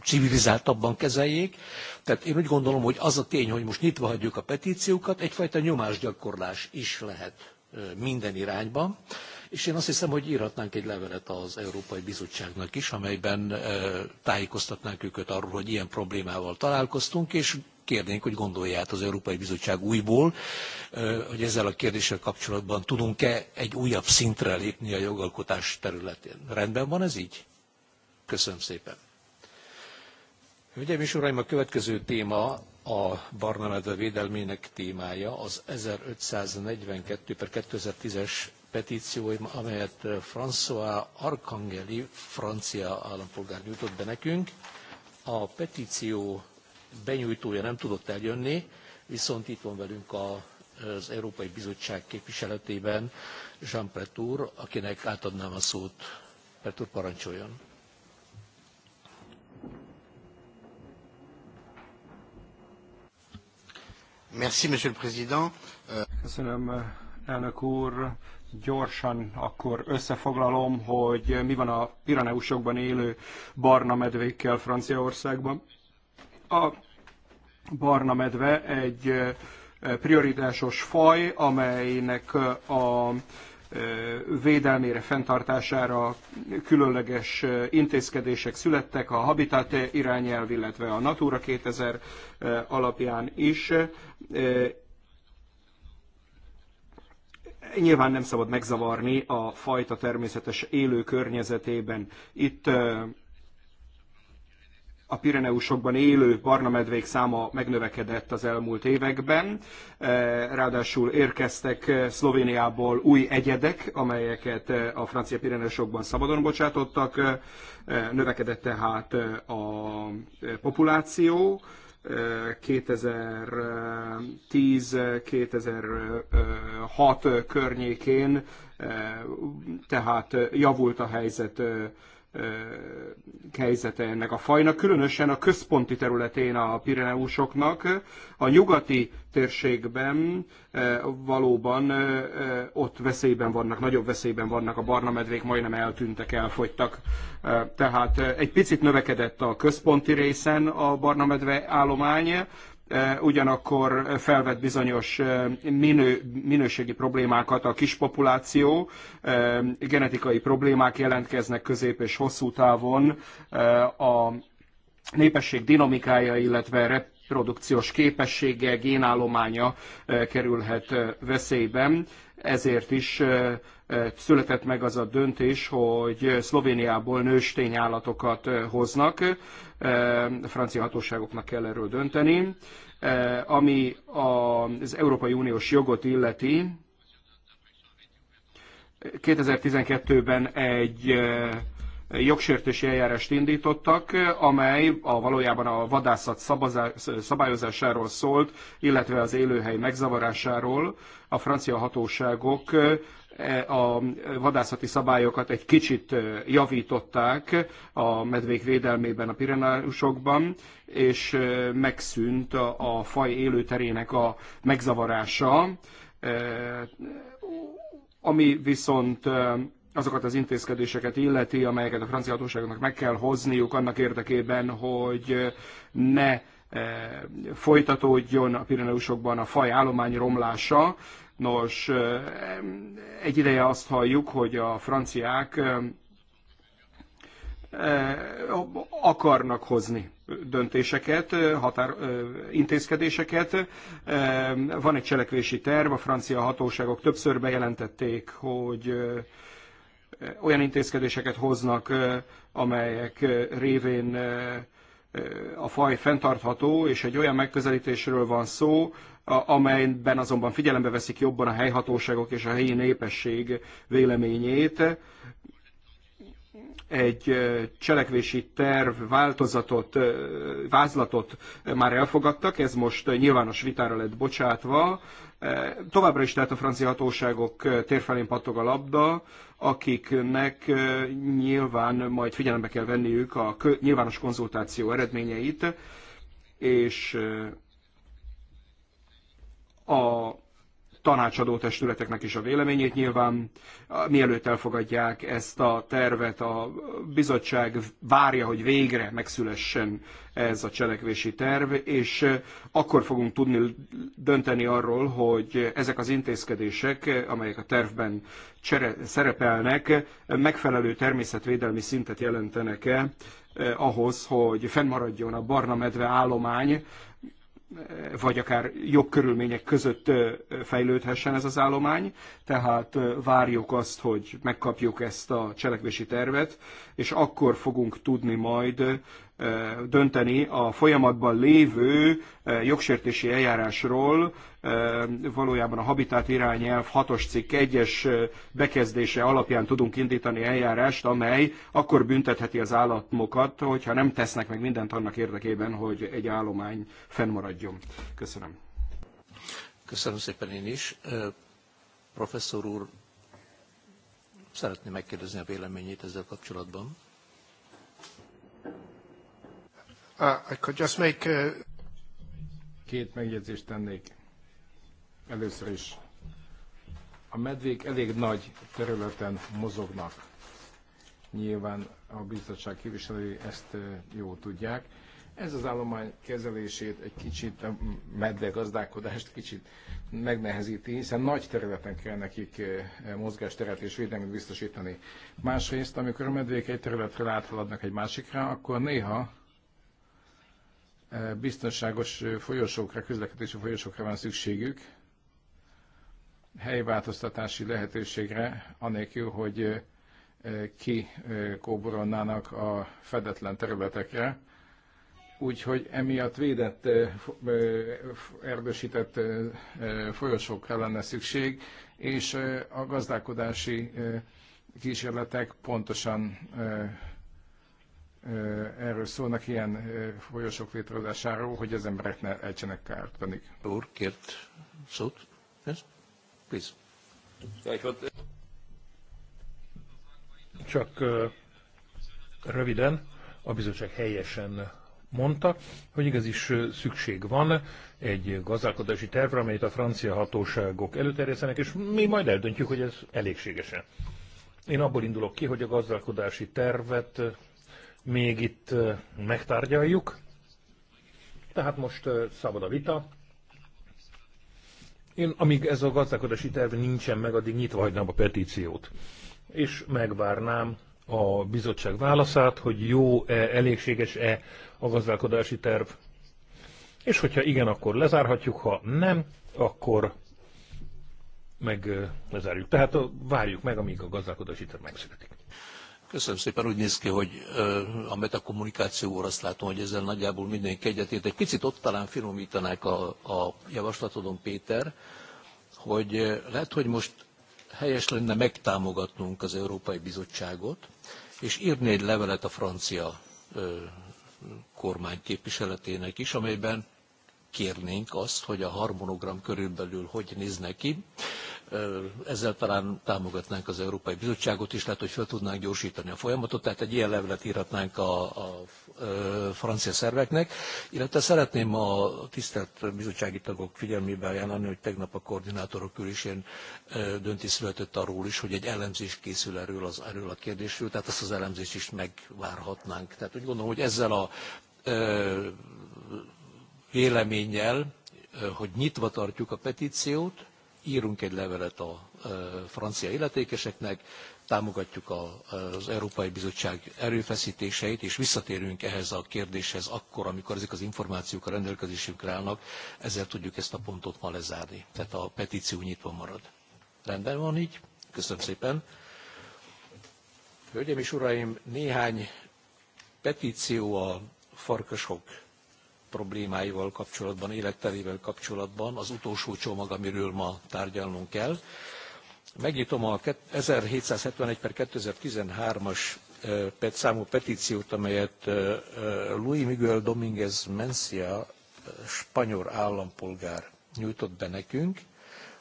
civilizáltabban kezeljék. Tehát én úgy gondolom, hogy az a tény, hogy most nyitva hagyjuk a petíciókat, egyfajta nyomásgyakorlás is lehet ö, minden irányban. És én azt hiszem, hogy írhatnánk egy levelet az Európai Bizottságnak is, amelyben tájékoztatnánk őket arról, hogy ilyen problémával találkoztunk, és kérnénk, hogy gondolja át az Európai Bizottság újból, hogy ezzel a kérdéssel kapcsolatban tudunk-e egy újabb szintre lépni a jogalkotás területén. Rendben van ez így? Köszönöm szépen. Hölgyeim és Uraim, a következő téma a barna medve védelmének témája az 1542 per 2010-es petíció, amelyet François Arcangeli, francia állampolgár nyújtott be nekünk. A petíció benyújtója nem tudott eljönni, viszont itt van velünk a, az Európai Bizottság képviseletében Jean Pretour, akinek átadnám a szót. Pretour parancsoljon. Merci, Monsieur le Président. Köszönöm, elnök úr. Gyorsan akkor összefoglalom, hogy mi van a Piraneusokban élő barna medvékkel Franciaországban. A barna medve egy prioritásos faj, amelynek a védelmére, fenntartására különleges intézkedések születtek, a Habitat irányelv, illetve a Natura 2000 alapján is. Nyilván nem szabad megzavarni a fajta természetes élő környezetében. Itt a Pireneusokban élő barnamedvék száma megnövekedett az elmúlt években. E, ráadásul érkeztek e, Szlovéniából új egyedek, amelyeket e, a francia Pireneusokban szabadon bocsátottak. Növekedett tehát a populáció. 2010-2006 környékén, tehát javult a helyzet helyzete ennek a fajnak, különösen a központi területén a Pireneusoknak, a nyugati térségben valóban ott veszélyben vannak, nagyobb veszélyben vannak a barna medvék, majdnem eltűntek, elfogytak. Tehát egy picit növekedett a központi részen a barna medve állomány, Eh, ugyanakkor felvet bizonyos eh, minő, minőségi problémákat a kis populáció, eh, genetikai problémák jelentkeznek közép és hosszú távon a népesség dinamikája, illetve reprodukciós képessége, génállománya kerülhet veszélyben ezért is született meg az a döntés, hogy Szlovéniából nőstényállatokat hoznak. Francia hatóságoknak kell erről dönteni. Ami az Európai Uniós jogot illeti, 2012-ben egy jogsértési eljárást indítottak, amely a valójában a vadászat szabályozásáról szólt, illetve az élőhely megzavarásáról. A francia hatóságok e, a vadászati szabályokat egy kicsit e, javították a medvék védelmében a Pirenáusokban, és e, megszűnt a faj élőterének a megzavarása, ami viszont azokat az intézkedéseket illeti, amelyeket a francia hatóságoknak meg kell hozniuk annak érdekében, hogy ne folytatódjon a Pirineusokban a faj állomány romlása. Nos, egy ideje azt halljuk, hogy a franciák akarnak hozni döntéseket, határ, intézkedéseket. Van egy cselekvési terv, a francia hatóságok többször bejelentették, hogy olyan intézkedéseket hoznak, amelyek révén a faj fenntartható, és egy olyan megközelítésről van szó, amelyben azonban figyelembe veszik jobban a helyhatóságok és a helyi népesség véleményét. Egy cselekvési terv változatot, vázlatot már elfogadtak, ez most nyilvános vitára lett bocsátva. Továbbra is tehát a francia hatóságok térfelén pattog a labda, akiknek nyilván majd figyelembe kell venniük a nyilvános konzultáció eredményeit, és a tanácsadó testületeknek is a véleményét nyilván, mielőtt elfogadják ezt a tervet, a bizottság várja, hogy végre megszülessen ez a cselekvési terv, és akkor fogunk tudni dönteni arról, hogy ezek az intézkedések, amelyek a tervben csere, szerepelnek, megfelelő természetvédelmi szintet jelentenek-e ahhoz, hogy fennmaradjon a barna medve állomány, vagy akár jobb körülmények között fejlődhessen ez az állomány, tehát várjuk azt, hogy megkapjuk ezt a cselekvési tervet, és akkor fogunk tudni majd dönteni a folyamatban lévő jogsértési eljárásról, valójában a Habitat irányelv 6-os cikk 1-es bekezdése alapján tudunk indítani eljárást, amely akkor büntetheti az állatmokat, hogyha nem tesznek meg mindent annak érdekében, hogy egy állomány fennmaradjon. Köszönöm. Köszönöm szépen én is. Professzor úr, szeretném megkérdezni a véleményét ezzel kapcsolatban. Uh, I could just make Két megjegyzést tennék. Először is a medvék elég nagy területen mozognak. Nyilván a bizottság képviselői ezt jó tudják. Ez az állomány kezelését egy kicsit, a medve gazdálkodást kicsit megnehezíti, hiszen nagy területen kell nekik mozgásteret és védelmet biztosítani. Másrészt, amikor a medvék egy területről áthaladnak egy másikra, akkor néha biztonságos folyosókra, közlekedési folyosókra van szükségük, helyváltoztatási lehetőségre, anélkül, hogy ki kóborolnának a fedetlen területekre. Úgyhogy emiatt védett, erdősített folyosókra lenne szükség, és a gazdálkodási kísérletek pontosan erről szólnak ilyen folyosók létrehozásáról, hogy az emberek ne ejtsenek kárt pedig. Úr, kért szót? Yes? Please. Csak röviden, a bizottság helyesen mondta, hogy igaz is szükség van egy gazdálkodási tervre, amelyet a francia hatóságok előterjesztenek, és mi majd eldöntjük, hogy ez elégségesen. Én abból indulok ki, hogy a gazdálkodási tervet még itt megtárgyaljuk, tehát most szabad a vita, én, amíg ez a gazdálkodási terv nincsen meg, addig nyitva hagynám a petíciót. És megvárnám a bizottság válaszát, hogy jó-e, elégséges-e a gazdálkodási terv. És hogyha igen, akkor lezárhatjuk, ha nem, akkor meg lezárjuk. Tehát várjuk meg, amíg a gazdálkodási terv megszületik. Köszönöm szépen. Úgy néz ki, hogy a metakommunikációra azt látom, hogy ezzel nagyjából mindenki egyetért. Egy picit ott talán finomítanák a, a javaslatodon, Péter, hogy lehet, hogy most helyes lenne megtámogatnunk az Európai Bizottságot, és írni egy levelet a francia kormány képviseletének is, amelyben kérnénk azt, hogy a harmonogram körülbelül hogy néz neki, ezzel talán támogatnánk az Európai Bizottságot is, lehet, hogy fel tudnánk gyorsítani a folyamatot, tehát egy ilyen levelet írhatnánk a, a, a francia szerveknek, illetve szeretném a tisztelt bizottsági tagok figyelmébe ajánlani, hogy tegnap a koordinátorok ülésén döntés született arról is, hogy egy elemzés készül erről, az, erről a kérdésről, tehát ezt az elemzést is megvárhatnánk. Tehát úgy gondolom, hogy ezzel a véleménnyel, hogy nyitva tartjuk a petíciót, írunk egy levelet a francia illetékeseknek, támogatjuk az Európai Bizottság erőfeszítéseit, és visszatérünk ehhez a kérdéshez akkor, amikor ezek az információk a rendelkezésünkre állnak, ezzel tudjuk ezt a pontot ma lezárni. Tehát a petíció nyitva marad. Rendben van így? Köszönöm szépen. Hölgyeim és Uraim, néhány petíció a farkasok problémáival kapcsolatban, életterével kapcsolatban az utolsó csomag, amiről ma tárgyalnunk kell. Megnyitom a 1771 per 2013-as számú petíciót, amelyet Luis Miguel Dominguez Mencia, spanyol állampolgár nyújtott be nekünk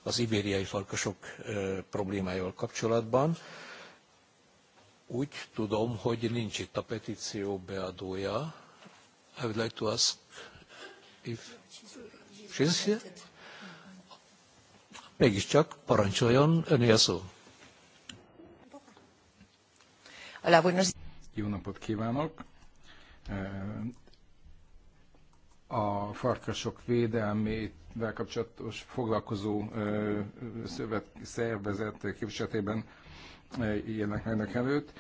az ibériai farkasok problémájával kapcsolatban. Úgy tudom, hogy nincs itt a petíció beadója. I would like to ask i she's here. Mégiscsak parancsoljon, ön a szó. Jó napot kívánok! A farkasok védelmével kapcsolatos foglalkozó szervezet képviseletében jönnek meg előtt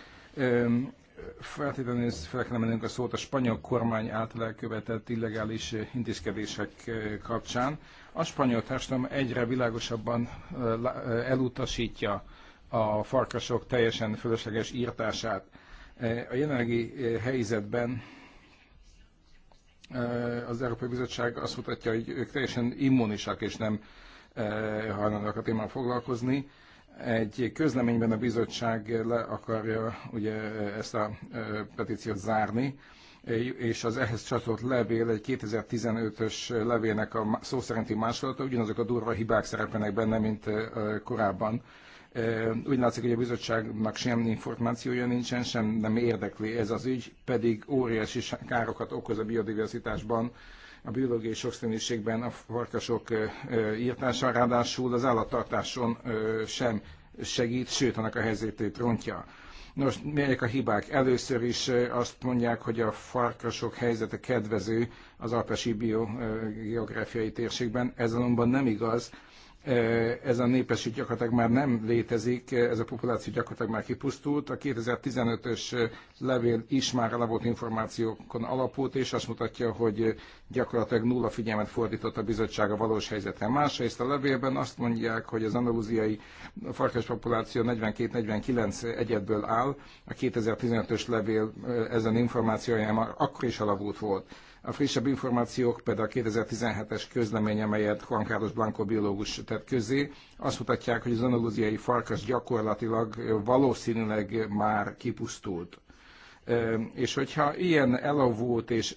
feltétlenül fel kell mennünk a szót a spanyol kormány által elkövetett illegális intézkedések eh, kapcsán. A spanyol társadalom egyre világosabban eh, eh, elutasítja a farkasok teljesen fölösleges írtását. A jelenlegi helyzetben az Európai Bizottság azt mutatja, hogy ők teljesen immunisak és nem hajlandóak a témán foglalkozni egy közleményben a bizottság le akarja ugye ezt a e, petíciót zárni, és az ehhez csatolt levél egy 2015-ös levélnek a szó szerinti másolata, ugyanazok a durva hibák szerepelnek benne, mint e, korábban. E, úgy látszik, hogy a bizottságnak sem információja nincsen, sem nem érdekli ez az ügy, pedig óriási károkat okoz a biodiverzitásban, a biológiai sokszínűségben a farkasok írtása, ráadásul az állattartáson sem segít, sőt, annak a helyzetét rontja. Nos, melyek a hibák? Először is azt mondják, hogy a farkasok helyzete kedvező az alpesi biogeográfiai térségben. Ez azonban nem igaz, ez a népesség gyakorlatilag már nem létezik, ez a populáció gyakorlatilag már kipusztult. A 2015-ös levél is már le volt információkon alapult, és azt mutatja, hogy gyakorlatilag nulla figyelmet fordított a bizottság a valós helyzetre. Másrészt a levélben azt mondják, hogy az andalúziai farkas populáció 42-49 egyedből áll, a 2015-ös levél ezen információjában már akkor is alavút volt. A frissebb információk például a 2017-es közlemény, amelyet Juan Carlos Blanco biológus tett közé, azt mutatják, hogy az andalúziai farkas gyakorlatilag valószínűleg már kipusztult. És hogyha ilyen elavult és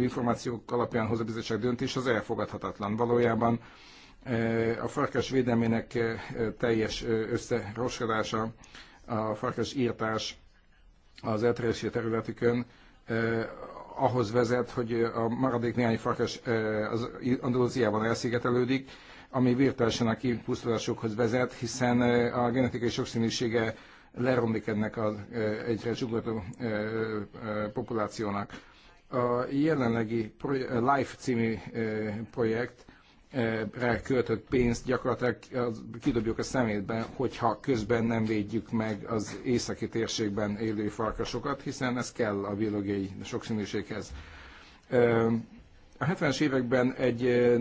információk alapján hoz a bizottság döntés, az elfogadhatatlan. Valójában a farkas védelmének teljes összerosodása, a farkas írtás az elterjesztő területükön ahhoz vezet, hogy a maradék néhány farkas az Andalúziában elszigetelődik, ami virtuálisan a kipusztulásokhoz vezet, hiszen a genetikai sokszínűsége leromlik ennek az egyre zsugató populációnak. A jelenlegi LIFE című projekt Eh, rá költött pénzt gyakorlatilag kidobjuk a szemétbe, hogyha közben nem védjük meg az északi térségben élő farkasokat, hiszen ez kell a biológiai sokszínűséghez. A 70-es években egy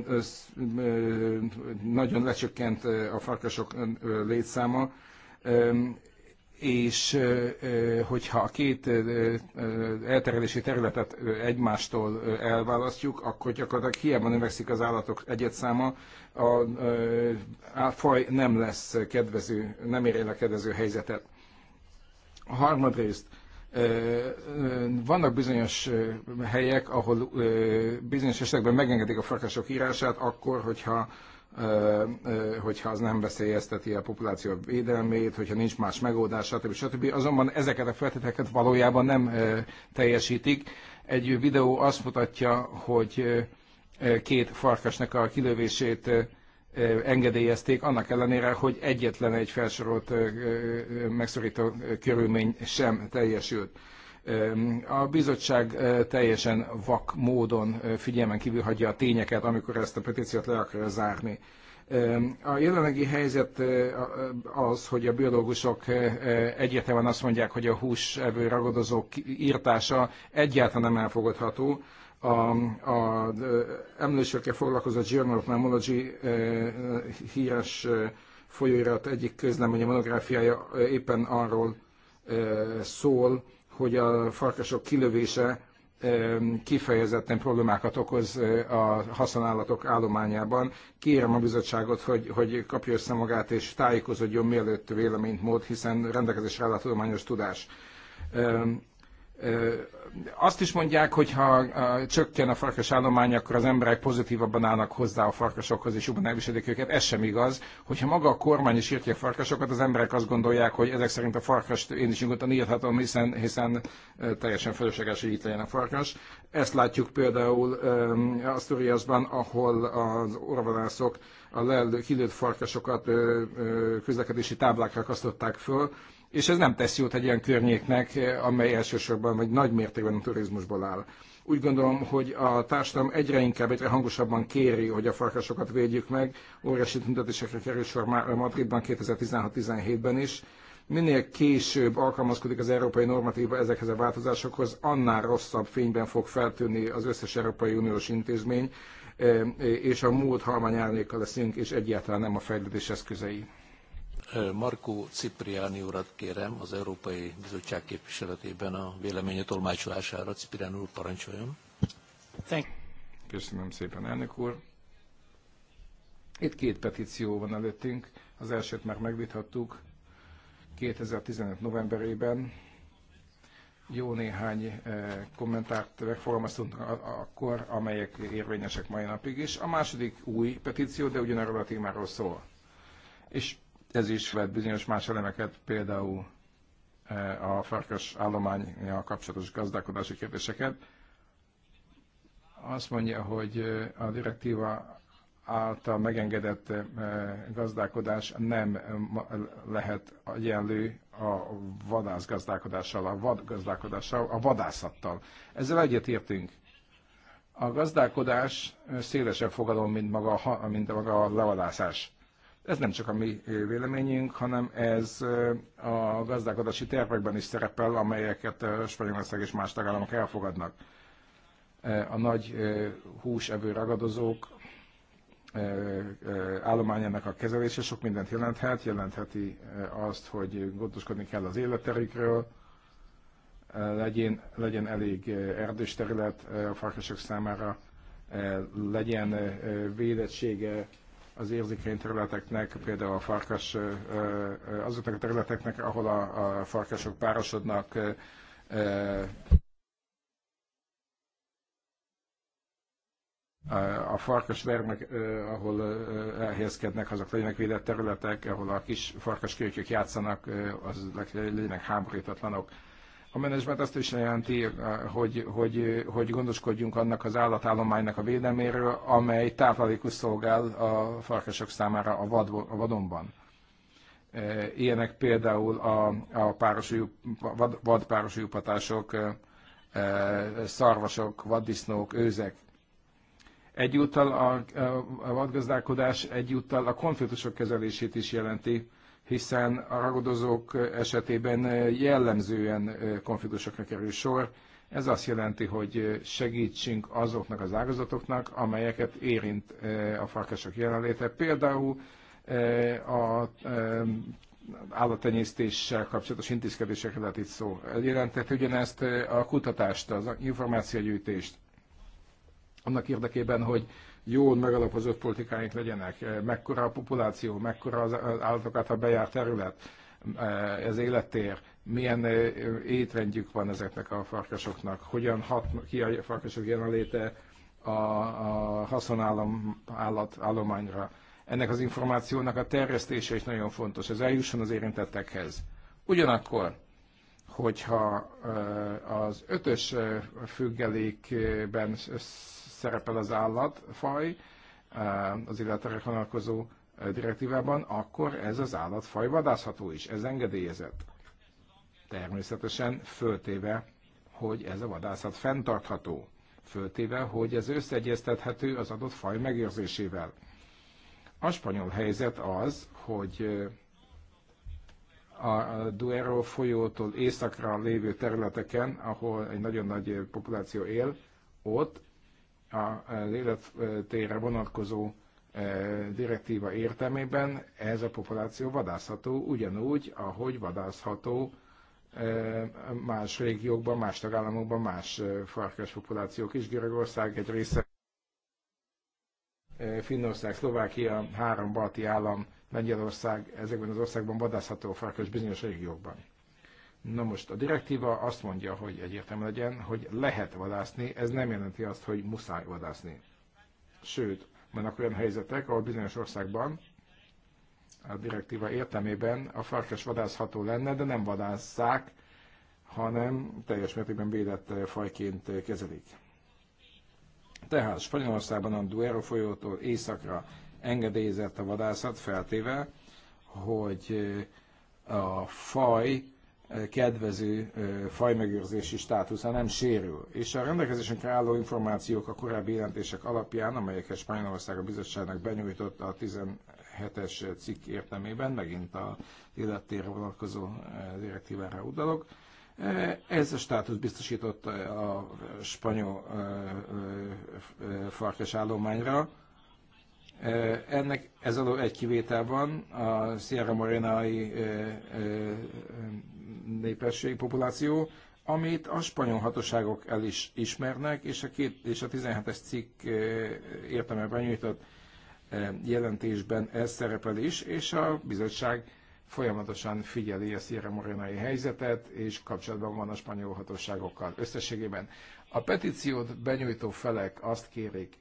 nagyon lecsökkent a farkasok létszáma, és hogyha a két elterjedési területet egymástól elválasztjuk, akkor gyakorlatilag hiába növekszik az állatok egyetszáma, a, a faj nem lesz kedvező, nem ér el a kedvező helyzetet. A harmadrészt, vannak bizonyos helyek, ahol bizonyos esetekben megengedik a farkasok írását, akkor, hogyha hogyha az nem veszélyezteti a populáció védelmét, hogyha nincs más megoldás, stb. stb. Azonban ezeket a feltételeket valójában nem teljesítik. Egy videó azt mutatja, hogy két farkasnak a kilövését engedélyezték, annak ellenére, hogy egyetlen egy felsorolt megszorító körülmény sem teljesült. A bizottság teljesen vak módon figyelmen kívül hagyja a tényeket, amikor ezt a petíciót le akarja zárni. A jelenlegi helyzet az, hogy a biológusok egyértelműen azt mondják, hogy a húsevő ragadozók írtása egyáltalán nem elfogadható. A, a emlősökkel foglalkozó Journal of Mammology híres folyóirat egyik közleménye monográfiája éppen arról szól, hogy a farkasok kilövése kifejezetten problémákat okoz a használatok állományában. Kérem a bizottságot, hogy, hogy kapja össze magát és tájékozódjon mielőtt véleményt mód, hiszen rendelkezésre áll a tudományos tudás azt is mondják, hogy ha csökken a farkas állomány, akkor az emberek pozitívabban állnak hozzá a farkasokhoz, és jobban elviselik őket. Ez sem igaz. Hogyha maga a kormány is írtja a farkasokat, az emberek azt gondolják, hogy ezek szerint a farkast én is nyugodtan írhatom, hiszen, hiszen teljesen fölösleges, hogy itt legyen a farkas. Ezt látjuk például Asturiasban, ahol az orvadászok a lel kilőtt farkasokat közlekedési táblákra kasztották föl, és ez nem tesz jót egy ilyen környéknek, eh, amely elsősorban vagy nagy mértékben a turizmusból áll. Úgy gondolom, hogy a társadalom egyre inkább, egyre hangosabban kéri, hogy a farkasokat védjük meg. Óriási tüntetésekre kerül sor Madridban 2016-17-ben is. Minél később alkalmazkodik az európai normatíva ezekhez a változásokhoz, annál rosszabb fényben fog feltűnni az összes Európai Uniós intézmény, eh, és a múlt halmány leszünk, és egyáltalán nem a fejlődés eszközei. Markó Cipriáni urat kérem az Európai Bizottság képviseletében a véleménye tolmácsolására. Cipriáni úr, parancsoljon. Köszönöm szépen, elnök úr. Itt két petíció van előttünk. Az elsőt már megvithattuk 2015. novemberében. Jó néhány eh, kommentárt megfogalmaztunk akkor, amelyek érvényesek mai napig is. A második új petíció, de ugyanarról a témáról szól. És ez is vett bizonyos más elemeket, például eh, a farkas a kapcsolatos gazdálkodási kérdéseket. Azt mondja, hogy eh, a direktíva által megengedett eh, gazdálkodás nem lehet egyenlő a vadászgazdálkodással, a vadgazdálkodással, a vadászattal. Ezzel egyetértünk. A gazdálkodás szélesebb fogalom, mint maga, mint maga a levadászás. Ez nem csak a mi véleményünk, hanem ez a gazdálkodási tervekben is szerepel, amelyeket Spanyolország és más tagállamok elfogadnak. A nagy húsevő ragadozók állományának a kezelése sok mindent jelenthet, jelentheti azt, hogy gondoskodni kell az életterükről, legyen, legyen elég erdős terület a farkasok számára, legyen védettsége az érzékeny területeknek, például a farkas, azoknak a területeknek, ahol a, a farkasok párosodnak, a farkas vermek, ahol elhelyezkednek, azok legyenek védett területek, ahol a kis farkaskölyökök játszanak, az legyenek háborítatlanok. A menedzsment azt is jelenti, eh, hogy, hogy, hogy gondoskodjunk annak az állatállománynak a védelméről, amely táplálékos szolgál a farkasok számára a, vad, a vadonban. Eh, ilyenek például a, a párosú, vad, vadpárosú eh, szarvasok, vaddisznók, őzek. Egyúttal a, a vadgazdálkodás egyúttal a konfliktusok kezelését is jelenti, hiszen a ragadozók esetében jellemzően konfliktusokra kerül sor. Ez azt jelenti, hogy segítsünk azoknak az ágazatoknak, amelyeket érint a farkasok jelenléte. Például a állattenyésztéssel kapcsolatos intézkedésekre lehet itt szó. Jelentett ugyanezt a kutatást, az információgyűjtést annak érdekében, hogy jól megalapozott politikáink legyenek, eh, mekkora a populáció, mekkora az eh, állatokat a bejárt terület, ez eh, élettér, milyen étrendjük van ezeknek a farkasoknak, hogyan hat ki a farkasok jelenléte a, a haszonállom állat, állományra. Ennek az információnak a terjesztése is nagyon fontos, ez eljusson az érintettekhez. Ugyanakkor, hogyha az ötös függelékben szerepel az állatfaj az illetre vonatkozó direktívában, akkor ez az állatfaj vadászható is, ez engedélyezett. Természetesen föltéve, hogy ez a vadászat fenntartható, föltéve, hogy ez összeegyeztethető az adott faj megérzésével. A spanyol helyzet az, hogy a Duero folyótól északra lévő területeken, ahol egy nagyon nagy populáció él, ott az élettérre vonatkozó e, direktíva értelmében ez a populáció vadászható ugyanúgy, ahogy vadászható e, más régiókban, más tagállamokban más e, farkas populációk is. Görögország egy része, Finnország, Szlovákia, három balti állam, Lengyelország, ezekben az országban vadászható farkas bizonyos régiókban. Na most a direktíva azt mondja, hogy egyértelmű legyen, hogy lehet vadászni, ez nem jelenti azt, hogy muszáj vadászni. Sőt, vannak olyan helyzetek, ahol bizonyos országban a direktíva értelmében a farkas vadászható lenne, de nem vadászszák, hanem teljes mértékben védett fajként kezelik. Tehát Spanyolországban a Duero folyótól északra engedélyezett a vadászat, feltéve, hogy a faj kedvező fajmegőrzési státusza nem sérül, és a rendelkezésünkre álló információk a korábbi jelentések alapján, amelyeket Spanyolország a bizottságnak benyújtott a 17-es cikk értelmében, megint a illettére vonatkozó direktívára utalok, ez a státusz biztosított a spanyol farkas állományra. Ennek ez alól egy kivétel van, a Sierra Morenai népesség, populáció, amit a spanyol hatóságok el is ismernek, és a, két, és a 17-es cikk eh, értelmeben nyújtott eh, jelentésben ez szerepel is, és a bizottság folyamatosan figyeli a Sierra Morena-i helyzetet, és kapcsolatban van a spanyol hatóságokkal összességében. A petíciót benyújtó felek azt kérik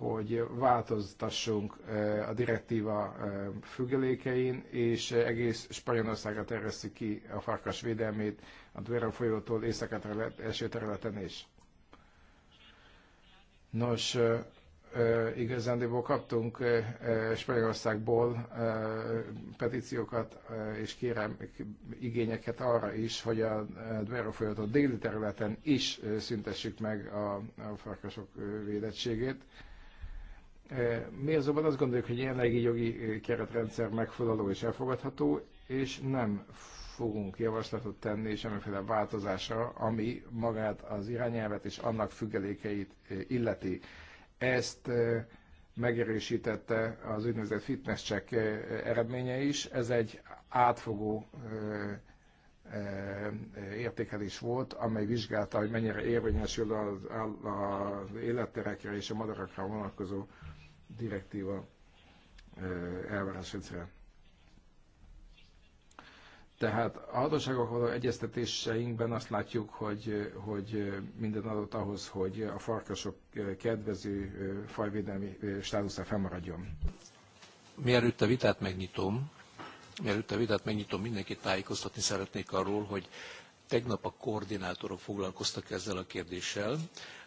hogy változtassunk e, a direktíva e, függelékein, és egész Spanyolországra terjesszük ki a farkas védelmét a Duero folyótól északra terület, első területen is. Nos, e, igazándiból kaptunk Spanyolországból petíciókat és kérem igényeket arra is, hogy a Duero folyótól déli területen is szüntessük meg a farkasok védettségét. Eh, mi azonban azt gondoljuk, hogy jelenlegi jogi eh, keretrendszer megfelelő és elfogadható, és nem fogunk javaslatot tenni semmiféle változásra, ami magát az irányelvet és annak függelékeit eh, illeti. Ezt megerősítette az úgynevezett fitness check eredménye is. Ez egy átfogó értékelés volt, amely vizsgálta, hogy mennyire érvényesül az, az életterekre és a madarakra vonatkozó direktíva elvárásrendszere. Tehát a hatóságok való egyeztetéseinkben azt látjuk, hogy, hogy minden adott ahhoz, hogy a farkasok kedvező fajvédelmi státuszá felmaradjon. Mielőtt a vitát megnyitom, mielőtt a vitát megnyitom, mindenkit tájékoztatni szeretnék arról, hogy tegnap a koordinátorok foglalkoztak ezzel a kérdéssel,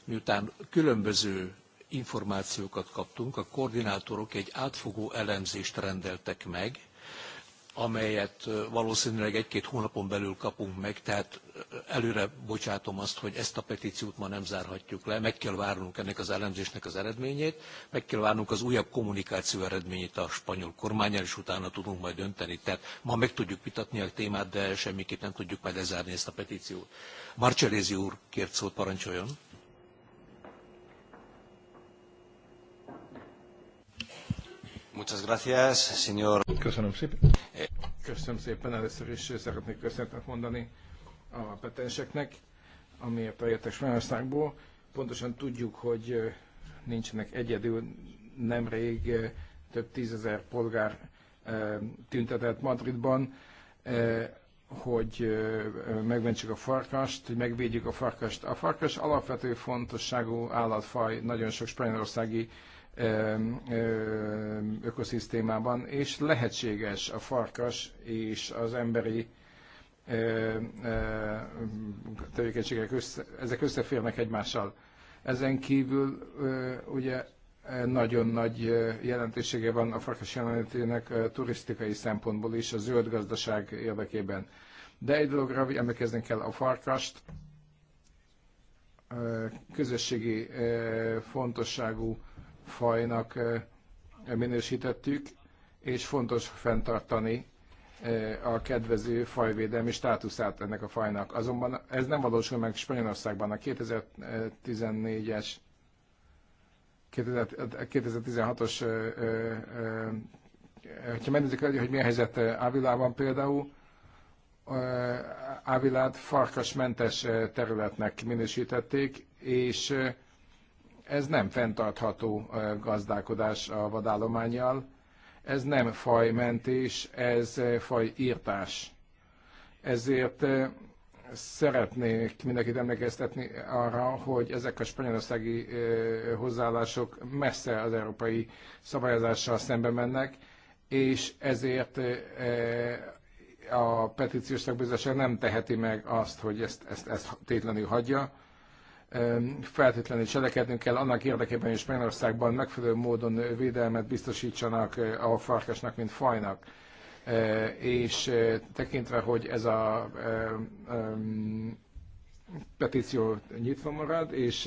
miután különböző információkat kaptunk, a koordinátorok egy átfogó elemzést rendeltek meg, amelyet valószínűleg egy-két hónapon belül kapunk meg, tehát előre bocsátom azt, hogy ezt a petíciót ma nem zárhatjuk le, meg kell várnunk ennek az elemzésnek az eredményét, meg kell várnunk az újabb kommunikáció eredményét a spanyol kormányjal, és utána tudunk majd dönteni. Tehát ma meg tudjuk vitatni a témát, de semmiképp nem tudjuk majd lezárni ezt a petíciót. Marcserézi úr kért szót, parancsoljon. Muchas gracias, señor. Köszönöm szépen. Köszönöm szépen. Először is szeretnék köszönetet mondani a petenseknek, amiért eljöttek Svédországból. Pontosan tudjuk, hogy nincsenek egyedül. Nemrég több tízezer polgár tüntetett Madridban, hogy megmentsük a farkast, hogy megvédjük a farkast. A farkas alapvető fontosságú állatfaj, nagyon sok spanyolországi ökoszisztémában, és lehetséges a farkas és az emberi tevékenységek össze, ezek összeférnek egymással. Ezen kívül ugye nagyon nagy jelentősége van a farkas jelenlétének turisztikai szempontból is, a zöld gazdaság érdekében. De egy dologra emlékezni kell a farkast, közösségi fontosságú fajnak minősítettük, és fontos fenntartani a kedvező fajvédelmi státuszát ennek a fajnak. Azonban ez nem valósul meg Spanyolországban. A 2014-es 2016-os, hogyha megnézzük, hogy milyen helyzet Ávilában például, Ávilát farkasmentes területnek minősítették, és ez nem fenntartható gazdálkodás a vadállományjal, ez nem fajmentés, ez fajírtás. Ezért szeretnék mindenkit emlékeztetni arra, hogy ezek a spanyolországi hozzáállások messze az európai szabályozással szembe mennek, és ezért a petíciós szakbizottság nem teheti meg azt, hogy ezt, ezt, ezt tétlenül hagyja feltétlenül cselekednünk kell annak érdekében, hogy Spanyolországban megfelelő módon védelmet biztosítsanak eh, a farkasnak, mint fajnak. Eh, és eh, tekintve, hogy ez a petíció nyitva marad, és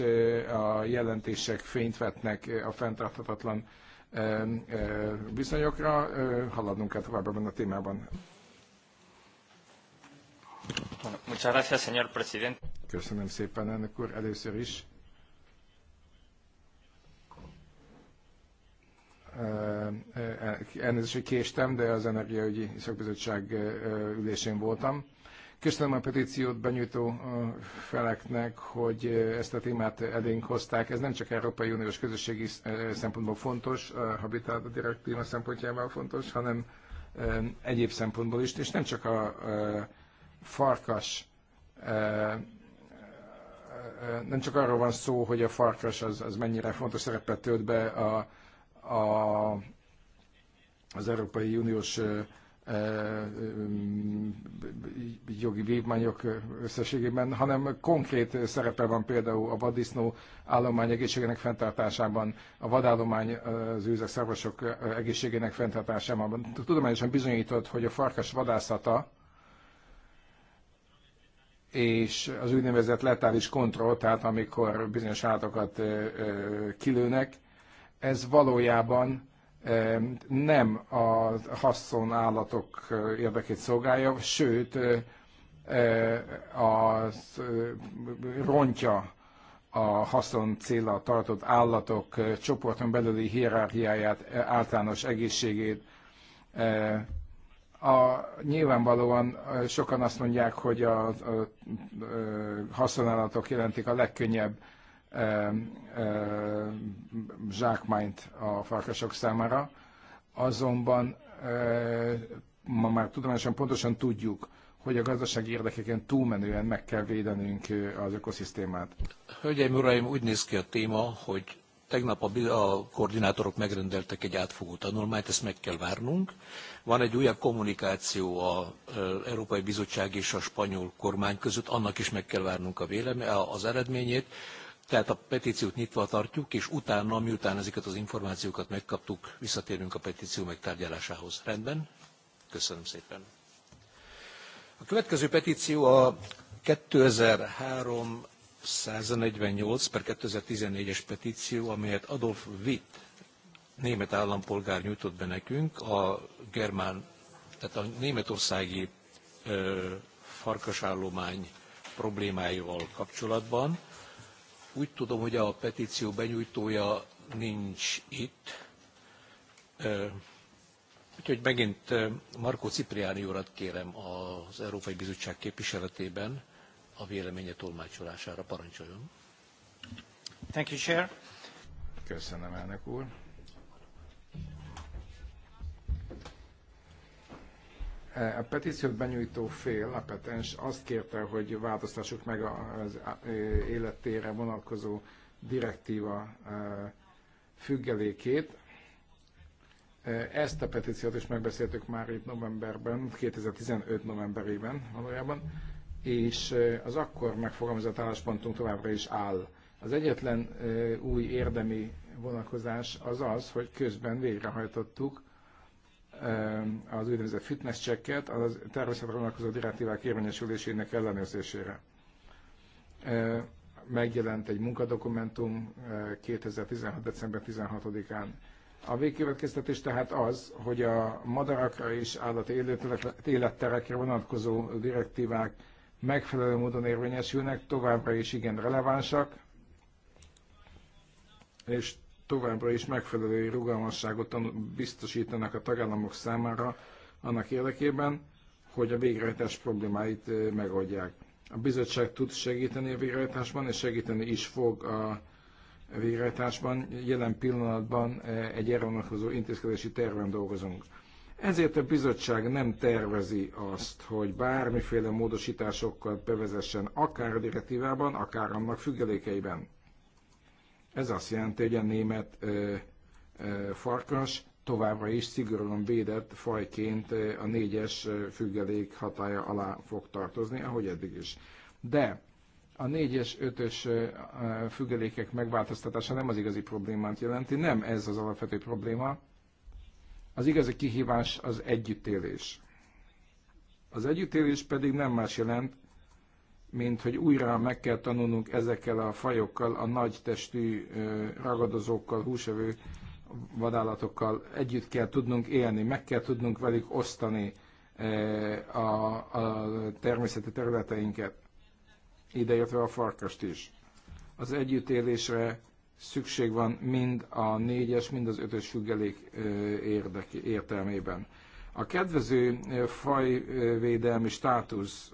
a jelentések fényt vetnek a fenntarthatatlan viszonyokra, haladnunk kell tovább ebben a témában. Muchas gracias, señor presidente. Köszönöm szépen, elnök úr. Először is eh, elnézést, hogy késtem, de az Energiaügyi Szakbizottság eh, ülésén voltam. Köszönöm a petíciót benyújtó eh, feleknek, hogy ezt a témát elénk hozták. Ez nem csak Európai Uniós közösségi szempontból fontos, a Habitat Direktíva szempontjából fontos, hanem egyéb szempontból is, és nem csak a farkas nem csak arról van szó, hogy a farkas az, az mennyire fontos szerepet tölt be a, a, az Európai Uniós jogi vívmányok összességében, hanem konkrét szerepe van például a vaddisznó állomány egészségének fenntartásában, a vadállomány az őzek szarvasok egészségének fenntartásában. Tudományosan bizonyított, hogy a farkas vadászata és az úgynevezett letális kontroll, tehát amikor bizonyos állatokat kilőnek, ez valójában nem a haszon állatok érdekét szolgálja, sőt, az rontja a haszon célra tartott állatok csoporton belüli hierarchiáját, általános egészségét, a, nyilvánvalóan sokan azt mondják, hogy a, a, a haszonállatok jelentik a legkönnyebb e, e, zsákmányt a farkasok számára, azonban e, ma már tudományosan pontosan tudjuk, hogy a gazdasági érdekeken túlmenően meg kell védenünk az ökoszisztémát. Hölgyeim, uraim, úgy néz ki a téma, hogy tegnap a, a koordinátorok megrendeltek egy átfogó tanulmányt, ezt meg kell várnunk. Van egy újabb kommunikáció az Európai Bizottság és a spanyol kormány között, annak is meg kell várnunk a véleménye, az eredményét. Tehát a petíciót nyitva tartjuk, és utána, miután ezeket az információkat megkaptuk, visszatérünk a petíció megtárgyalásához. Rendben? Köszönöm szépen. A következő petíció a 2003 148 per 2014-es petíció, amelyet Adolf Witt német állampolgár nyújtott be nekünk a germán, tehát a németországi ö, farkasállomány problémáival kapcsolatban. Úgy tudom, hogy a petíció benyújtója nincs itt. Ö, úgyhogy megint Markó Cipriáni urat kérem az Európai Bizottság képviseletében a véleménye tolmácsolására. Parancsoljon! Thank you, Chair. Köszönöm, elnök úr. E, a petíciót benyújtó fél, a petens azt kérte, hogy változtassuk meg az e, élettére vonatkozó direktíva e, függelékét. Ezt a petíciót is megbeszéltük már itt novemberben, 2015 novemberében valójában, és az akkor megfogalmazott álláspontunk továbbra is áll. Az egyetlen új érdemi vonatkozás az az, hogy közben végrehajtottuk Ehm, az úgynevezett fitness checket a természetre vonatkozó direktívák érvényesülésének ellenőrzésére. Ehm, megjelent egy munkadokumentum 2016. Ehm, december 16-án. A végkövetkeztetés tehát az, hogy a madarakra és állati életterekre vonatkozó direktívák megfelelő módon érvényesülnek, továbbra is igen relevánsak, és továbbra is megfelelő rugalmasságot biztosítanak a tagállamok számára annak érdekében, hogy a végrehajtás problémáit megoldják. A bizottság tud segíteni a végrehajtásban, és segíteni is fog a végrehajtásban. Jelen pillanatban egy elvonatkozó vonatkozó intézkedési terven dolgozunk. Ezért a bizottság nem tervezi azt, hogy bármiféle módosításokat bevezessen akár a direktívában, akár annak függelékeiben. Ez azt jelenti, hogy a német ö, ö, farkas továbbra is szigorúan védett fajként a négyes függelék hatája alá fog tartozni, ahogy eddig is. De a négyes-ötös függelékek megváltoztatása nem az igazi problémát jelenti, nem ez az alapvető probléma. Az igazi kihívás az együttélés. Az együttélés pedig nem más jelent, mint hogy újra meg kell tanulnunk ezekkel a fajokkal, a nagy testű ragadozókkal, húsevő vadállatokkal együtt kell tudnunk élni, meg kell tudnunk velük osztani a, a természeti területeinket, ideértve a farkast is. Az együttélésre szükség van mind a négyes, mind az ötös függelék érdeki, értelmében. A kedvező fajvédelmi státusz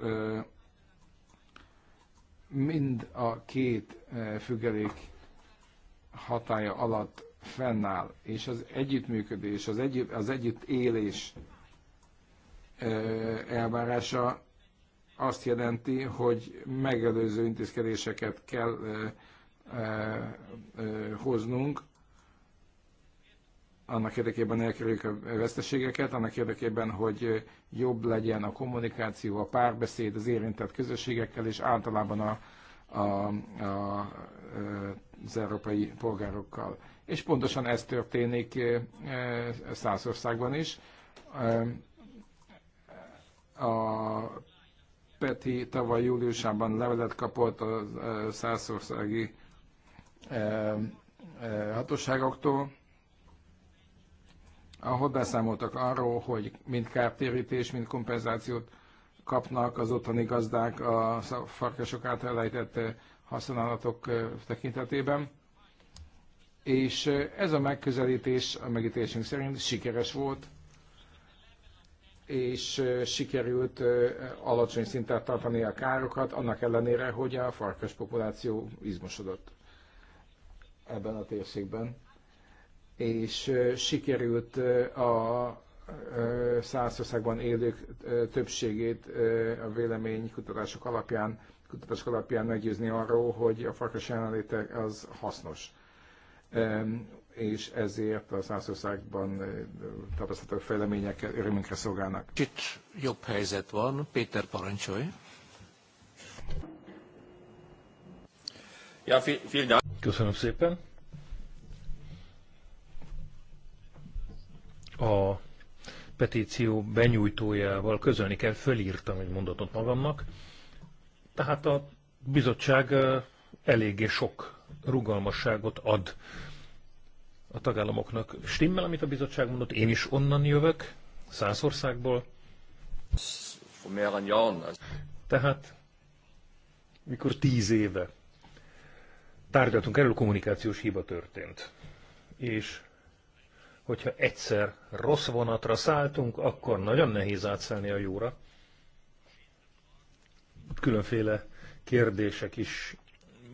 mind a két e, függelék hatája alatt fennáll, és az együttműködés, az együtt, az együtt élés e, elvárása azt jelenti, hogy megelőző intézkedéseket kell e, hoznunk, annak érdekében elkerüljük a veszteségeket, annak érdekében, hogy jobb legyen a kommunikáció, a párbeszéd az érintett közösségekkel, és általában a, a, a, az európai polgárokkal. És pontosan ez történik e, e, Szászországban is. E, a Peti tavaly júliusában levelet kapott a szászországi hatóságoktól, ahol beszámoltak arról, hogy mind kártérítés, mind kompenzációt kapnak az otthoni gazdák a farkasok által elejtett eh, használatok eh, tekintetében. És eh, ez a megközelítés a megítélésünk szerint sikeres volt, és sikerült alacsony szinten tartani a károkat, annak ellenére, hogy a farkas populáció izmosodott ebben a térségben és sikerült a Szászországban élők többségét a véleménykutatások alapján, kutatások alapján meggyőzni arról, hogy a farkas jelenléte az hasznos. És ezért a Szászországban tapasztalatok fejlemények örömünkre szolgálnak. Itt jobb helyzet van. Péter parancsolj. Köszönöm szépen. a petíció benyújtójával közölni kell, fölírtam egy mondatot magamnak. Tehát a bizottság eléggé sok rugalmasságot ad a tagállamoknak. Stimmel, amit a bizottság mondott, én is onnan jövök, Szászországból. Tehát, mikor tíz éve tárgyaltunk erről, kommunikációs hiba történt. És hogyha egyszer rossz vonatra szálltunk, akkor nagyon nehéz átszállni a jóra. Különféle kérdések is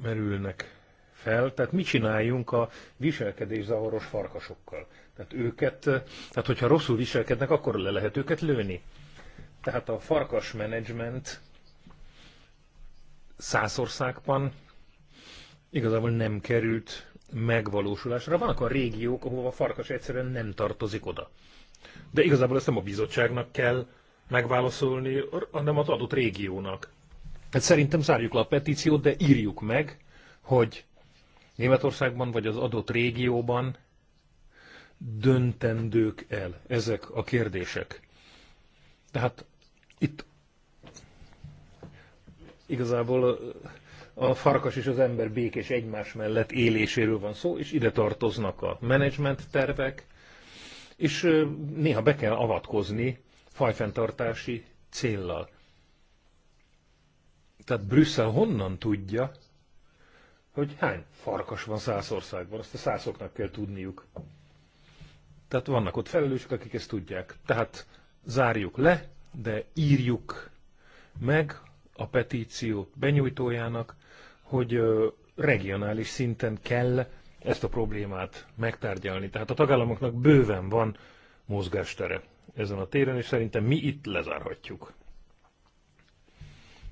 merülnek fel, tehát mi csináljunk a viselkedés zavaros farkasokkal. Tehát őket, tehát hogyha rosszul viselkednek, akkor le lehet őket lőni. Tehát a farkas menedzsment százországban igazából nem került megvalósulásra. Vannak a régiók, ahova a farkas egyszerűen nem tartozik oda. De igazából ezt nem a bizottságnak kell megválaszolni, hanem az adott régiónak. Hát szerintem zárjuk le a petíciót, de írjuk meg, hogy Németországban vagy az adott régióban döntendők el ezek a kérdések. Tehát itt igazából a farkas és az ember békés egymás mellett éléséről van szó, és ide tartoznak a menedzsment tervek, és néha be kell avatkozni fajfenntartási céllal. Tehát Brüsszel honnan tudja, hogy hány farkas van Szászországban, azt a szászoknak kell tudniuk. Tehát vannak ott felelősök, akik ezt tudják. Tehát zárjuk le, de írjuk meg a petíciót benyújtójának, hogy regionális szinten kell ezt a problémát megtárgyalni. Tehát a tagállamoknak bőven van mozgástere ezen a téren, és szerintem mi itt lezárhatjuk.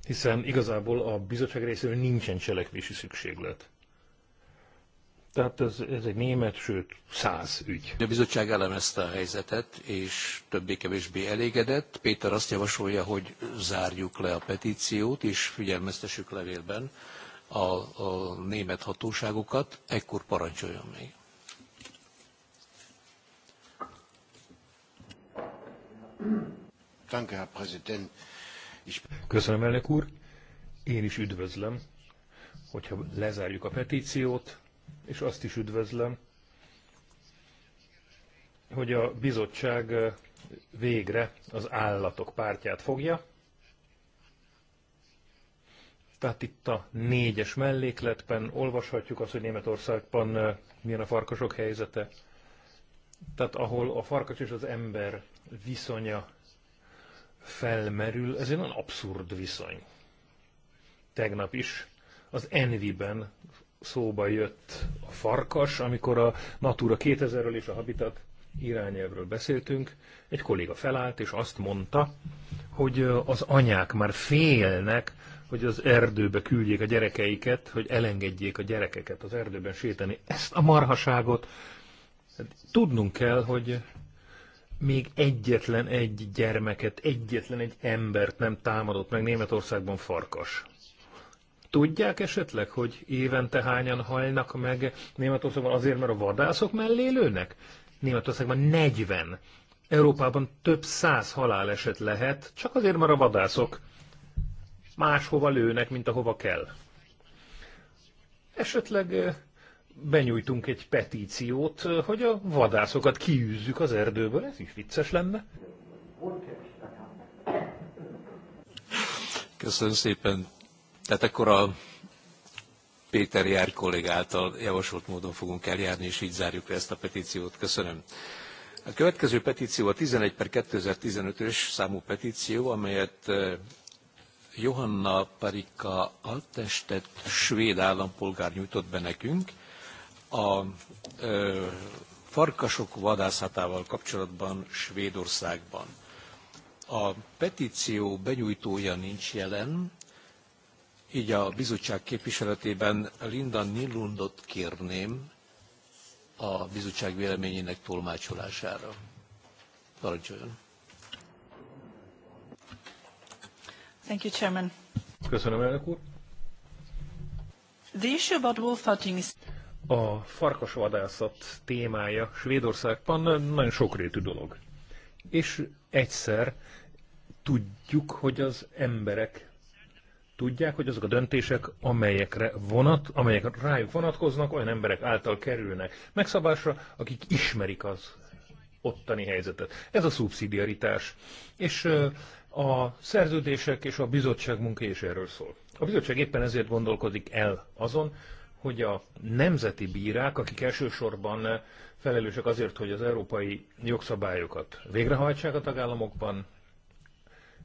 Hiszen igazából a bizottság részéről nincsen cselekvési szükséglet. Tehát ez, ez egy német, sőt száz ügy. A bizottság elemezte a helyzetet, és többé-kevésbé elégedett. Péter azt javasolja, hogy zárjuk le a petíciót, és figyelmeztessük levélben, a, a német hatóságokat, ekkor parancsoljon még. Köszönöm, elnök úr. Én is üdvözlöm, hogyha lezárjuk a petíciót, és azt is üdvözlöm, hogy a bizottság eh, végre az állatok pártját fogja, tehát itt a négyes mellékletben olvashatjuk azt, hogy Németországban milyen a farkasok helyzete. Tehát ahol a farkas és az ember viszonya felmerül, ez egy nagyon abszurd viszony. Tegnap is az Envi-ben szóba jött a farkas, amikor a Natura 2000-ről és a Habitat irányelvről beszéltünk, egy kolléga felállt és azt mondta, hogy az anyák már félnek hogy az erdőbe küldjék a gyerekeiket, hogy elengedjék a gyerekeket az erdőben sétálni. Ezt a marhaságot hát tudnunk kell, hogy még egyetlen egy gyermeket, egyetlen egy embert nem támadott meg Németországban farkas. Tudják esetleg, hogy évente hányan halnak meg Németországban azért, mert a vadászok mellé lőnek? Németországban 40. Európában több száz haláleset lehet, csak azért, mert a vadászok máshova lőnek, mint ahova kell. Esetleg eh, benyújtunk egy petíciót, eh, hogy a vadászokat kiűzzük az erdőből, ez is vicces lenne. Köszönöm szépen. Tehát akkor a Péter Jár kollég által javasolt módon fogunk eljárni, és így zárjuk le ezt a petíciót. Köszönöm. A következő petíció a 11 per 2015-ös számú petíció, amelyet eh, Johanna Parika Altestet svéd állampolgár nyújtott be nekünk a ö, farkasok vadászatával kapcsolatban Svédországban. A petíció benyújtója nincs jelen, így a bizottság képviseletében Linda Nilundot kérném a bizottság véleményének tolmácsolására. Parancsoljon! Thank you, Chairman. Köszönöm, elnök úr. The issue about wolf hunting is... A farkasvadászat témája Svédországban nagyon sokrétű dolog. És egyszer tudjuk, hogy az emberek tudják, hogy azok a döntések, amelyekre vonat, amelyek rájuk vonatkoznak, olyan emberek által kerülnek megszabásra, akik ismerik az ottani helyzetet. Ez a szubszidiaritás. És a szerződések és a bizottság munka is erről szól. A bizottság éppen ezért gondolkodik el azon, hogy a nemzeti bírák, akik elsősorban felelősek azért, hogy az európai jogszabályokat végrehajtsák a tagállamokban,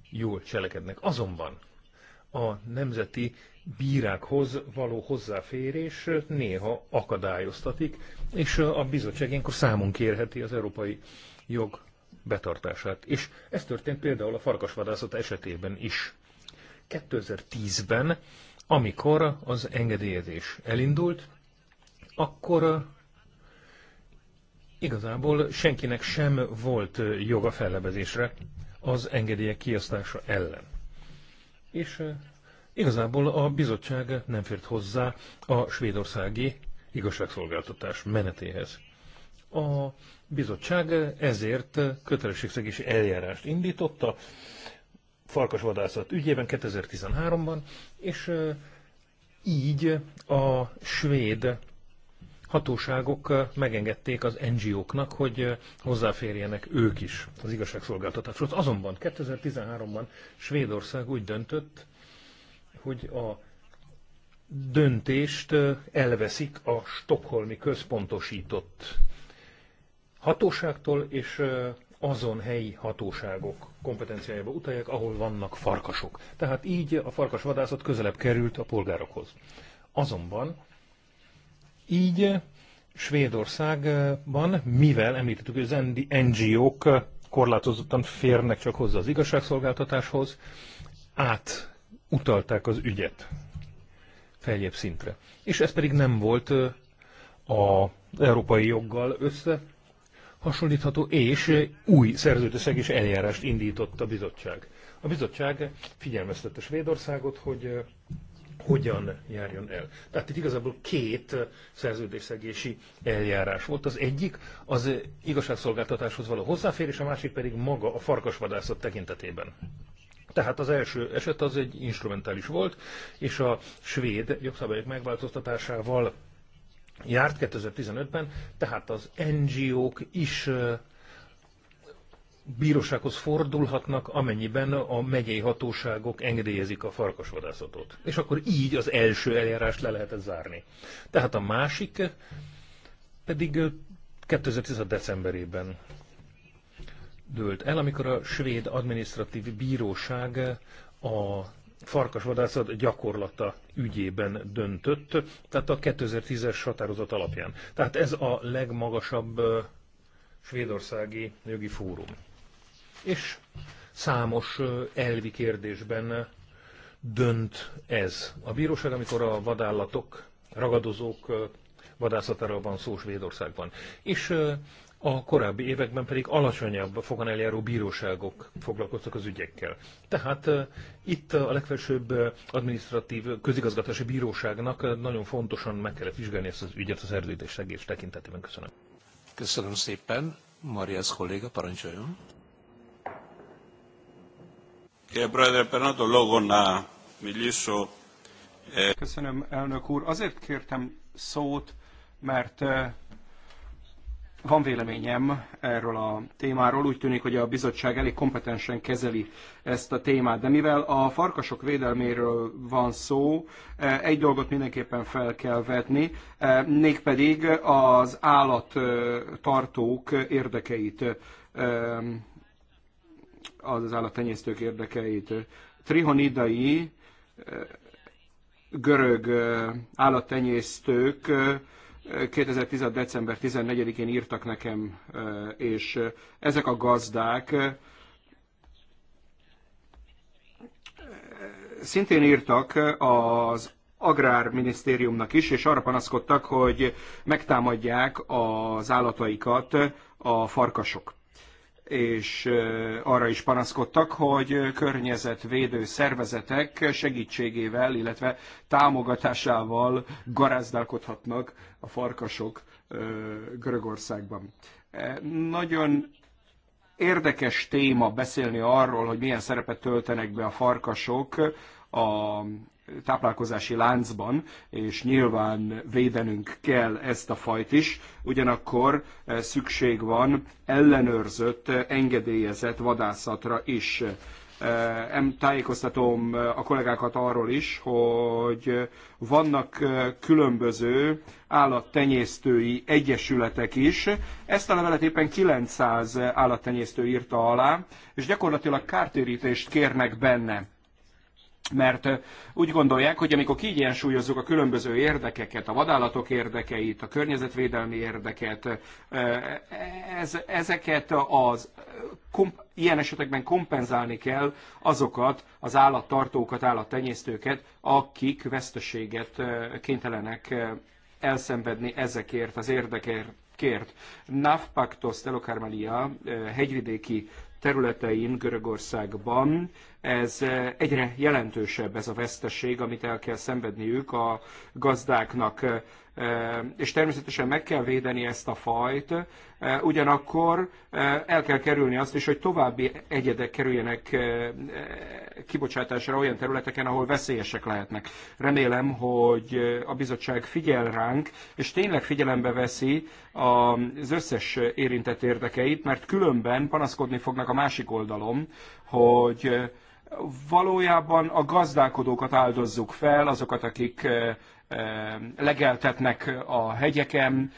jól cselekednek. Azonban a nemzeti bírákhoz való hozzáférés néha akadályoztatik, és a bizottság ilyenkor számon kérheti az európai jog betartását. És ez történt például a farkasvadászat esetében is. 2010-ben, amikor az engedélyezés elindult, akkor uh, igazából senkinek sem volt uh, joga fellebezésre az engedélyek kiasztása ellen. És uh, igazából a bizottság nem fért hozzá a svédországi igazságszolgáltatás menetéhez. A bizottság ezért kötelességszegési eljárást indította farkasvadászat ügyében 2013-ban, és így a svéd hatóságok megengedték az NGO-knak, hogy hozzáférjenek ők is az igazságszolgáltatáshoz. Azonban 2013-ban Svédország úgy döntött, hogy a döntést elveszik a stokholmi központosított hatóságtól és azon helyi hatóságok kompetenciájába utalják, ahol vannak farkasok. Tehát így a farkasvadászat közelebb került a polgárokhoz. Azonban így Svédországban, mivel említettük, hogy az NGO-k korlátozottan férnek csak hozzá az igazságszolgáltatáshoz, átutalták az ügyet feljebb szintre. És ez pedig nem volt az európai joggal össze hasonlítható, és új is eljárást indított a bizottság. A bizottság figyelmeztette Svédországot, hogy eh, hogyan járjon el. Tehát itt igazából két szerződésszegési eljárás volt. Az egyik az igazságszolgáltatáshoz való hozzáférés, a másik pedig maga a farkasvadászat tekintetében. Tehát az első eset az egy instrumentális volt, és a svéd jogszabályok megváltoztatásával járt 2015-ben, tehát az NGO-k is bírósághoz fordulhatnak, amennyiben a megyei hatóságok engedélyezik a farkasvadászatot. És akkor így az első eljárást le lehet zárni. Tehát a másik pedig 2016. decemberében dőlt el, amikor a svéd adminisztratív bíróság a farkasvadászat gyakorlata ügyében döntött, tehát a 2010-es határozat alapján. Tehát ez a legmagasabb svédországi jogi fórum. És számos elvi kérdésben dönt ez. A bíróság, amikor a vadállatok, ragadozók vadászatáról van szó Svédországban. És a korábbi években pedig alacsonyabb fogan eljáró bíróságok foglalkoztak az ügyekkel. Tehát itt a legfelsőbb administratív közigazgatási bíróságnak nagyon fontosan meg kellett vizsgálni ezt az ügyet az erdődés segés tekintetében. Köszönöm. Köszönöm szépen. Marias kolléga, parancsoljon. Köszönöm, elnök úr. Azért kértem szót, mert van véleményem erről a témáról, úgy tűnik, hogy a bizottság elég kompetensen kezeli ezt a témát, de mivel a farkasok védelméről van szó, eh, egy dolgot mindenképpen fel kell vetni, eh, mégpedig az állattartók érdekeit, eh, az állattenyésztők érdekeit. Trihonidai görög állattenyésztők 2010. december 14-én írtak nekem, és ezek a gazdák szintén írtak az Agrárminisztériumnak is, és arra panaszkodtak, hogy megtámadják az állataikat a farkasok és arra is panaszkodtak, hogy környezetvédő szervezetek segítségével, illetve támogatásával garázdálkodhatnak a farkasok Görögországban. E, nagyon érdekes téma beszélni arról, hogy milyen szerepet töltenek be a farkasok a táplálkozási láncban, és nyilván védenünk kell ezt a fajt is, ugyanakkor eh, szükség van ellenőrzött, engedélyezett vadászatra is. Eh, tájékoztatom eh, a kollégákat arról is, hogy vannak különböző állattenyésztői egyesületek is. Ezt a levelet éppen 900 állattenyésztő írta alá, és gyakorlatilag kártérítést kérnek benne mert úgy gondolják, hogy amikor kiegyensúlyozzuk a különböző érdekeket, a vadállatok érdekeit, a környezetvédelmi érdeket, ez, ezeket az komp, ilyen esetekben kompenzálni kell azokat az állattartókat, állattenyésztőket, akik veszteséget kénytelenek elszenvedni ezekért az érdekért. Kért. Navpactos Telocarmelia hegyvidéki területein Görögországban ez eh, egyre jelentősebb ez a veszteség, amit el kell szenvedniük a gazdáknak és természetesen meg kell védeni ezt a fajt, ugyanakkor el kell kerülni azt is, hogy további egyedek kerüljenek kibocsátásra olyan területeken, ahol veszélyesek lehetnek. Remélem, hogy a bizottság figyel ránk, és tényleg figyelembe veszi az összes érintett érdekeit, mert különben panaszkodni fognak a másik oldalom, hogy valójában a gazdálkodókat áldozzuk fel, azokat, akik legeltetnek a hegyeken,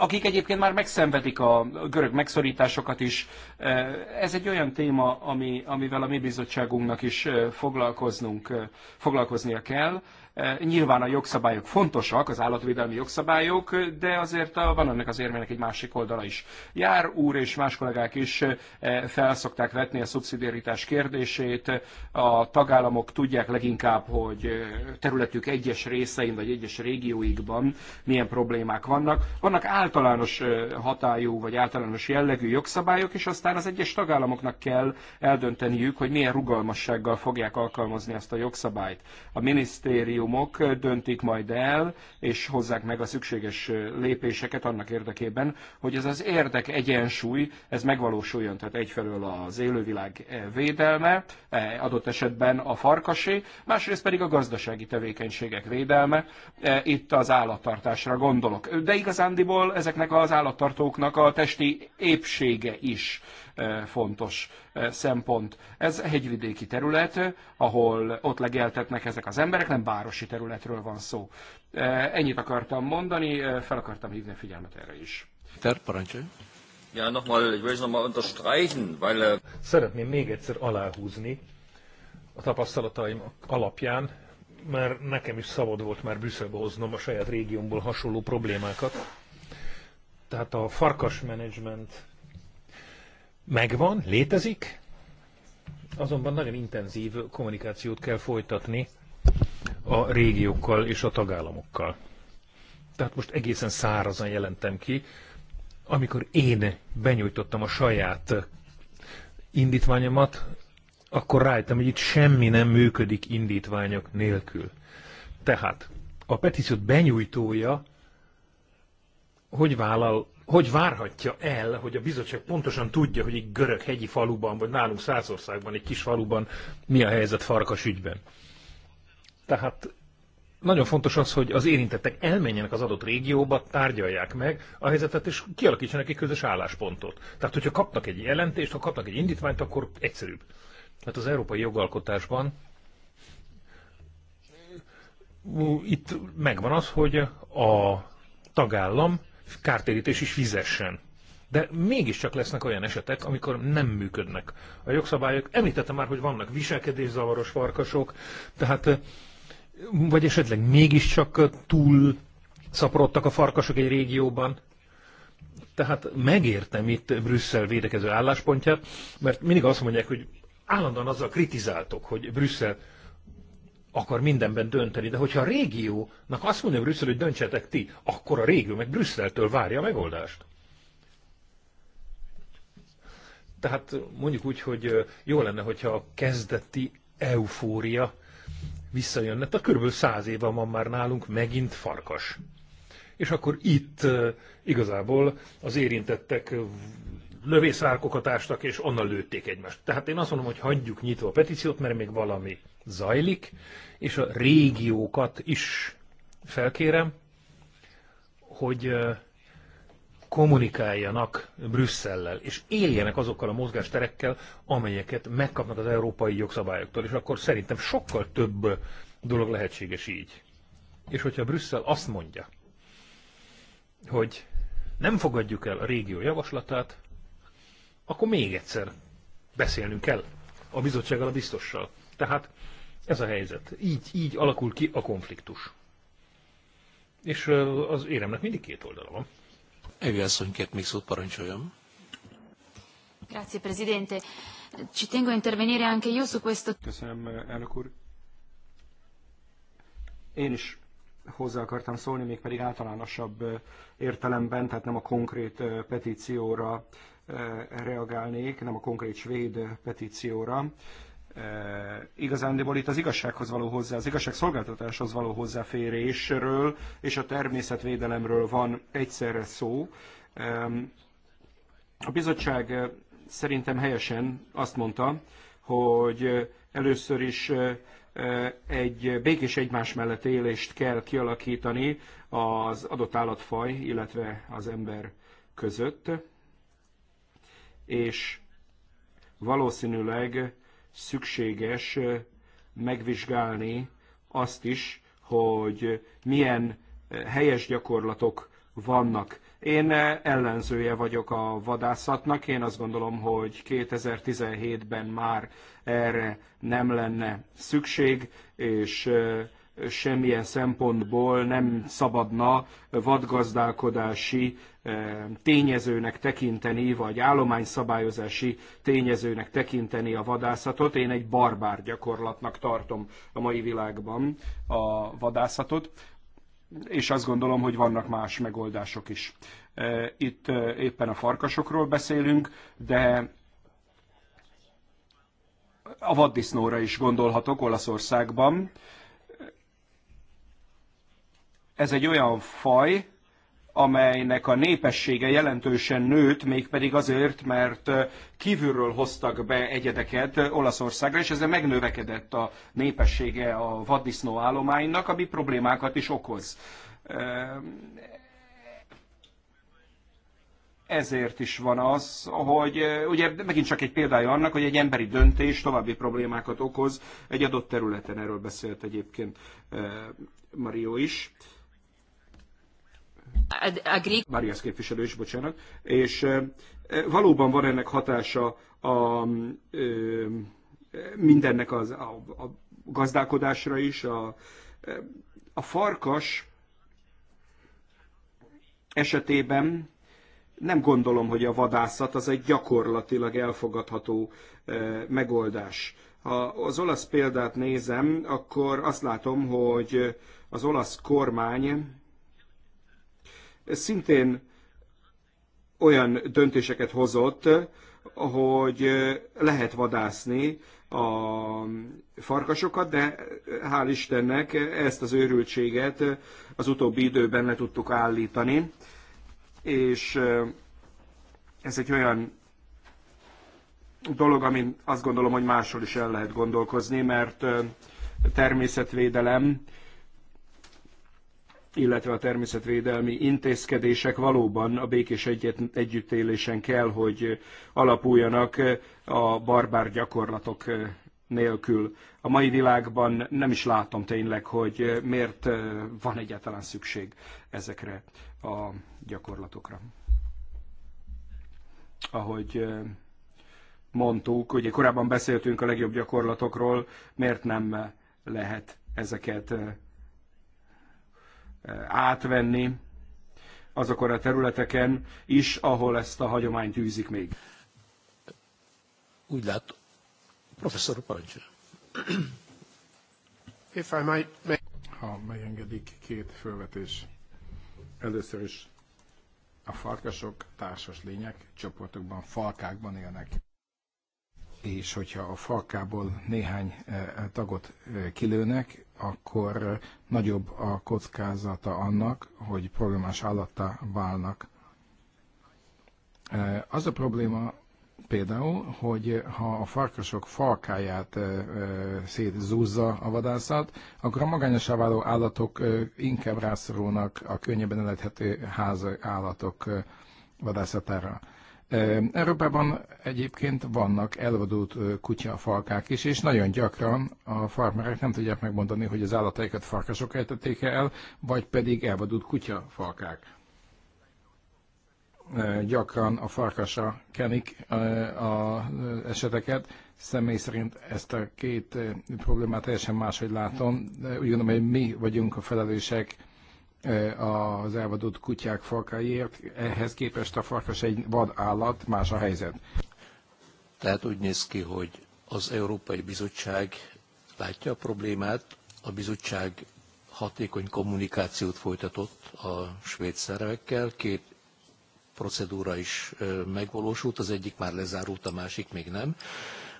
akik egyébként már megszenvedik a görög megszorításokat is. Ez egy olyan téma, ami, amivel a mi bizottságunknak is foglalkoznunk, foglalkoznia kell. Eh, nyilván a jogszabályok fontosak, az állatvédelmi jogszabályok, de azért a, van ennek az érmének egy másik oldala is. Jár úr és más kollégák is eh, felszokták vetni a szubszidiaritás kérdését. A tagállamok tudják leginkább, hogy eh, területük egyes részein vagy egyes régióikban milyen problémák vannak. Vannak általános hatályú vagy általános jellegű jogszabályok, és aztán az egyes tagállamoknak kell eldönteniük, hogy milyen rugalmassággal fogják alkalmazni ezt a jogszabályt. A minisztérium fórumok döntik majd el, és hozzák meg a szükséges lépéseket annak érdekében, hogy ez az érdek egyensúly, ez megvalósuljon. Tehát egyfelől az élővilág védelme, adott esetben a farkasé, másrészt pedig a gazdasági tevékenységek védelme, itt az állattartásra gondolok. De igazándiból ezeknek az állattartóknak a testi épsége is fontos szempont. Ez hegyvidéki terület, ahol ott legeltetnek ezek az emberek, nem városi területről van szó. Ennyit akartam mondani, fel akartam hívni a figyelmet erre is. Ja, nochmal, ich nochmal unterstreichen, weil... Äh, Szeretném még egyszer aláhúzni a tapasztalataim alapján, mert nekem is szabad volt már Brüsszelbe hoznom a saját régiómból hasonló problémákat. Tehát a farkas menedzsment megvan, létezik, azonban nagyon intenzív kommunikációt kell folytatni a régiókkal és a tagállamokkal. Tehát most egészen szárazan jelentem ki, amikor én benyújtottam a saját indítványomat, akkor rájöttem, hogy itt semmi nem működik indítványok nélkül. Tehát a petíciót benyújtója hogy vállal hogy várhatja el, hogy a bizottság pontosan tudja, hogy egy görög hegyi faluban, vagy nálunk Szászországban, egy kis faluban mi a helyzet farkas ügyben. Tehát nagyon fontos az, hogy az érintettek elmenjenek az adott régióba, tárgyalják meg a helyzetet, és kialakítsanak egy közös álláspontot. Tehát, hogyha kapnak egy jelentést, ha kapnak egy indítványt, akkor egyszerűbb. Tehát az európai jogalkotásban itt megvan az, hogy a tagállam kártérítés is fizessen. De mégiscsak lesznek olyan esetek, amikor nem működnek a jogszabályok. Említettem már, hogy vannak viselkedészavaros farkasok, tehát vagy esetleg mégiscsak túl szaporodtak a farkasok egy régióban. Tehát megértem itt Brüsszel védekező álláspontját, mert mindig azt mondják, hogy állandóan azzal kritizáltok, hogy Brüsszel akar mindenben dönteni, de hogyha a régiónak azt mondja Brüsszel, hogy döntsetek ti, akkor a régió meg Brüsszeltől várja a megoldást. Tehát mondjuk úgy, hogy jó lenne, hogyha a kezdeti eufória visszajönne. Tehát körülbelül száz éve van már nálunk megint farkas. És akkor itt igazából az érintettek lövészárkokat ástak, és onnan lőtték egymást. Tehát én azt mondom, hogy hagyjuk nyitva a petíciót, mert még valami zajlik, és a régiókat is felkérem, hogy kommunikáljanak Brüsszellel, és éljenek azokkal a mozgásterekkel, amelyeket megkapnak az európai jogszabályoktól, és akkor szerintem sokkal több dolog lehetséges így. És hogyha Brüsszel azt mondja, hogy nem fogadjuk el a régió javaslatát, akkor még egyszer beszélnünk kell a bizottsággal, a biztossal. Tehát ez a helyzet. Így, így alakul ki a konfliktus. És az éremnek mindig két oldala van. Evi asszony kért még szót parancsoljam. Grazie, Presidente. Ci tengo a intervenire anche io su questo. Köszönöm, elnök úr. Én is hozzá akartam szólni, pedig általánosabb értelemben, tehát nem a konkrét petícióra Eh, reagálnék, nem a konkrét svéd petícióra. Eh, igazándiból itt az igazsághoz való hozzá, az igazságszolgáltatáshoz való hozzáférésről és a természetvédelemről van egyszerre szó. A bizottság eh, szerintem helyesen azt mondta, hogy először is egy békés egymás mellett élést kell kialakítani az adott állatfaj, illetve az ember között és valószínűleg szükséges megvizsgálni azt is, hogy milyen eh, helyes gyakorlatok vannak. Én eh, ellenzője vagyok a vadászatnak, én azt gondolom, hogy 2017-ben már erre nem lenne szükség, és eh, semmilyen szempontból nem szabadna vadgazdálkodási tényezőnek tekinteni, vagy állományszabályozási tényezőnek tekinteni a vadászatot. Én egy barbár gyakorlatnak tartom a mai világban a vadászatot, és azt gondolom, hogy vannak más megoldások is. Itt éppen a farkasokról beszélünk, de a vaddisznóra is gondolhatok Olaszországban. Ez egy olyan faj, amelynek a népessége jelentősen nőtt, mégpedig azért, mert kívülről hoztak be egyedeket Olaszországra, és ezzel megnövekedett a népessége a vaddisznó állománynak, ami problémákat is okoz. Ezért is van az, hogy ugye megint csak egy példája annak, hogy egy emberi döntés további problémákat okoz egy adott területen, erről beszélt egyébként Mario is. Agri... Marias képviselő is, bocsánat. És valóban van ennek hatása a, mindennek az, a, a gazdálkodásra is. A, a farkas esetében nem gondolom, hogy a vadászat az egy gyakorlatilag elfogadható megoldás. Ha az olasz példát nézem, akkor azt látom, hogy az olasz kormány szintén olyan döntéseket hozott, hogy lehet vadászni a farkasokat, de hál' Istennek ezt az őrültséget az utóbbi időben le tudtuk állítani, és ez egy olyan dolog, amin azt gondolom, hogy máshol is el lehet gondolkozni, mert természetvédelem illetve a természetvédelmi intézkedések valóban a békés egyet, együttélésen kell, hogy alapuljanak a barbár gyakorlatok nélkül. A mai világban nem is látom tényleg, hogy miért van egyáltalán szükség ezekre a gyakorlatokra. Ahogy mondtuk, ugye korábban beszéltünk a legjobb gyakorlatokról, miért nem lehet ezeket átvenni azokon a területeken is, ahol ezt a hagyományt űzik még. Úgy látom. Professzor Pancsa. If I might... Ha megengedik, két felvetés. Először is a farkasok társas lények, csoportokban, falkákban élnek. És hogyha a falkából néhány eh, tagot eh, kilőnek, akkor nagyobb a kockázata annak, hogy problémás állattá válnak. Az a probléma például, hogy ha a farkasok falkáját szétzúzza a vadászat, akkor a magányosá váló állatok inkább rászorulnak a könnyebben elethető házi állatok vadászatára. Európában egyébként vannak elvadult kutyafalkák is, és nagyon gyakran a farmerek nem tudják megmondani, hogy az állataikat farkasok ejtették el, vagy pedig elvadult kutyafalkák. Gyakran a farkasra kenik az eseteket. Személy szerint ezt a két problémát teljesen máshogy látom. Úgy gondolom, hogy mi vagyunk a felelősek E, az elvadott kutyák farkáért, ehhez képest a farkas egy vad állat, más a helyzet. Tehát úgy néz ki, hogy az Európai Bizottság látja a problémát, a bizottság hatékony kommunikációt folytatott a svéd szervekkel, két procedúra is e, megvalósult, az egyik már lezárult, a másik még nem.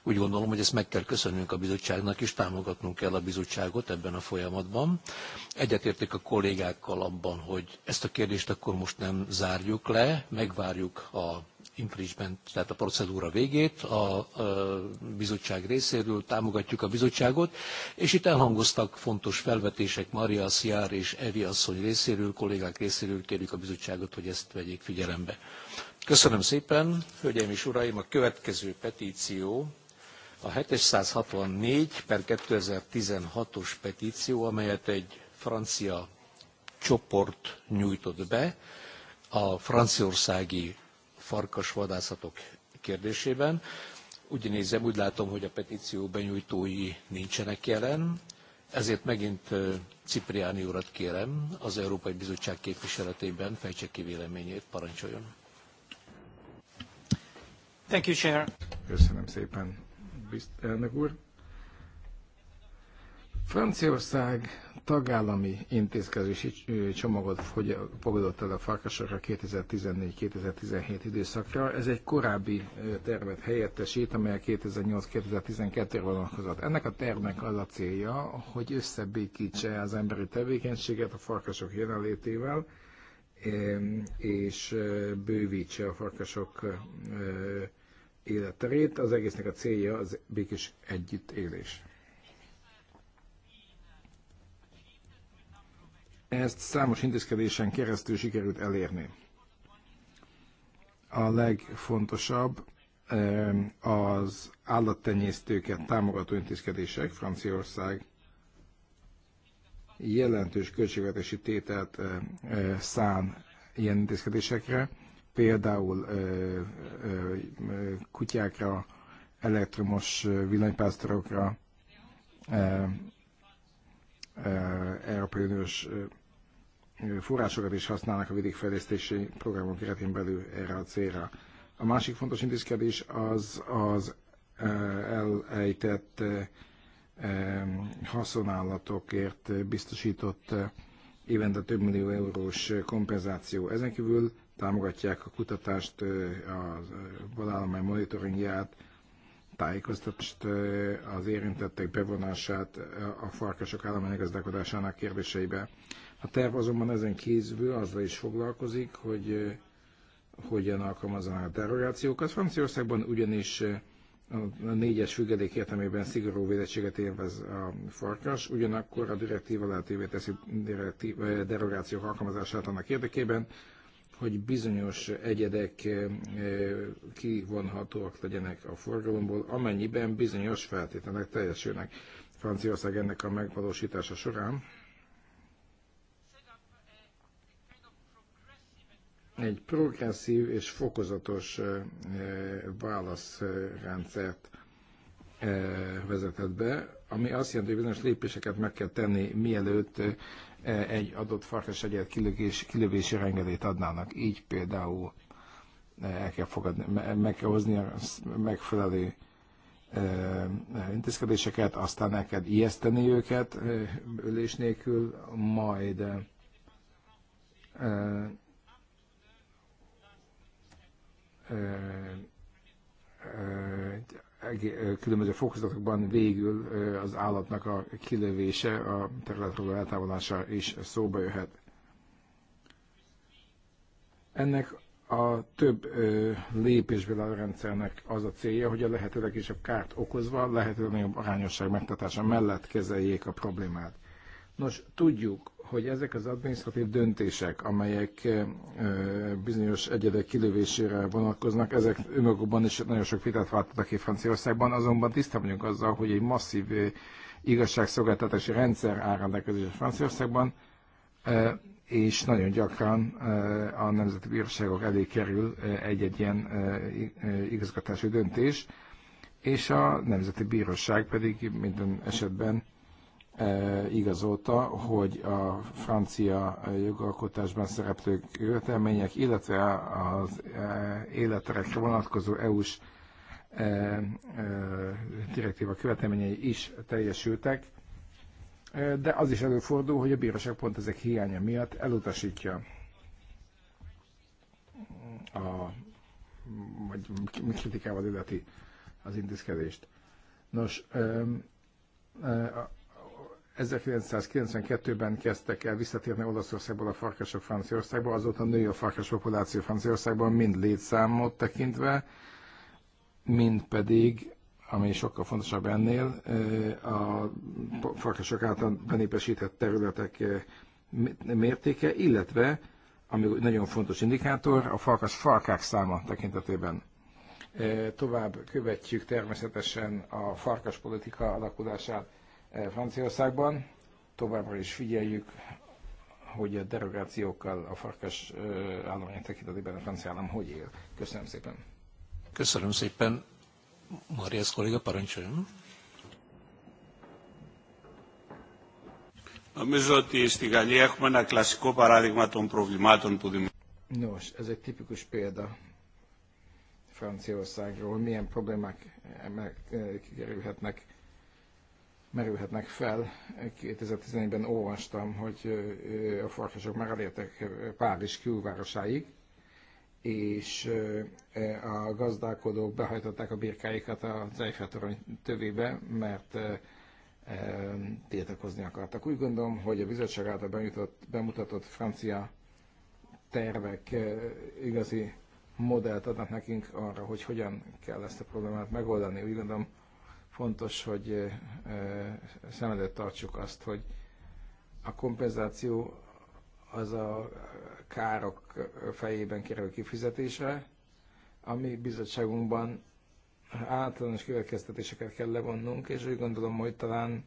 Úgy gondolom, hogy ezt meg kell köszönnünk a bizottságnak, és támogatnunk kell a bizottságot ebben a folyamatban. Egyetértek a kollégákkal abban, hogy ezt a kérdést akkor most nem zárjuk le, megvárjuk a infringement, tehát a procedúra végét a, bizottság részéről, támogatjuk a bizottságot, és itt elhangoztak fontos felvetések Maria Sziár és Evi asszony részéről, kollégák részéről kérjük a bizottságot, hogy ezt vegyék figyelembe. Köszönöm szépen, hölgyeim és uraim, a következő petíció a 764 per 2016-os petíció, amelyet egy francia csoport nyújtott be a franciaországi farkasvadászatok kérdésében. Úgy nézem, úgy látom, hogy a petíció benyújtói nincsenek jelen, ezért megint Cipriáni urat kérem az Európai Bizottság képviseletében fejtse ki véleményét, parancsoljon. Thank you, Chair. Köszönöm szépen, elnök úr. Franciaország tagállami intézkedési csomagot fogadott el a farkasokra 2014-2017 időszakra. Ez egy korábbi tervet helyettesít, amely 2008-2012-re vonatkozott. Ennek a tervnek az a célja, hogy összebékítse az emberi tevékenységet a farkasok jelenlétével, és bővítse a farkasok életterét. Az egésznek a célja az békés együttélés. Ezt számos intézkedésen keresztül sikerült elérni. A legfontosabb az állattenyésztőket támogató intézkedések Franciaország jelentős költségvetési tételt szán ilyen intézkedésekre, például kutyákra, elektromos villanypásztorokra, Európai Uniós forrásokat is használnak a vidékfejlesztési programok keretén belül erre a célra. A másik fontos intézkedés az az elejtett haszonállatokért biztosított eh, évente több millió eurós eh, kompenzáció. Ezen kívül támogatják a kutatást, eh, a vadállomány monitoringját, tájékoztatást, az érintettek bevonását a farkasok állományi gazdálkodásának kérdéseibe. A terv azonban ezen kézből azzal is foglalkozik, hogy hogyan alkalmazzanak a derogációkat. Franciaországban ugyanis a négyes függedék értelmében szigorú védettséget élvez a farkas, ugyanakkor a direktíva lehetővé teszi eh, derogációk alkalmazását annak érdekében, hogy bizonyos egyedek eh, kivonhatóak legyenek a forgalomból, amennyiben bizonyos feltételek teljesülnek. Franciaország ennek a megvalósítása során egy progresszív és fokozatos válaszrendszert vezetett be, ami azt jelenti, hogy bizonyos lépéseket meg kell tenni, mielőtt egy adott farkas egyet kilövési rengedét adnának. Így például el kell fogadni, meg kell hozni a megfelelő intézkedéseket, aztán el kell ijeszteni őket ölés nélkül, majd különböző fokozatokban végül az állatnak a kilövése, a területről eltávolása is szóba jöhet. Ennek a több lépésből a rendszernek az a célja, hogy a lehető legkisebb kárt okozva, lehető legnagyobb arányosság megtartása mellett kezeljék a problémát. Nos, tudjuk, hogy ezek az adminisztratív döntések, amelyek bizonyos egyedek kilövésére vonatkoznak, ezek önmagukban is nagyon sok vitát váltottak ki Franciaországban, azonban tisztában vagyunk azzal, hogy egy masszív igazságszolgáltatási rendszer áll rendelkezésre Franciaországban, és nagyon gyakran a nemzeti bíróságok elé kerül egy-egy ilyen igazgatási döntés, és a Nemzeti Bíróság pedig minden esetben igazolta, hogy a francia jogalkotásban szereplő követelmények, illetve az életerekre vonatkozó EU-s direktíva követelményei is teljesültek, de az is előfordul, hogy a bíróság pont ezek hiánya miatt elutasítja a, vagy kritikával illeti az intézkedést. Nos, 1992-ben kezdtek el visszatérni Olaszországból a farkasok Franciaországba, azóta nő a farkas populáció Franciaországban, mind létszámot tekintve, mind pedig, ami sokkal fontosabb ennél, a farkasok által benépesített területek mértéke, illetve, ami nagyon fontos indikátor, a farkas farkák száma tekintetében. Tovább követjük természetesen a farkas politika alakulását Eh, Franciaországban. Továbbra is figyeljük, hogy a derogációkkal a farkas eh, állomány tekintetében a francia állam hogy él. Köszönöm szépen. Köszönöm szépen. Marias kolléga, parancsoljon. Νομίζω ότι στη Γαλλία έχουμε ένα κλασικό Nos, ez egy tipikus példa Franciaországról, milyen problémák eh, kikerülhetnek merülhetnek fel. 2011-ben olvastam, hogy a farkasok már elértek Párizs külvárosáig, és e, a gazdálkodók behajtották a birkáikat a eiffel tövébe, mert e, tiltakozni akartak. Úgy gondolom, hogy a bizottság által bemutatott, bemutatott francia tervek igazi modellt adnak nekünk arra, hogy hogyan kell ezt a problémát megoldani. Úgy gondolom, Fontos, hogy szem előtt tartsuk azt, hogy a kompenzáció az a károk fejében kerül kifizetésre, ami bizottságunkban általános következtetéseket kell levonnunk, és úgy gondolom, hogy talán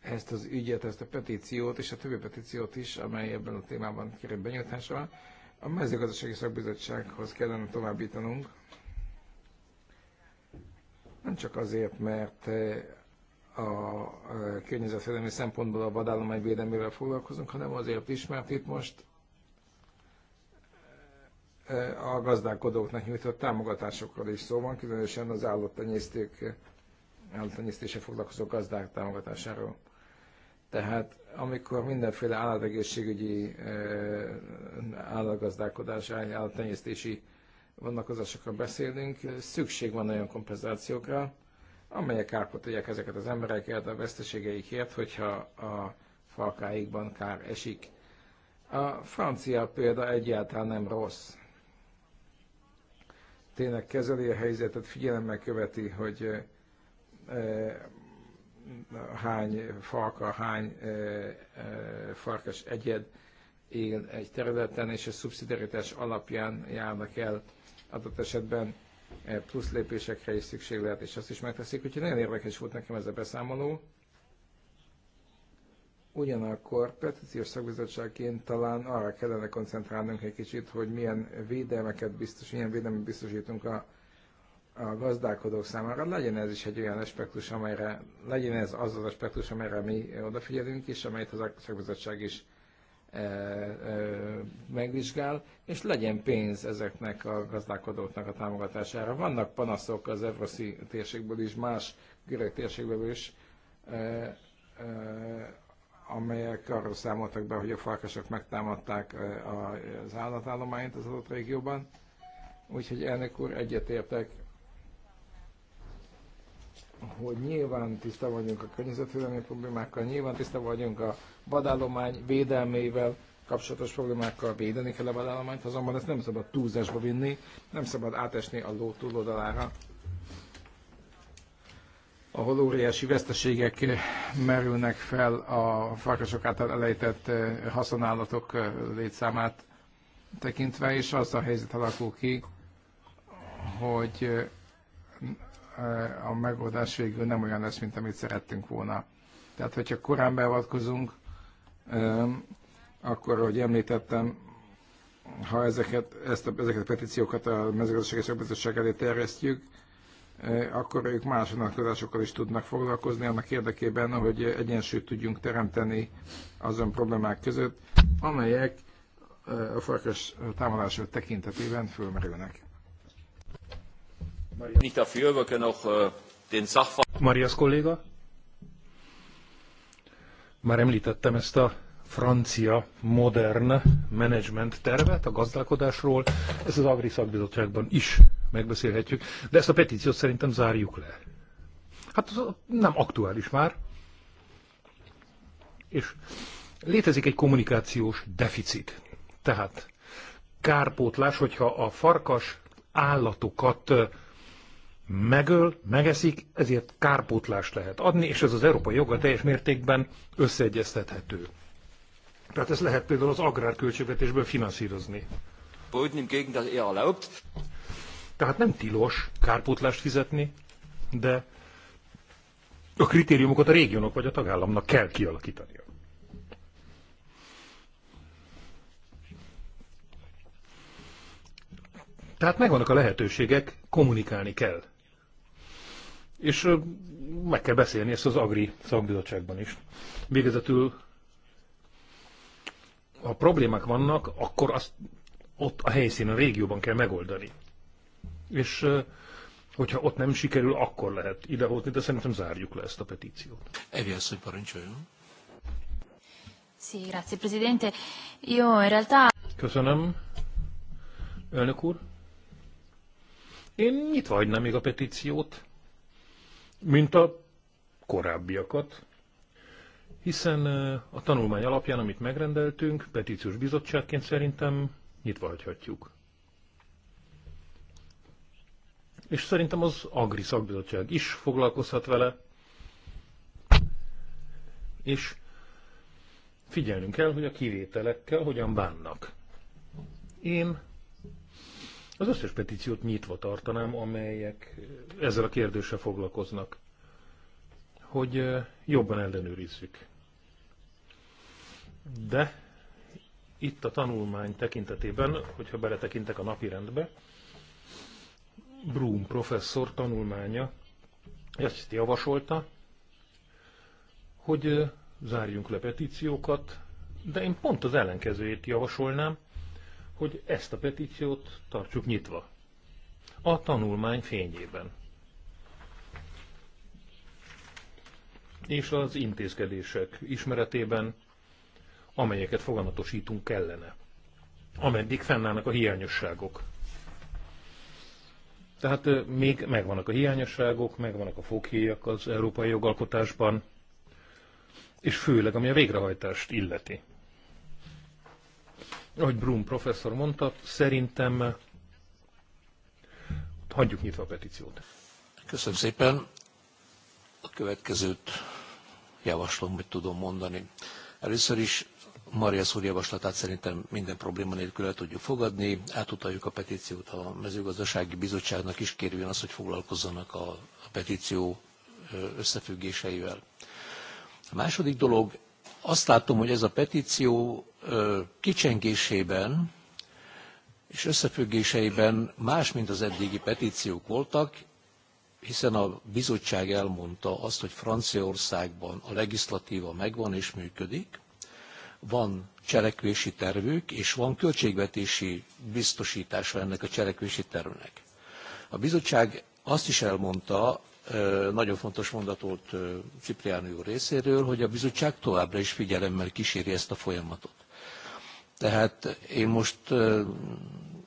ezt az ügyet, ezt a petíciót és a többi petíciót is, amely ebben a témában kerül benyújtásra, a mezőgazdasági szakbizottsághoz kellene továbbítanunk, nem csak azért, mert eh, a eh, környezetvédelmi szempontból a vadállomány védelmével foglalkozunk, hanem azért is, mert itt most eh, a gazdálkodóknak nyújtott támogatásokról is szó van, különösen az állattenyésztők, állattenyésztése foglalkozó gazdák támogatásáról. Tehát amikor mindenféle állategészségügyi, állatgazdálkodás, állattenyésztési vannak gazdaságokról beszélünk, szükség van olyan kompenzációkra, amelyek kárpotolják ezeket az embereket a veszteségeikért, hogyha a falkáikban kár esik. A francia példa egyáltalán nem rossz. Tényleg kezeli a helyzetet, figyelemmel követi, hogy e, hány falka, hány e, e, farkas egyed él egy területen, és a szubszidiaritás alapján járnak el adott esetben eh, plusz lépésekre is szükség lehet, és azt is megteszik. Úgyhogy nagyon érdekes volt nekem ez a beszámoló. Ugyanakkor petíciós szakbizottságként talán arra kellene koncentrálnunk egy kicsit, hogy milyen védelmeket biztos, milyen védelmet biztosítunk a, a gazdálkodók számára. Legyen ez is egy olyan aspektus, amelyre, legyen ez az az aspektus, amelyre mi odafigyelünk, és amelyet az szakbizottság is megvizsgál, és legyen pénz ezeknek a gazdálkodóknak a támogatására. Vannak panaszok az Evroszi térségből is, más görög térségből is, amelyek arról számoltak be, hogy a falkasok megtámadták az állatállományt az adott régióban. Úgyhogy elnök úr, egyetértek hogy nyilván tiszta vagyunk a környezetvédelmi problémákkal, nyilván tiszta vagyunk a vadállomány védelmével, kapcsolatos problémákkal védeni kell a vadállományt, azonban ezt nem szabad túlzásba vinni, nem szabad átesni a ló túloldalára, ahol óriási veszteségek merülnek fel a farkasok által elejtett eh, haszonállatok eh, létszámát tekintve, és az a helyzet alakul ki, hogy eh, Eh, a megoldás végül nem olyan lesz, mint amit szerettünk volna. Tehát, hogyha korán beavatkozunk, akkor, ahogy említettem, ha ezeket, ezt a, ezeket a petíciókat a mezőgazdasági szakbizottság elé terjesztjük, eh, akkor ők más vonatkozásokkal is tudnak foglalkozni annak érdekében, hogy egyensúlyt tudjunk teremteni azon problémák között, amelyek eh, a farkas támadások tekintetében fölmerülnek. Äh, Marias kolléga? Már említettem ezt a francia modern menedzsment tervet a gazdálkodásról. Ezt az Agri szakbizottságban is megbeszélhetjük, de ezt a petíciót szerintem zárjuk le. Hát az nem aktuális már. És létezik egy kommunikációs deficit. Tehát kárpótlás, hogyha a farkas állatokat megöl, megeszik, ezért kárpótlást lehet adni, és ez az európai joga teljes mértékben összeegyeztethető. Tehát ezt lehet például az agrárköltségvetésből finanszírozni. Er Tehát nem tilos kárpótlást fizetni, de a kritériumokat a régiónak vagy a tagállamnak kell kialakítania. Tehát megvannak a lehetőségek, kommunikálni kell és meg kell beszélni ezt az Agri szakbizottságban is. Végezetül, ha problémák vannak, akkor azt ott a helyszínen, a régióban kell megoldani. És hogyha ott nem sikerül, akkor lehet idehozni, de szerintem zárjuk le ezt a petíciót. Evi asszony, parancsoljon. Sì, grazie Presidente. in realtà... Köszönöm, elnök úr. Én nyitva hagynám még a petíciót mint a korábbiakat, hiszen a tanulmány alapján, amit megrendeltünk, petíciós bizottságként szerintem nyitva hagyhatjuk. És szerintem az Agri szakbizottság is foglalkozhat vele, és figyelnünk kell, hogy a kivételekkel hogyan bánnak. Én az összes petíciót nyitva tartanám, amelyek eh, ezzel a kérdéssel foglalkoznak, hogy eh, jobban ellenőrizzük. De itt a tanulmány tekintetében, hogyha beletekintek a napirendbe, Broom professzor tanulmánya ezt javasolta, hogy eh, zárjunk le petíciókat, de én pont az ellenkezőjét javasolnám, hogy ezt a petíciót tartsuk nyitva. A tanulmány fényében. És az intézkedések ismeretében, amelyeket foganatosítunk kellene. Ameddig fennállnak a hiányosságok. Tehát még megvannak a hiányosságok, megvannak a foghéjak az európai jogalkotásban, és főleg ami a végrehajtást illeti ahogy Brum professzor mondta, szerintem hagyjuk nyitva a petíciót. Köszönöm szépen. A következőt javaslom, hogy tudom mondani. Először is Maria úr javaslatát szerintem minden probléma nélkül el tudjuk fogadni. Átutaljuk a petíciót a mezőgazdasági bizottságnak is, kérjön azt, hogy foglalkozzanak a petíció összefüggéseivel. A második dolog, azt látom, hogy ez a petíció kicsengésében és összefüggéseiben más, mint az eddigi petíciók voltak, hiszen a bizottság elmondta azt, hogy Franciaországban a legislatíva megvan és működik, van cselekvési tervük, és van költségvetési biztosítása ennek a cselekvési tervnek. A bizottság azt is elmondta, nagyon fontos mondat volt Cipriáni úr részéről, hogy a bizottság továbbra is figyelemmel kíséri ezt a folyamatot. Tehát én most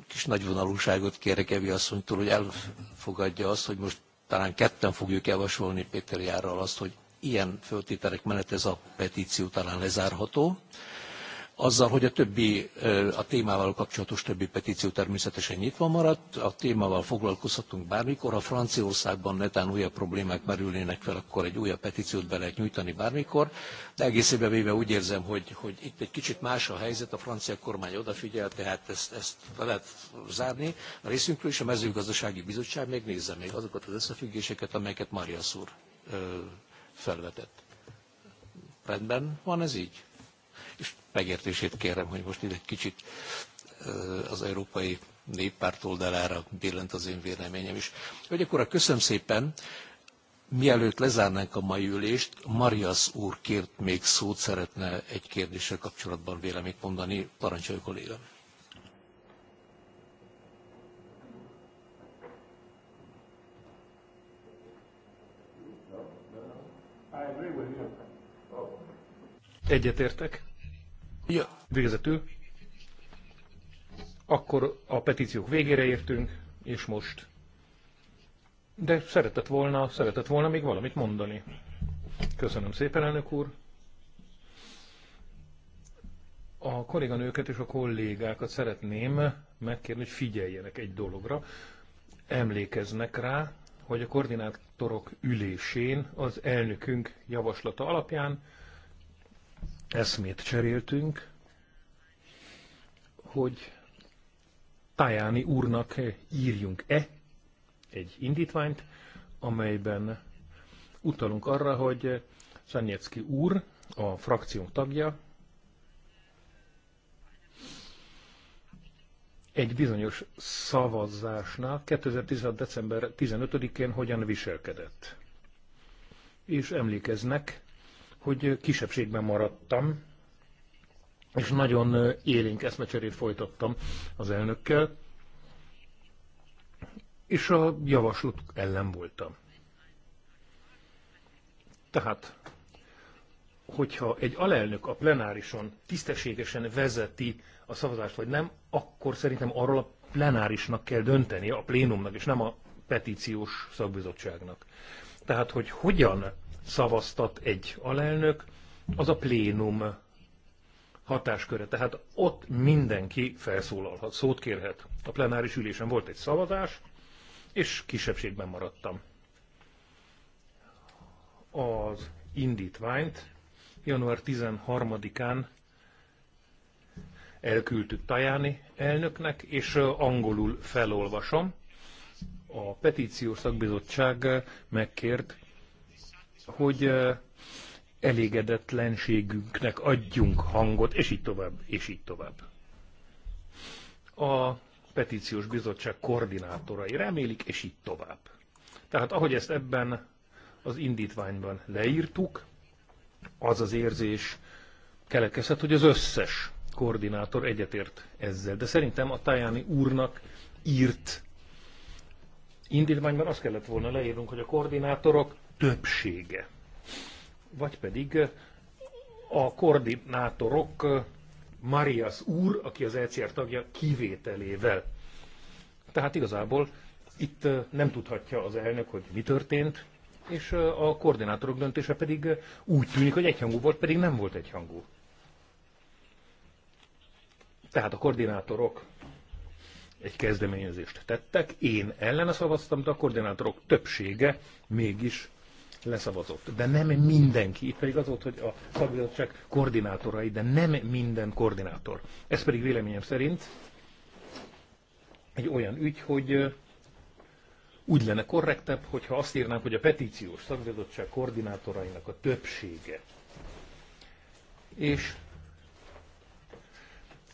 kis nagyvonalúságot kérek Evi asszonytól, hogy elfogadja azt, hogy most talán ketten fogjuk javasolni Péter Járral azt, hogy ilyen föltételek mellett ez a petíció talán lezárható, azzal, hogy a többi, a témával kapcsolatos többi petíció természetesen nyitva maradt, a témával foglalkozhatunk bármikor, ha Franciaországban netán újabb problémák merülnének fel, akkor egy újabb petíciót be lehet nyújtani bármikor, de egészében véve úgy érzem, hogy, hogy itt egy kicsit más a helyzet, a francia kormány odafigyel, tehát ezt, ezt le lehet zárni a részünkről, és a mezőgazdasági bizottság még nézze még azokat az összefüggéseket, amelyeket Marias úr felvetett. Rendben van ez így? és megértését kérem, hogy most ide kicsit az Európai Néppárt oldalára billent az én véleményem is. Hölgyek a köszönöm szépen! Mielőtt lezárnánk a mai ülést, Marias úr kért még szót, szeretne egy kérdéssel kapcsolatban véleményt mondani. Parancsolj, kolléga. Egyetértek. Ja. Végezetül, akkor a petíciók végére értünk, és most. De szeretett volna, szeretett volna még valamit mondani. Köszönöm szépen, elnök úr. A kolléganőket és a kollégákat szeretném megkérni, hogy figyeljenek egy dologra. Emlékeznek rá, hogy a koordinátorok ülésén az elnökünk javaslata alapján eszmét cseréltünk, hogy Tajáni úrnak írjunk-e egy indítványt, amelyben utalunk arra, hogy Szanyecki úr, a frakciónk tagja, egy bizonyos szavazásnál 2016. december 15-én hogyan viselkedett. És emlékeznek, hogy kisebbségben maradtam, és nagyon élénk eszmecserét folytattam az elnökkel, és a javaslat ellen voltam. Tehát, hogyha egy alelnök a plenárison tisztességesen vezeti a szavazást, vagy nem, akkor szerintem arról a plenárisnak kell döntenie, a plénumnak, és nem a petíciós szakbizottságnak. Tehát, hogy hogyan szavaztat egy alelnök, az a plénum hatásköre. Tehát ott mindenki felszólalhat, szót kérhet. A plenáris ülésen volt egy szavazás, és kisebbségben maradtam. Az indítványt január 13-án elküldtük Tajáni elnöknek, és angolul felolvasom a petíciós szakbizottság megkért, hogy elégedetlenségünknek adjunk hangot, és így tovább, és így tovább. A petíciós bizottság koordinátorai remélik, és így tovább. Tehát ahogy ezt ebben az indítványban leírtuk, az az érzés keletkezhet, hogy az összes koordinátor egyetért ezzel. De szerintem a Tajani úrnak írt indítványban azt kellett volna leírnunk, hogy a koordinátorok többsége, vagy pedig eh, a koordinátorok eh, Marias úr, aki az ECR tagja, kivételével. Tehát igazából itt eh, nem tudhatja az elnök, hogy mi történt, és a koordinátorok döntése pedig úgy tűnik, hogy egyhangú volt, pedig nem volt egyhangú. Tehát a koordinátorok egy kezdeményezést tettek, én ellene szavaztam, de a koordinátorok többsége mégis leszavazott. De nem mindenki, itt pedig az volt, hogy a szabadság koordinátorai, de nem minden koordinátor. Ez pedig véleményem szerint egy olyan ügy, hogy úgy lenne korrektebb, hogyha azt írnánk, hogy a petíciós szakbizottság koordinátorainak a többsége. És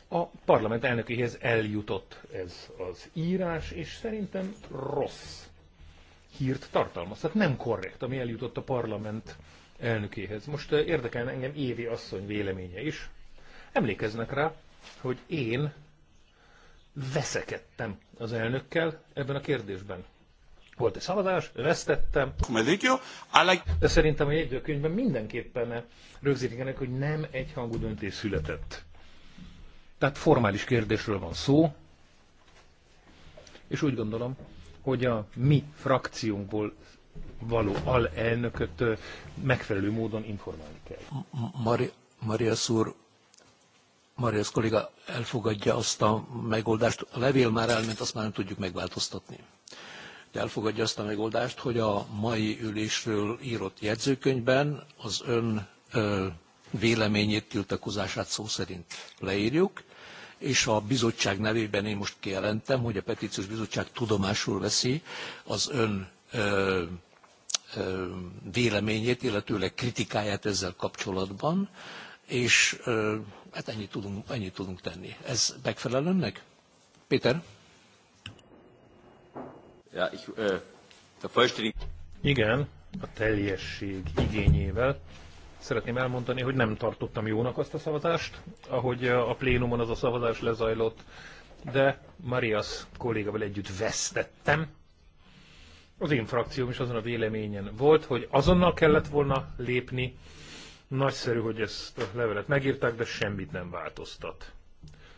a parlament elnökéhez eljutott ez az írás, és szerintem rossz hírt tartalmaz. Tehát nem korrekt, ami eljutott a parlament elnökéhez. Most eh, érdekel engem Évi asszony véleménye is. Emlékeznek rá, hogy én veszekedtem az elnökkel ebben a kérdésben. Volt egy szavazás, vesztettem. De szerintem a jegyzőkönyvben mindenképpen rögzítik ennek, hogy nem egyhangú döntés született. Tehát formális kérdésről van szó, és úgy gondolom, hogy a mi frakciónkból való alelnököt megfelelő módon informálni kell. Maria úr, kolléga elfogadja azt a megoldást, a levél már elment, azt már nem tudjuk megváltoztatni. De elfogadja azt a megoldást, hogy a mai ülésről írott jegyzőkönyvben az ön ö, véleményét, tiltakozását szó szerint leírjuk, és a bizottság nevében én most kijelentem, hogy a petíciós bizottság tudomásul veszi az ön ö, ö, véleményét, illetőleg kritikáját ezzel kapcsolatban, és ö, hát ennyit tudunk, ennyit tudunk tenni. Ez megfelel önnek? Péter? Ja, ich, Igen, a teljesség igényével szeretném elmondani, hogy nem tartottam jónak azt a szavazást, ahogy a plénumon az a szavazás lezajlott, de Marias kollégával együtt vesztettem. Az én frakcióm is azon a véleményen volt, hogy azonnal kellett volna lépni. Nagyszerű, hogy ezt a levelet megírták, de semmit nem változtat.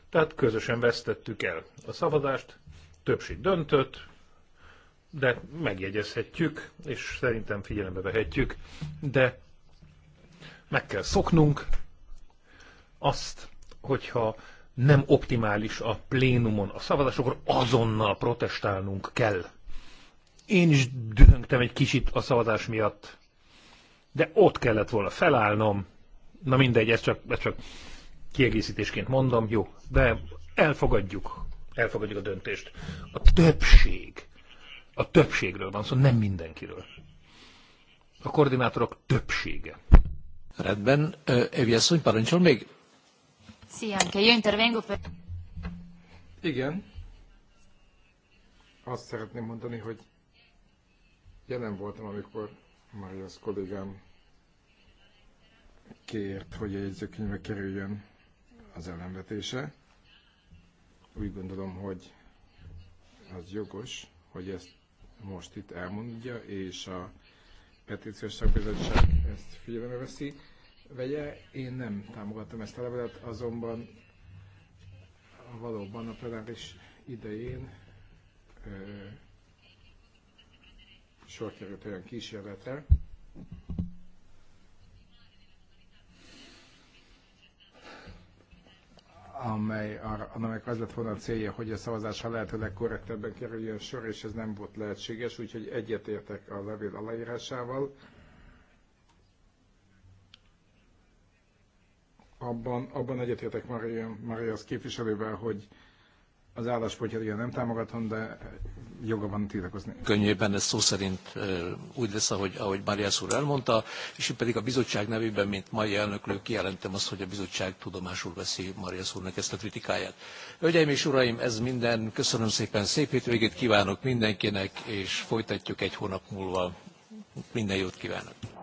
Tehát közösen vesztettük el a szavazást, többség döntött, de megjegyezhetjük, és szerintem figyelembe vehetjük, de meg kell szoknunk azt, hogyha nem optimális a plénumon a szavazás, akkor azonnal protestálnunk kell. Én is dühöngtem egy kicsit a szavazás miatt, de ott kellett volna felállnom. Na mindegy, ezt csak, ezt csak kiegészítésként mondom, jó, de elfogadjuk, elfogadjuk a döntést. A többség, a többségről van szó, szóval nem mindenkiről. A koordinátorok többsége Redben Evi asszony, parancsol még? intervengo Igen. Azt szeretném mondani, hogy jelen voltam, amikor Marias kollégám kért, hogy a jegyzőkönyvbe kerüljön az ellenvetése. Úgy gondolom, hogy az jogos, hogy ezt most itt elmondja, és a petíciós szakbizottság ezt figyelembe veszi vegye. Én nem támogatom ezt a levelet, azonban valóban a plenáris idején ö, sor került olyan kísérletre, amely, annak az lett volna a célja, hogy a szavazásra lehető legkorrektebben kerüljön sor, és ez nem volt lehetséges, úgyhogy egyetértek a levél aláírásával. abban, abban egyetértek Maria, Maria az képviselővel, hogy az álláspontja ugye nem támogatom, de joga van tiltakozni. Könnyűben ez szó szerint úgy lesz, ahogy, ahogy Máriász úr elmondta, és én pedig a bizottság nevében, mint mai elnöklő kijelentem azt, hogy a bizottság tudomásul veszi Máriász úrnak ezt a kritikáját. Hölgyeim és uraim, ez minden. Köszönöm szépen, szép hétvégét kívánok mindenkinek, és folytatjuk egy hónap múlva. Minden jót kívánok!